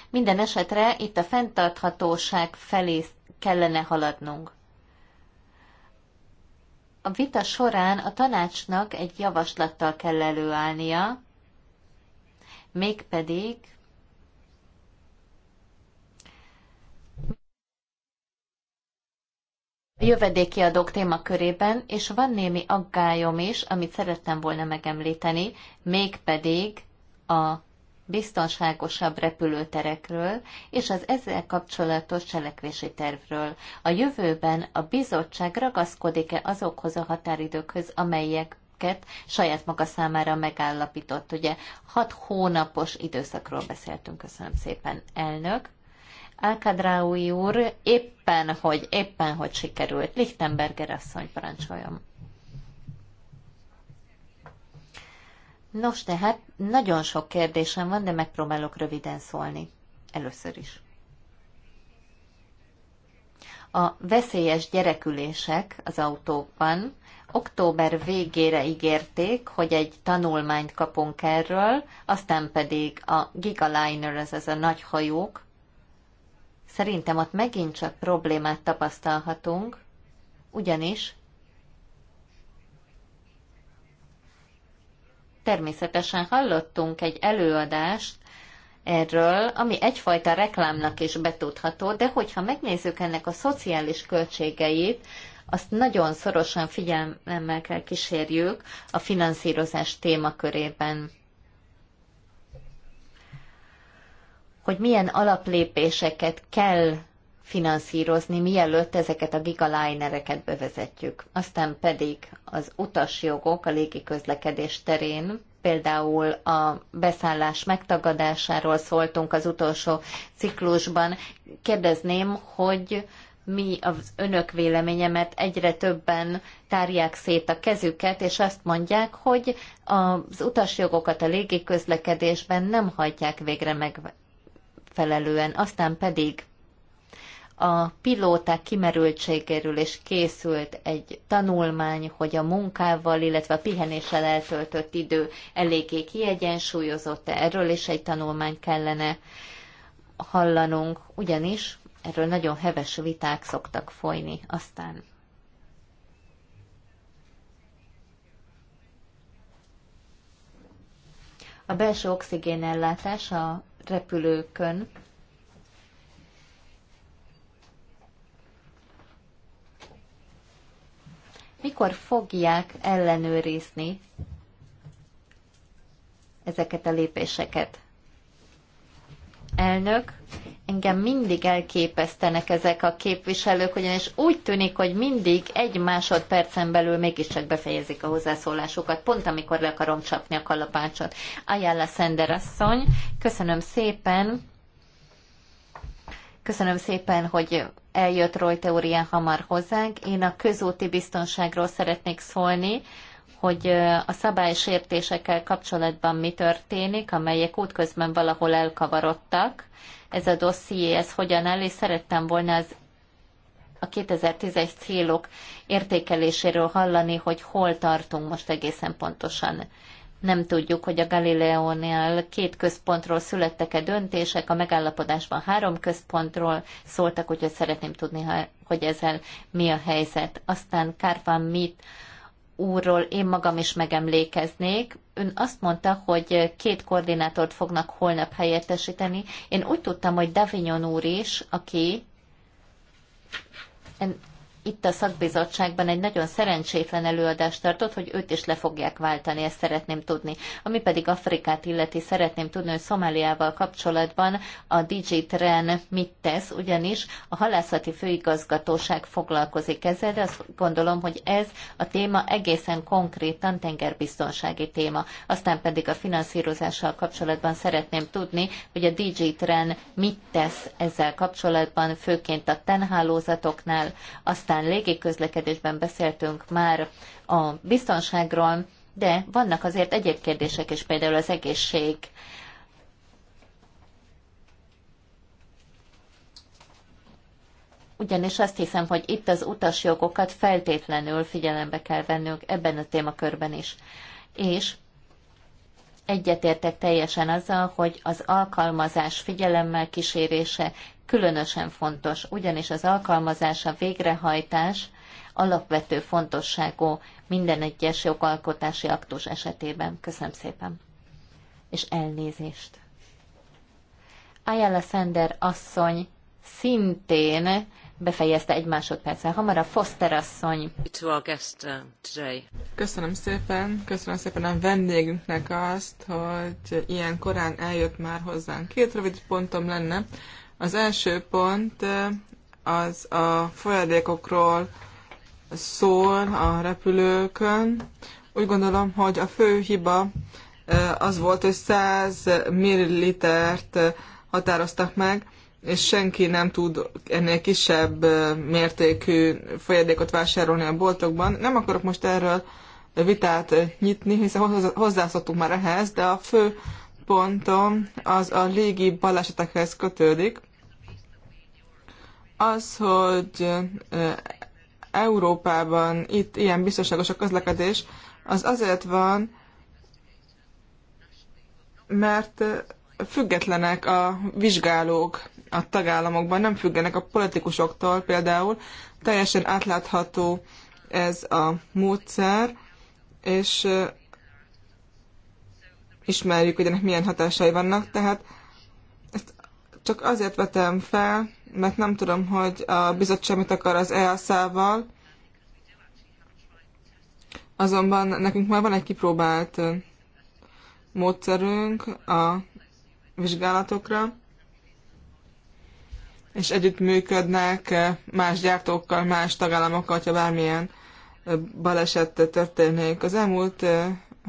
minden esetre itt a fenntarthatóság felé kellene haladnunk. A vita során a tanácsnak egy javaslattal kell előállnia, mégpedig a jövedéki adók témakörében, és van némi aggályom is, amit szerettem volna megemlíteni, mégpedig a biztonságosabb repülőterekről és az ezzel kapcsolatos cselekvési tervről. A jövőben a bizottság ragaszkodik-e azokhoz a határidőkhöz, amelyeket saját maga számára megállapított? Ugye hat hónapos időszakról beszéltünk, köszönöm szépen, elnök. Alkadraui úr éppen hogy, éppen hogy sikerült. Lichtenberger asszony, parancsoljon. Nos, tehát nagyon sok kérdésem van, de megpróbálok röviden szólni. Először is. A veszélyes gyerekülések az autókban október végére ígérték, hogy egy tanulmányt kapunk erről, aztán pedig a Gigaliner, az a nagy hajók. Szerintem ott megint csak problémát tapasztalhatunk, ugyanis természetesen hallottunk egy előadást erről, ami egyfajta reklámnak is betudható, de hogyha megnézzük ennek a szociális költségeit, azt nagyon szorosan figyelemmel kell kísérjük a finanszírozás témakörében. Hogy milyen alaplépéseket kell finanszírozni, mielőtt ezeket a gigalinereket bevezetjük. Aztán pedig az utasjogok a légiközlekedés terén, például a beszállás megtagadásáról szóltunk az utolsó ciklusban. Kérdezném, hogy mi az önök véleményemet egyre többen tárják szét a kezüket, és azt mondják, hogy az utasjogokat a légiközlekedésben nem hajtják végre megfelelően. Aztán pedig a pilóták kimerültségéről is készült egy tanulmány, hogy a munkával, illetve a pihenéssel eltöltött idő eléggé kiegyensúlyozott, erről is egy tanulmány kellene hallanunk, ugyanis erről nagyon heves viták szoktak folyni aztán. A belső oxigénellátás a repülőkön mikor fogják ellenőrizni ezeket a lépéseket? Elnök, engem mindig elképesztenek ezek a képviselők, ugyanis úgy tűnik, hogy mindig egy másodpercen belül mégiscsak befejezik a hozzászólásukat, pont amikor le akarom csapni a kalapácsot. Ajánla Szender asszony, köszönöm szépen, köszönöm szépen, hogy eljött Rojte úr ilyen hamar hozzánk. Én a közúti biztonságról szeretnék szólni, hogy a szabálysértésekkel kapcsolatban mi történik, amelyek útközben valahol elkavarodtak. Ez a dosszié, ez hogyan áll, és szerettem volna az a 2010-es célok értékeléséről hallani, hogy hol tartunk most egészen pontosan. Nem tudjuk, hogy a Galileónél két központról születtek-e döntések, a megállapodásban három központról szóltak, úgyhogy szeretném tudni, hogy ezzel mi a helyzet. Aztán Kárván mit úrról én magam is megemlékeznék. Ön azt mondta, hogy két koordinátort fognak holnap helyettesíteni. Én úgy tudtam, hogy Davignon úr is, aki itt a szakbizottságban egy nagyon szerencsétlen előadást tartott, hogy őt is le fogják váltani, ezt szeretném tudni. Ami pedig Afrikát illeti, szeretném tudni, hogy Szomáliával kapcsolatban a Digitren mit tesz, ugyanis a halászati főigazgatóság foglalkozik ezzel, de azt gondolom, hogy ez a téma egészen konkrétan tengerbiztonsági téma. Aztán pedig a finanszírozással kapcsolatban szeretném tudni, hogy a Digitren mit tesz ezzel kapcsolatban, főként a tenhálózatoknál, aztán Nyilván légiközlekedésben beszéltünk már a biztonságról, de vannak azért egyéb kérdések is, például az egészség. Ugyanis azt hiszem, hogy itt az utasjogokat feltétlenül figyelembe kell vennünk ebben a témakörben is. És egyetértek teljesen azzal, hogy az alkalmazás figyelemmel kísérése különösen fontos, ugyanis az alkalmazás, a végrehajtás alapvető fontosságú minden egyes jogalkotási aktus esetében. Köszönöm szépen. És elnézést. Ayala Sender asszony szintén befejezte egy másodperccel a Foster asszony. Uh, köszönöm szépen, köszönöm szépen a vendégünknek azt, hogy ilyen korán eljött már hozzánk. Két rövid pontom lenne. Az első pont az a folyadékokról szól a repülőkön. Úgy gondolom, hogy a fő hiba az volt, hogy 100 millilitert határoztak meg, és senki nem tud ennél kisebb mértékű folyadékot vásárolni a boltokban. Nem akarok most erről vitát nyitni, hiszen hozzászoktunk már ehhez, de a fő pontom az a légi balesetekhez kötődik. Az, hogy Európában itt ilyen biztonságos a közlekedés, az azért van, mert függetlenek a vizsgálók a tagállamokban, nem függenek a politikusoktól például, teljesen átlátható ez a módszer, és ismerjük, hogy ennek milyen hatásai vannak, tehát ezt csak azért vetem fel, mert nem tudom, hogy a bizottság mit akar az EASZ-val, azonban nekünk már van egy kipróbált módszerünk a vizsgálatokra, és együtt működnek más gyártókkal, más tagállamokkal, ha bármilyen baleset történik. Az elmúlt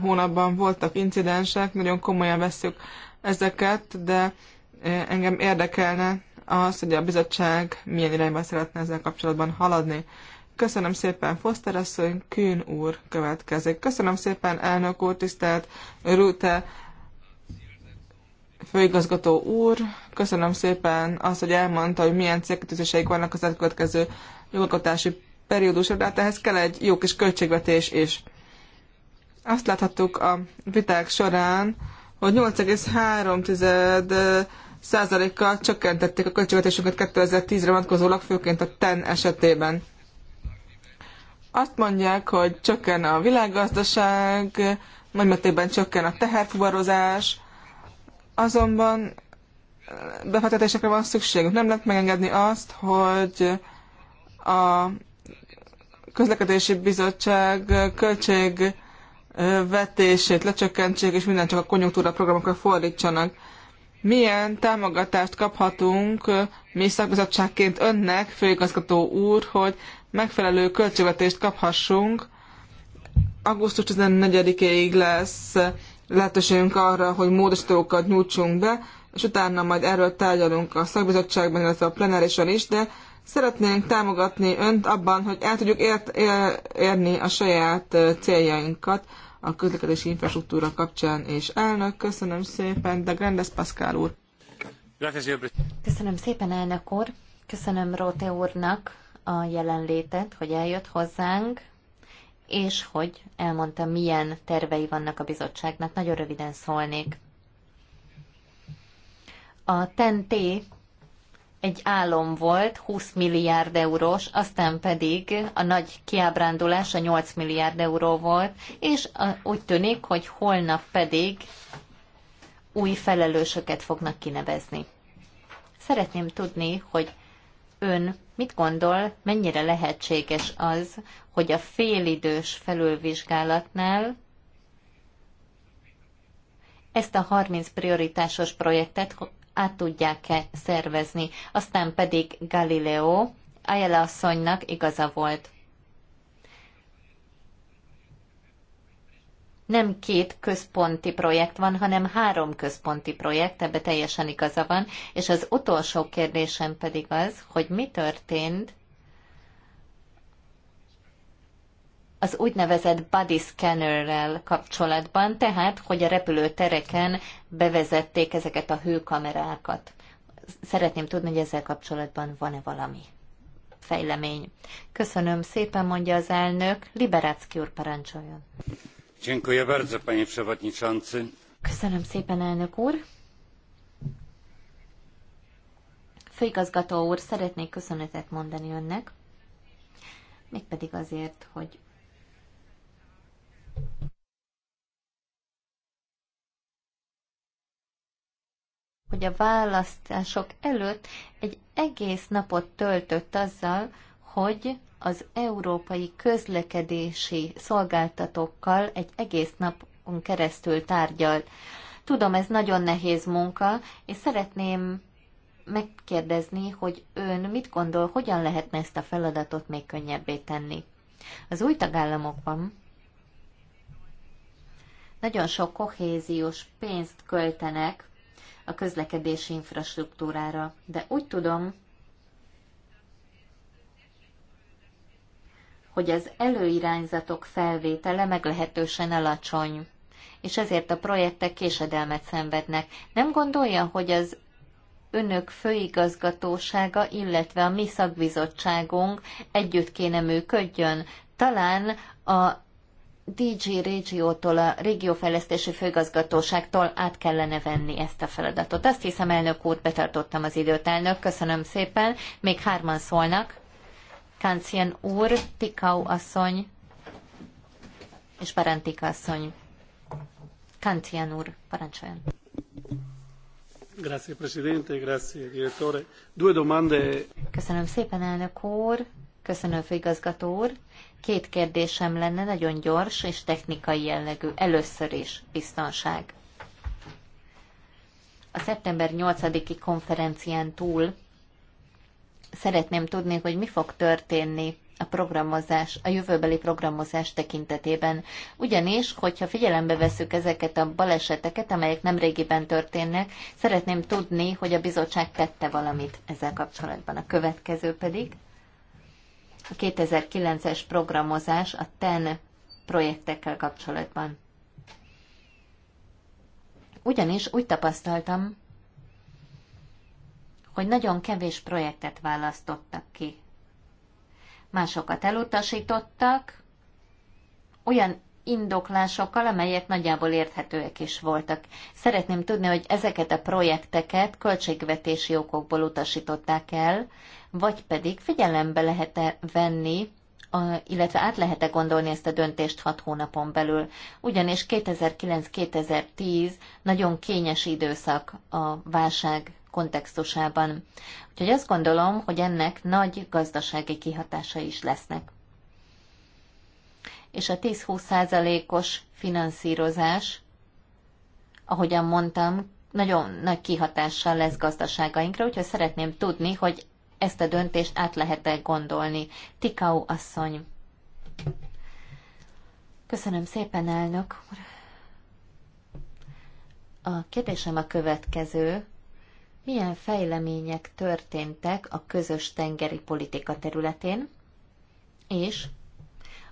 hónapban voltak incidensek, nagyon komolyan veszük ezeket, de e, engem érdekelne az, hogy a bizottság milyen irányba szeretne ezzel kapcsolatban haladni. Köszönöm szépen, Foster asszony, Kühn úr következik. Köszönöm szépen, elnök úr, tisztelt Rute főigazgató úr. Köszönöm szépen azt, hogy elmondta, hogy milyen célkötőzéseik vannak az elkövetkező jogalkotási periódusra, de hát ehhez kell egy jó kis költségvetés is. Azt láthattuk a viták során, hogy 8,3 százalékkal csökkentették a költségvetésünket 2010-re vonatkozólag, főként a TEN esetében. Azt mondják, hogy csökken a világgazdaság, mértékben csökken a teherfuvarozás, azonban befektetésekre van szükségünk. Nem lehet megengedni azt, hogy a közlekedési bizottság költség vetését lecsökkentsék, és minden csak a konjunktúra programokra fordítsanak. Milyen támogatást kaphatunk mi szakbizottságként önnek, főigazgató úr, hogy megfelelő költségvetést kaphassunk? Augusztus 14-ig lesz lehetőségünk arra, hogy módosítókat nyújtsunk be, és utána majd erről tárgyalunk a szakbizottságban, illetve a plenárison is, de Szeretnénk támogatni önt abban, hogy el tudjuk ért, ér, érni a saját céljainkat a közlekedési infrastruktúra kapcsán. És elnök, köszönöm szépen, de Grandes Pascal úr. Köszönöm szépen, elnök úr. Köszönöm Róte úrnak a jelenlétet, hogy eljött hozzánk, és hogy elmondta, milyen tervei vannak a bizottságnak. Nagyon röviden szólnék. A TEN-T egy álom volt, 20 milliárd eurós, aztán pedig a nagy kiábrándulás a 8 milliárd euró volt, és úgy tűnik, hogy holnap pedig új felelősöket fognak kinevezni. Szeretném tudni, hogy ön mit gondol, mennyire lehetséges az, hogy a félidős felülvizsgálatnál ezt a 30 prioritásos projektet át tudják-e szervezni. Aztán pedig Galileo Ayala asszonynak igaza volt. nem két központi projekt van, hanem három központi projekt, ebbe teljesen igaza van, és az utolsó kérdésem pedig az, hogy mi történt az úgynevezett body scannerrel kapcsolatban, tehát, hogy a repülőtereken bevezették ezeket a hőkamerákat. Szeretném tudni, hogy ezzel kapcsolatban van-e valami fejlemény. Köszönöm szépen, mondja az elnök. Liberácki úr parancsoljon. Köszönöm szépen, elnök úr. Főigazgató úr, szeretnék köszönetet mondani önnek, mégpedig azért, hogy hogy a választások előtt egy egész napot töltött azzal, hogy az európai közlekedési szolgáltatókkal egy egész napon keresztül tárgyalt. Tudom, ez nagyon nehéz munka, és szeretném megkérdezni, hogy ön mit gondol, hogyan lehetne ezt a feladatot még könnyebbé tenni. Az új tagállamokban nagyon sok kohéziós pénzt költenek a közlekedési infrastruktúrára. De úgy tudom, hogy az előirányzatok felvétele meglehetősen alacsony, és ezért a projektek késedelmet szenvednek. Nem gondolja, hogy az önök főigazgatósága, illetve a mi szakbizottságunk együtt kéne működjön? Talán a DG Régiótól, a Régiófejlesztési Főigazgatóságtól át kellene venni ezt a feladatot. Azt hiszem, elnök úr, betartottam az időt, elnök, köszönöm szépen. Még hárman szólnak. Kancien úr, Tikau asszony és Barantika asszony. Kancien úr, parancsoljon. Grazie, Presidente, grazie, Direttore. Due domande. Köszönöm szépen, elnök úr. Köszönöm, főigazgató úr. Két kérdésem lenne, nagyon gyors és technikai jellegű. Először is biztonság. A szeptember 8-i konferencián túl szeretném tudni, hogy mi fog történni a programozás, a jövőbeli programozás tekintetében. Ugyanis, hogyha figyelembe veszük ezeket a baleseteket, amelyek nem régiben történnek, szeretném tudni, hogy a bizottság tette valamit ezzel kapcsolatban. A következő pedig a 2009-es programozás a TEN projektekkel kapcsolatban. Ugyanis úgy tapasztaltam, hogy nagyon kevés projektet választottak ki. Másokat elutasítottak, olyan indoklásokkal, amelyek nagyjából érthetőek is voltak. Szeretném tudni, hogy ezeket a projekteket költségvetési okokból utasították el, vagy pedig figyelembe lehet-e venni, illetve át lehet-e gondolni ezt a döntést hat hónapon belül. Ugyanis 2009-2010 nagyon kényes időszak a válság kontextusában. Úgyhogy azt gondolom, hogy ennek nagy gazdasági kihatásai is lesznek és a 10-20 százalékos finanszírozás, ahogyan mondtam, nagyon nagy kihatással lesz gazdaságainkra, úgyhogy szeretném tudni, hogy ezt a döntést át lehet-e gondolni. Tikau asszony. Köszönöm szépen, elnök. A kérdésem a következő. Milyen fejlemények történtek a közös tengeri politika területén, és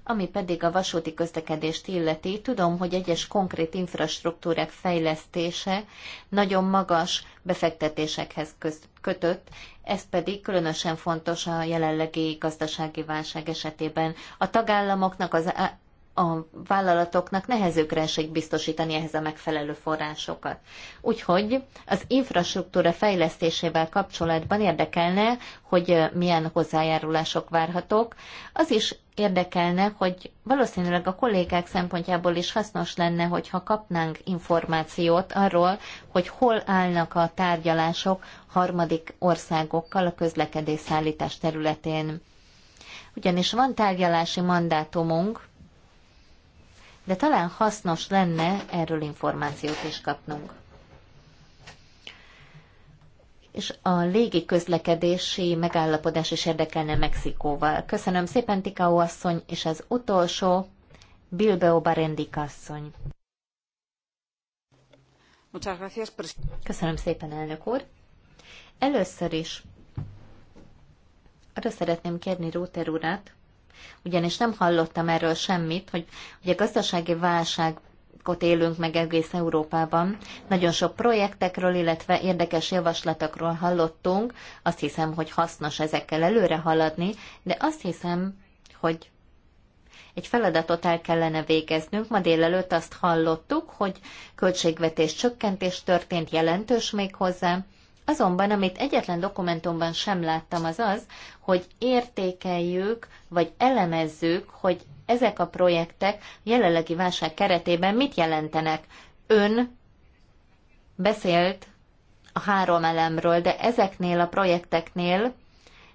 ami pedig a vasúti közlekedést illeti, tudom, hogy egyes konkrét infrastruktúrák fejlesztése nagyon magas befektetésekhez kötött, ez pedig különösen fontos a jelenlegi gazdasági válság esetében. A tagállamoknak, az a vállalatoknak nehezőkre esik biztosítani ehhez a megfelelő forrásokat. Úgyhogy az infrastruktúra fejlesztésével kapcsolatban érdekelne, hogy milyen hozzájárulások várhatók. Az is érdekelne, hogy valószínűleg a kollégák szempontjából is hasznos lenne, hogyha kapnánk információt arról, hogy hol állnak a tárgyalások harmadik országokkal a közlekedés szállítás területén. Ugyanis van tárgyalási mandátumunk, de talán hasznos lenne erről információt is kapnunk és a légi közlekedési megállapodás is érdekelne Mexikóval. Köszönöm szépen, Tikau asszony, és az utolsó, Bilbao Barendik asszony. Köszönöm szépen, elnök úr. Először is arra szeretném kérni Róter urat, ugyanis nem hallottam erről semmit, hogy, hogy a gazdasági válság időszakot élünk meg egész Európában. Nagyon sok projektekről, illetve érdekes javaslatokról hallottunk. Azt hiszem, hogy hasznos ezekkel előre haladni, de azt hiszem, hogy egy feladatot el kellene végeznünk. Ma délelőtt azt hallottuk, hogy költségvetés csökkentés történt jelentős még hozzá. Azonban, amit egyetlen dokumentumban sem láttam, az az, hogy értékeljük, vagy elemezzük, hogy ezek a projektek jelenlegi válság keretében mit jelentenek? Ön beszélt a három elemről, de ezeknél a projekteknél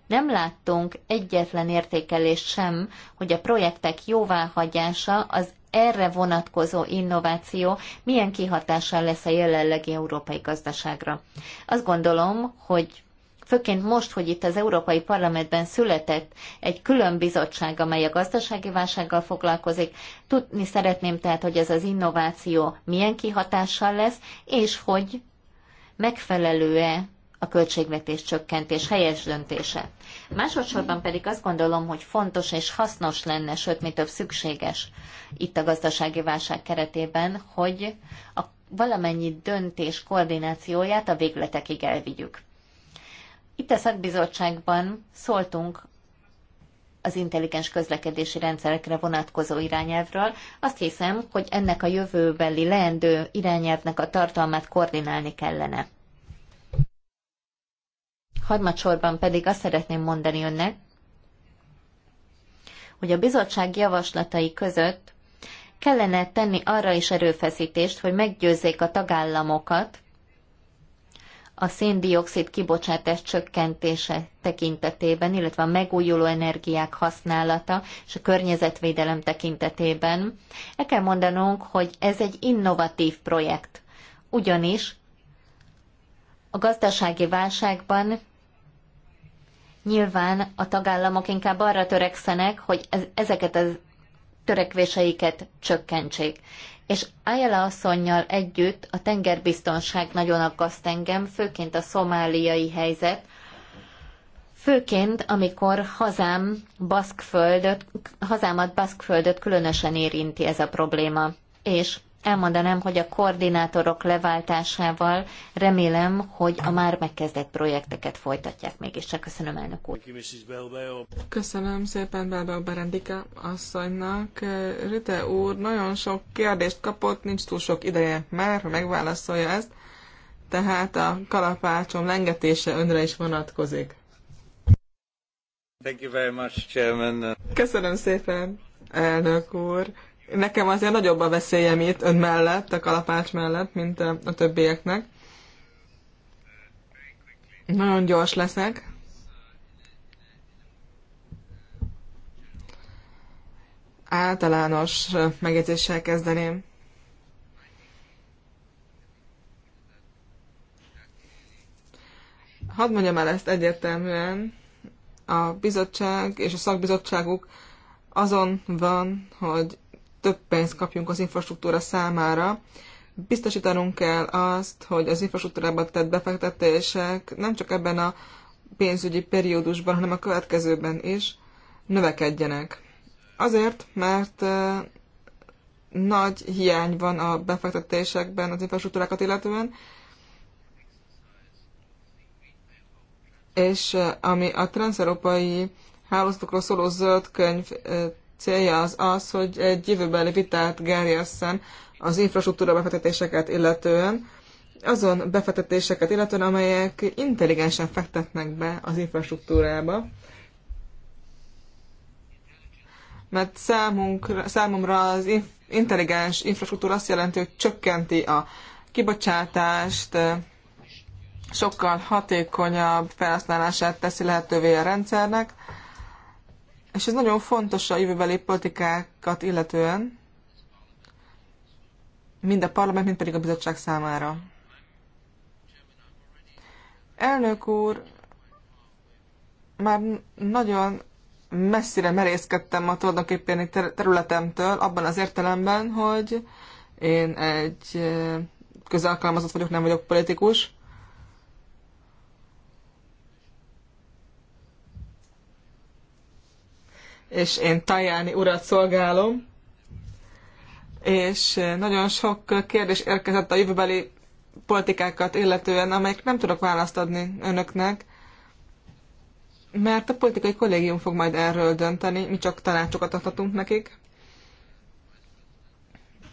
nem láttunk egyetlen értékelést sem, hogy a projektek jóváhagyása az erre vonatkozó innováció milyen kihatással lesz a jelenlegi európai gazdaságra. Azt gondolom, hogy főként most, hogy itt az Európai Parlamentben született egy külön bizottság, amely a gazdasági válsággal foglalkozik, tudni szeretném tehát, hogy ez az innováció milyen kihatással lesz, és hogy megfelelő-e a költségvetés csökkentés helyes döntése. Másodszorban pedig azt gondolom, hogy fontos és hasznos lenne, sőt, mi több szükséges itt a gazdasági válság keretében, hogy a valamennyi döntés koordinációját a végletekig elvigyük. Itt a szakbizottságban szóltunk az intelligens közlekedési rendszerekre vonatkozó irányelvről. Azt hiszem, hogy ennek a jövőbeli leendő irányelvnek a tartalmát koordinálni kellene. Harmadsorban pedig azt szeretném mondani önnek, hogy a bizottság javaslatai között kellene tenni arra is erőfeszítést, hogy meggyőzzék a tagállamokat, a széndiokszid kibocsátás csökkentése tekintetében, illetve a megújuló energiák használata és a környezetvédelem tekintetében. El kell mondanunk, hogy ez egy innovatív projekt, ugyanis a gazdasági válságban nyilván a tagállamok inkább arra törekszenek, hogy ezeket a törekvéseiket csökkentsék és Ayala asszonynal együtt a tengerbiztonság nagyon aggaszt engem, főként a szomáliai helyzet, főként amikor hazám Baszkföldöt, hazámat Baszkföldöt különösen érinti ez a probléma. És elmondanám, hogy a koordinátorok leváltásával remélem, hogy a már megkezdett projekteket folytatják csak Köszönöm, elnök úr. Köszönöm szépen Belbeo Berendika asszonynak. Rite úr nagyon sok kérdést kapott, nincs túl sok ideje már, hogy megválaszolja ezt. Tehát a kalapácsom lengetése önre is vonatkozik. Thank you very much, Chairman. Köszönöm szépen, elnök úr nekem azért nagyobb a veszélyem itt ön mellett, a kalapács mellett, mint a többieknek. Nagyon gyors leszek. Általános megjegyzéssel kezdeném. Hadd mondjam el ezt egyértelműen, a bizottság és a szakbizottságuk azon van, hogy több pénzt kapjunk az infrastruktúra számára. Biztosítanunk kell azt, hogy az infrastruktúrában tett befektetések nem csak ebben a pénzügyi periódusban, hanem a következőben is növekedjenek. Azért, mert nagy hiány van a befektetésekben az infrastruktúrákat illetően, és ami a transzeurópai hálózatokról szóló zöld könyv célja az az, hogy egy jövőbeli vitát gerjesszen az infrastruktúra befektetéseket illetően, azon befektetéseket illetően, amelyek intelligensen fektetnek be az infrastruktúrába, mert számunkra, számomra az intelligens infrastruktúra azt jelenti, hogy csökkenti a kibocsátást, sokkal hatékonyabb felhasználását teszi lehetővé a rendszernek, és ez nagyon fontos a jövőbeli politikákat illetően, mind a parlament, mind pedig a bizottság számára. Elnök úr, már nagyon messzire merészkedtem a tulajdonképpen területemtől, abban az értelemben, hogy én egy eh, közalkalmazott vagyok, nem vagyok politikus, és én Tajáni urat szolgálom. És eh, nagyon sok kérdés érkezett a jövőbeli politikákat illetően, amelyek nem tudok választ adni önöknek, mert a politikai kollégium fog majd erről dönteni, mi csak tanácsokat adhatunk nekik.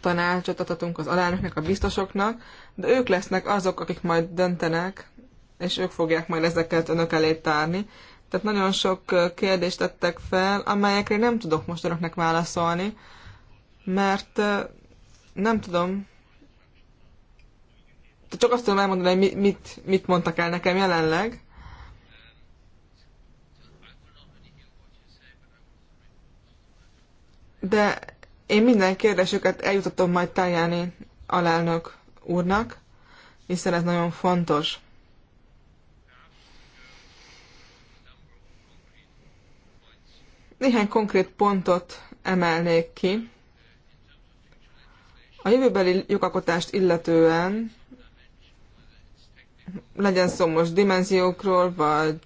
Tanácsot adhatunk az alánoknak, a biztosoknak, de ők lesznek azok, akik majd döntenek, és ők fogják majd ezeket önök elé tárni. Tehát nagyon sok kérdést tettek fel, amelyekre nem tudok most önöknek válaszolni, mert nem tudom. Csak azt tudom elmondani, hogy mit, mit mondtak el nekem jelenleg. De én minden kérdésüket eljutottam majd Tajani alelnök úrnak, hiszen ez nagyon fontos. Néhány konkrét pontot emelnék ki. A jövőbeli jogalkotást illetően legyen szó most dimenziókról, vagy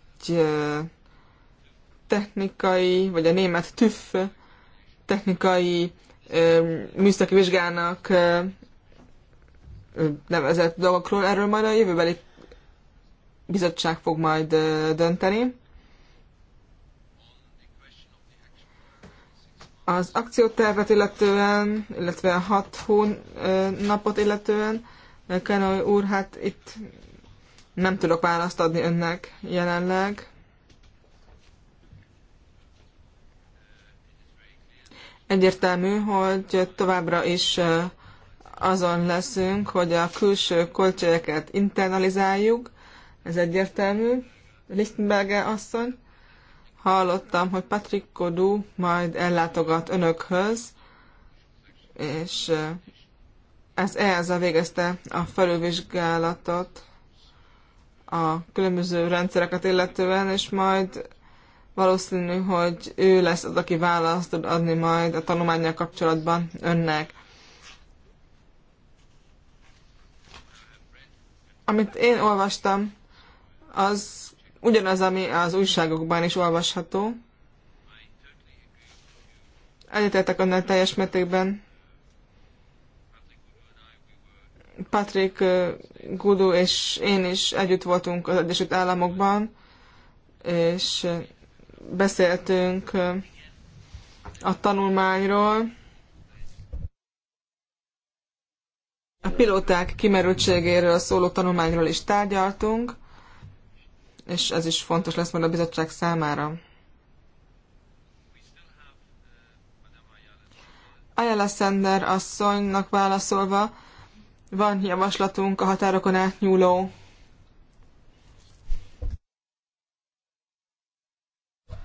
technikai, vagy a német TÜV technikai műszaki vizsgának nevezett dolgokról, erről majd a jövőbeli bizottság fog majd dönteni. Az akciótervet illetően, illetve a hat hónapot illetően, Kenoly úr, hát itt nem tudok választ adni önnek jelenleg. Egyértelmű, hogy továbbra is azon leszünk, hogy a külső költségeket internalizáljuk, ez egyértelmű. Lichtenberger asszony hallottam, hogy Patrick Kodú majd ellátogat önökhöz, és ez EASA végezte a felülvizsgálatot a különböző rendszereket illetően, és majd valószínű, hogy ő lesz az, aki választ tud adni majd a tanulmányjal kapcsolatban önnek. Amit én olvastam, az Ugyanaz, ami az újságokban is olvasható. Egyetértek önnel teljes mértékben. Patrick Gudu és én is együtt voltunk az Egyesült Államokban, és beszéltünk a tanulmányról, a pilóták kimerültségéről szóló tanulmányról is tárgyaltunk, és ez is fontos lesz majd a bizottság számára. Ayala Sender asszonynak válaszolva, van javaslatunk a határokon átnyúló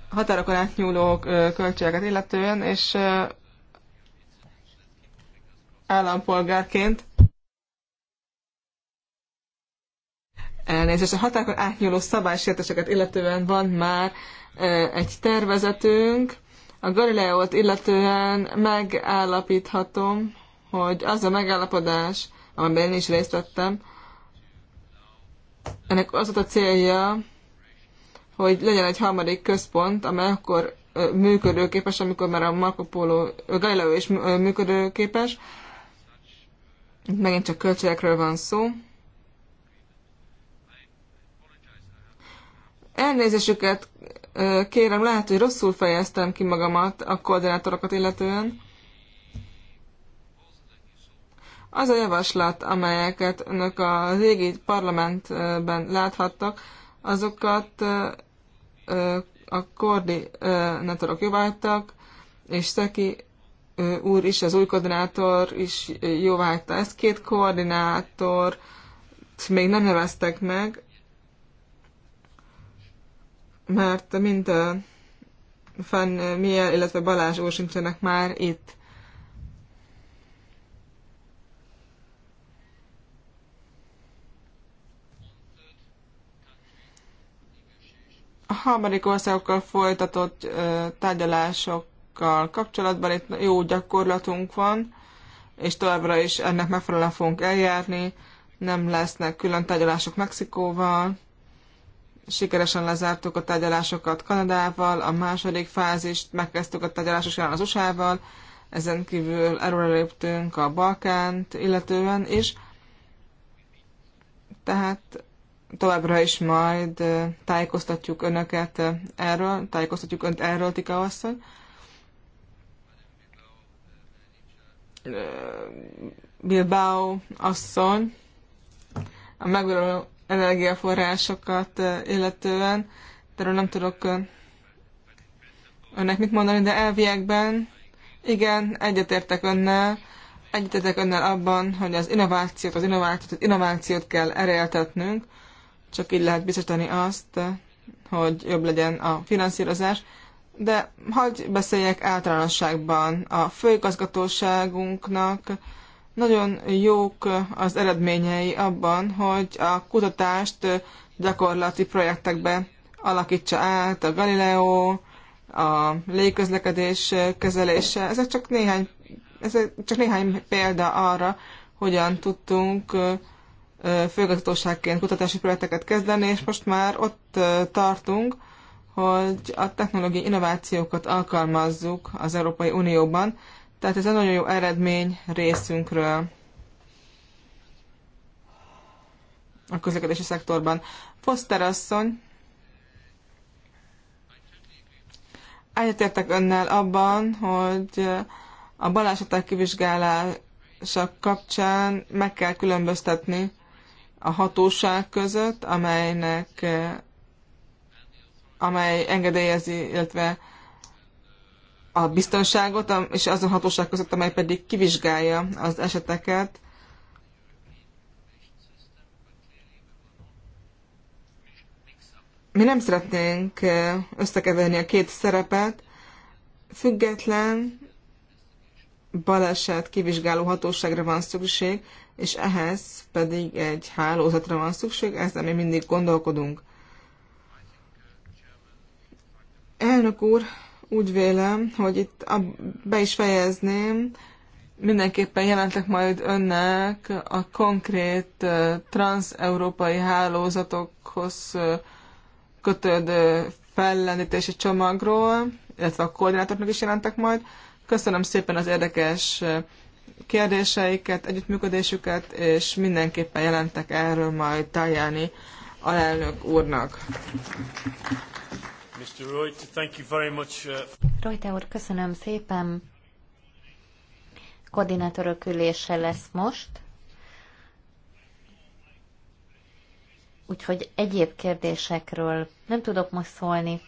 határokon átnyúló költségeket illetően, és állampolgárként elnézést. A hatákon átnyúló szabálysérteseket illetően van már egy tervezetünk. A Galileót illetően megállapíthatom, hogy az a megállapodás, amiben én is részt vettem, ennek az a célja, hogy legyen egy harmadik központ, amely akkor működőképes, amikor már a Marco Polo, a Galileo is működőképes. Megint csak költségekről van szó. Elnézésüket kérem, lehet, hogy rosszul fejeztem ki magamat a koordinátorokat illetően. Az a javaslat, amelyeket önök a régi parlamentben láthattak, azokat a koordinátorok jóváhagytak, és Szeki úr is, az új koordinátor is jóváhagyta. Ezt két koordinátor még nem neveztek meg, mert mind Fan Miel, illetve Balázs úr sincsenek már itt. A harmadik országokkal folytatott uh, tárgyalásokkal kapcsolatban itt jó gyakorlatunk van, és továbbra is ennek megfelelően fogunk eljárni. Nem lesznek külön tárgyalások Mexikóval, sikeresen lezártuk a tárgyalásokat Kanadával, a második fázist megkezdtük a tárgyalásos során az USA-val, ezen kívül előreléptünk a Balkánt illetően is, tehát továbbra is majd tájékoztatjuk önöket erről, tájékoztatjuk önt erről, Tika asszony. Bilbao asszony, a megfelelő energiaforrásokat illetően, erről nem tudok önnek mit mondani, de elviekben igen, egyetértek önnel, egyetértek önnel abban, hogy az innovációt, az innovációt, az innovációt kell erőltetnünk, csak így lehet biztosítani azt, hogy jobb legyen a finanszírozás. De hagyj beszéljek általánosságban a főigazgatóságunknak, nagyon jók az eredményei abban, hogy a kutatást gyakorlati projektekbe alakítsa át a Galileo, a légközlekedés kezelése. Ezek csak néhány, csak néhány példa arra, hogyan tudtunk főgazdaságként kutatási projekteket kezdeni, és most már ott tartunk, hogy a technológiai innovációkat alkalmazzuk az Európai Unióban, tehát ez egy nagyon jó eredmény részünkről a közlekedési szektorban. Foster asszony, egyetértek önnel abban, hogy a balesetek kivizsgálása kapcsán meg kell különböztetni a hatóság között, amelynek amely engedélyezi, illetve a biztonságot és azon hatóság között, amely pedig kivizsgálja az eseteket. Mi nem szeretnénk összekeverni a két szerepet, független baleset kivizsgáló hatóságra van szükség, és ehhez pedig egy hálózatra van szükség, ezzel mi mindig gondolkodunk. Elnök úr, úgy vélem, hogy itt a, be is fejezném, mindenképpen jelentek majd önnek a konkrét transeurópai hálózatokhoz kötődő fellendítési csomagról, illetve a koordinátornak is jelentek majd. Köszönöm szépen az érdekes kérdéseiket, együttműködésüket, és mindenképpen jelentek erről majd Tajani alelnök úrnak. Uh, Reuter úr, köszönöm szépen. Koordinátorok ülése lesz most. Úgyhogy egyéb kérdésekről nem tudok most szólni,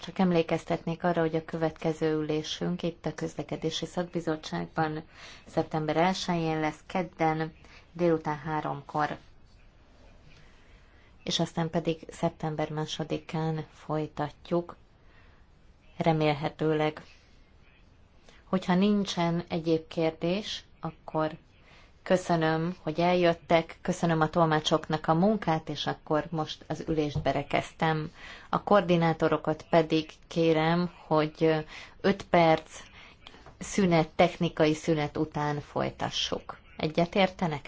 csak emlékeztetnék arra, hogy a következő ülésünk itt a közlekedési szakbizottságban szeptember 1-én lesz kedden délután háromkor és aztán pedig szeptember másodikán folytatjuk, remélhetőleg. Hogyha nincsen egyéb kérdés, akkor köszönöm, hogy eljöttek, köszönöm a tolmácsoknak a munkát, és akkor most az ülést berekeztem. A koordinátorokat pedig kérem, hogy 5 perc szünet, technikai szünet után folytassuk. Egyetértenek?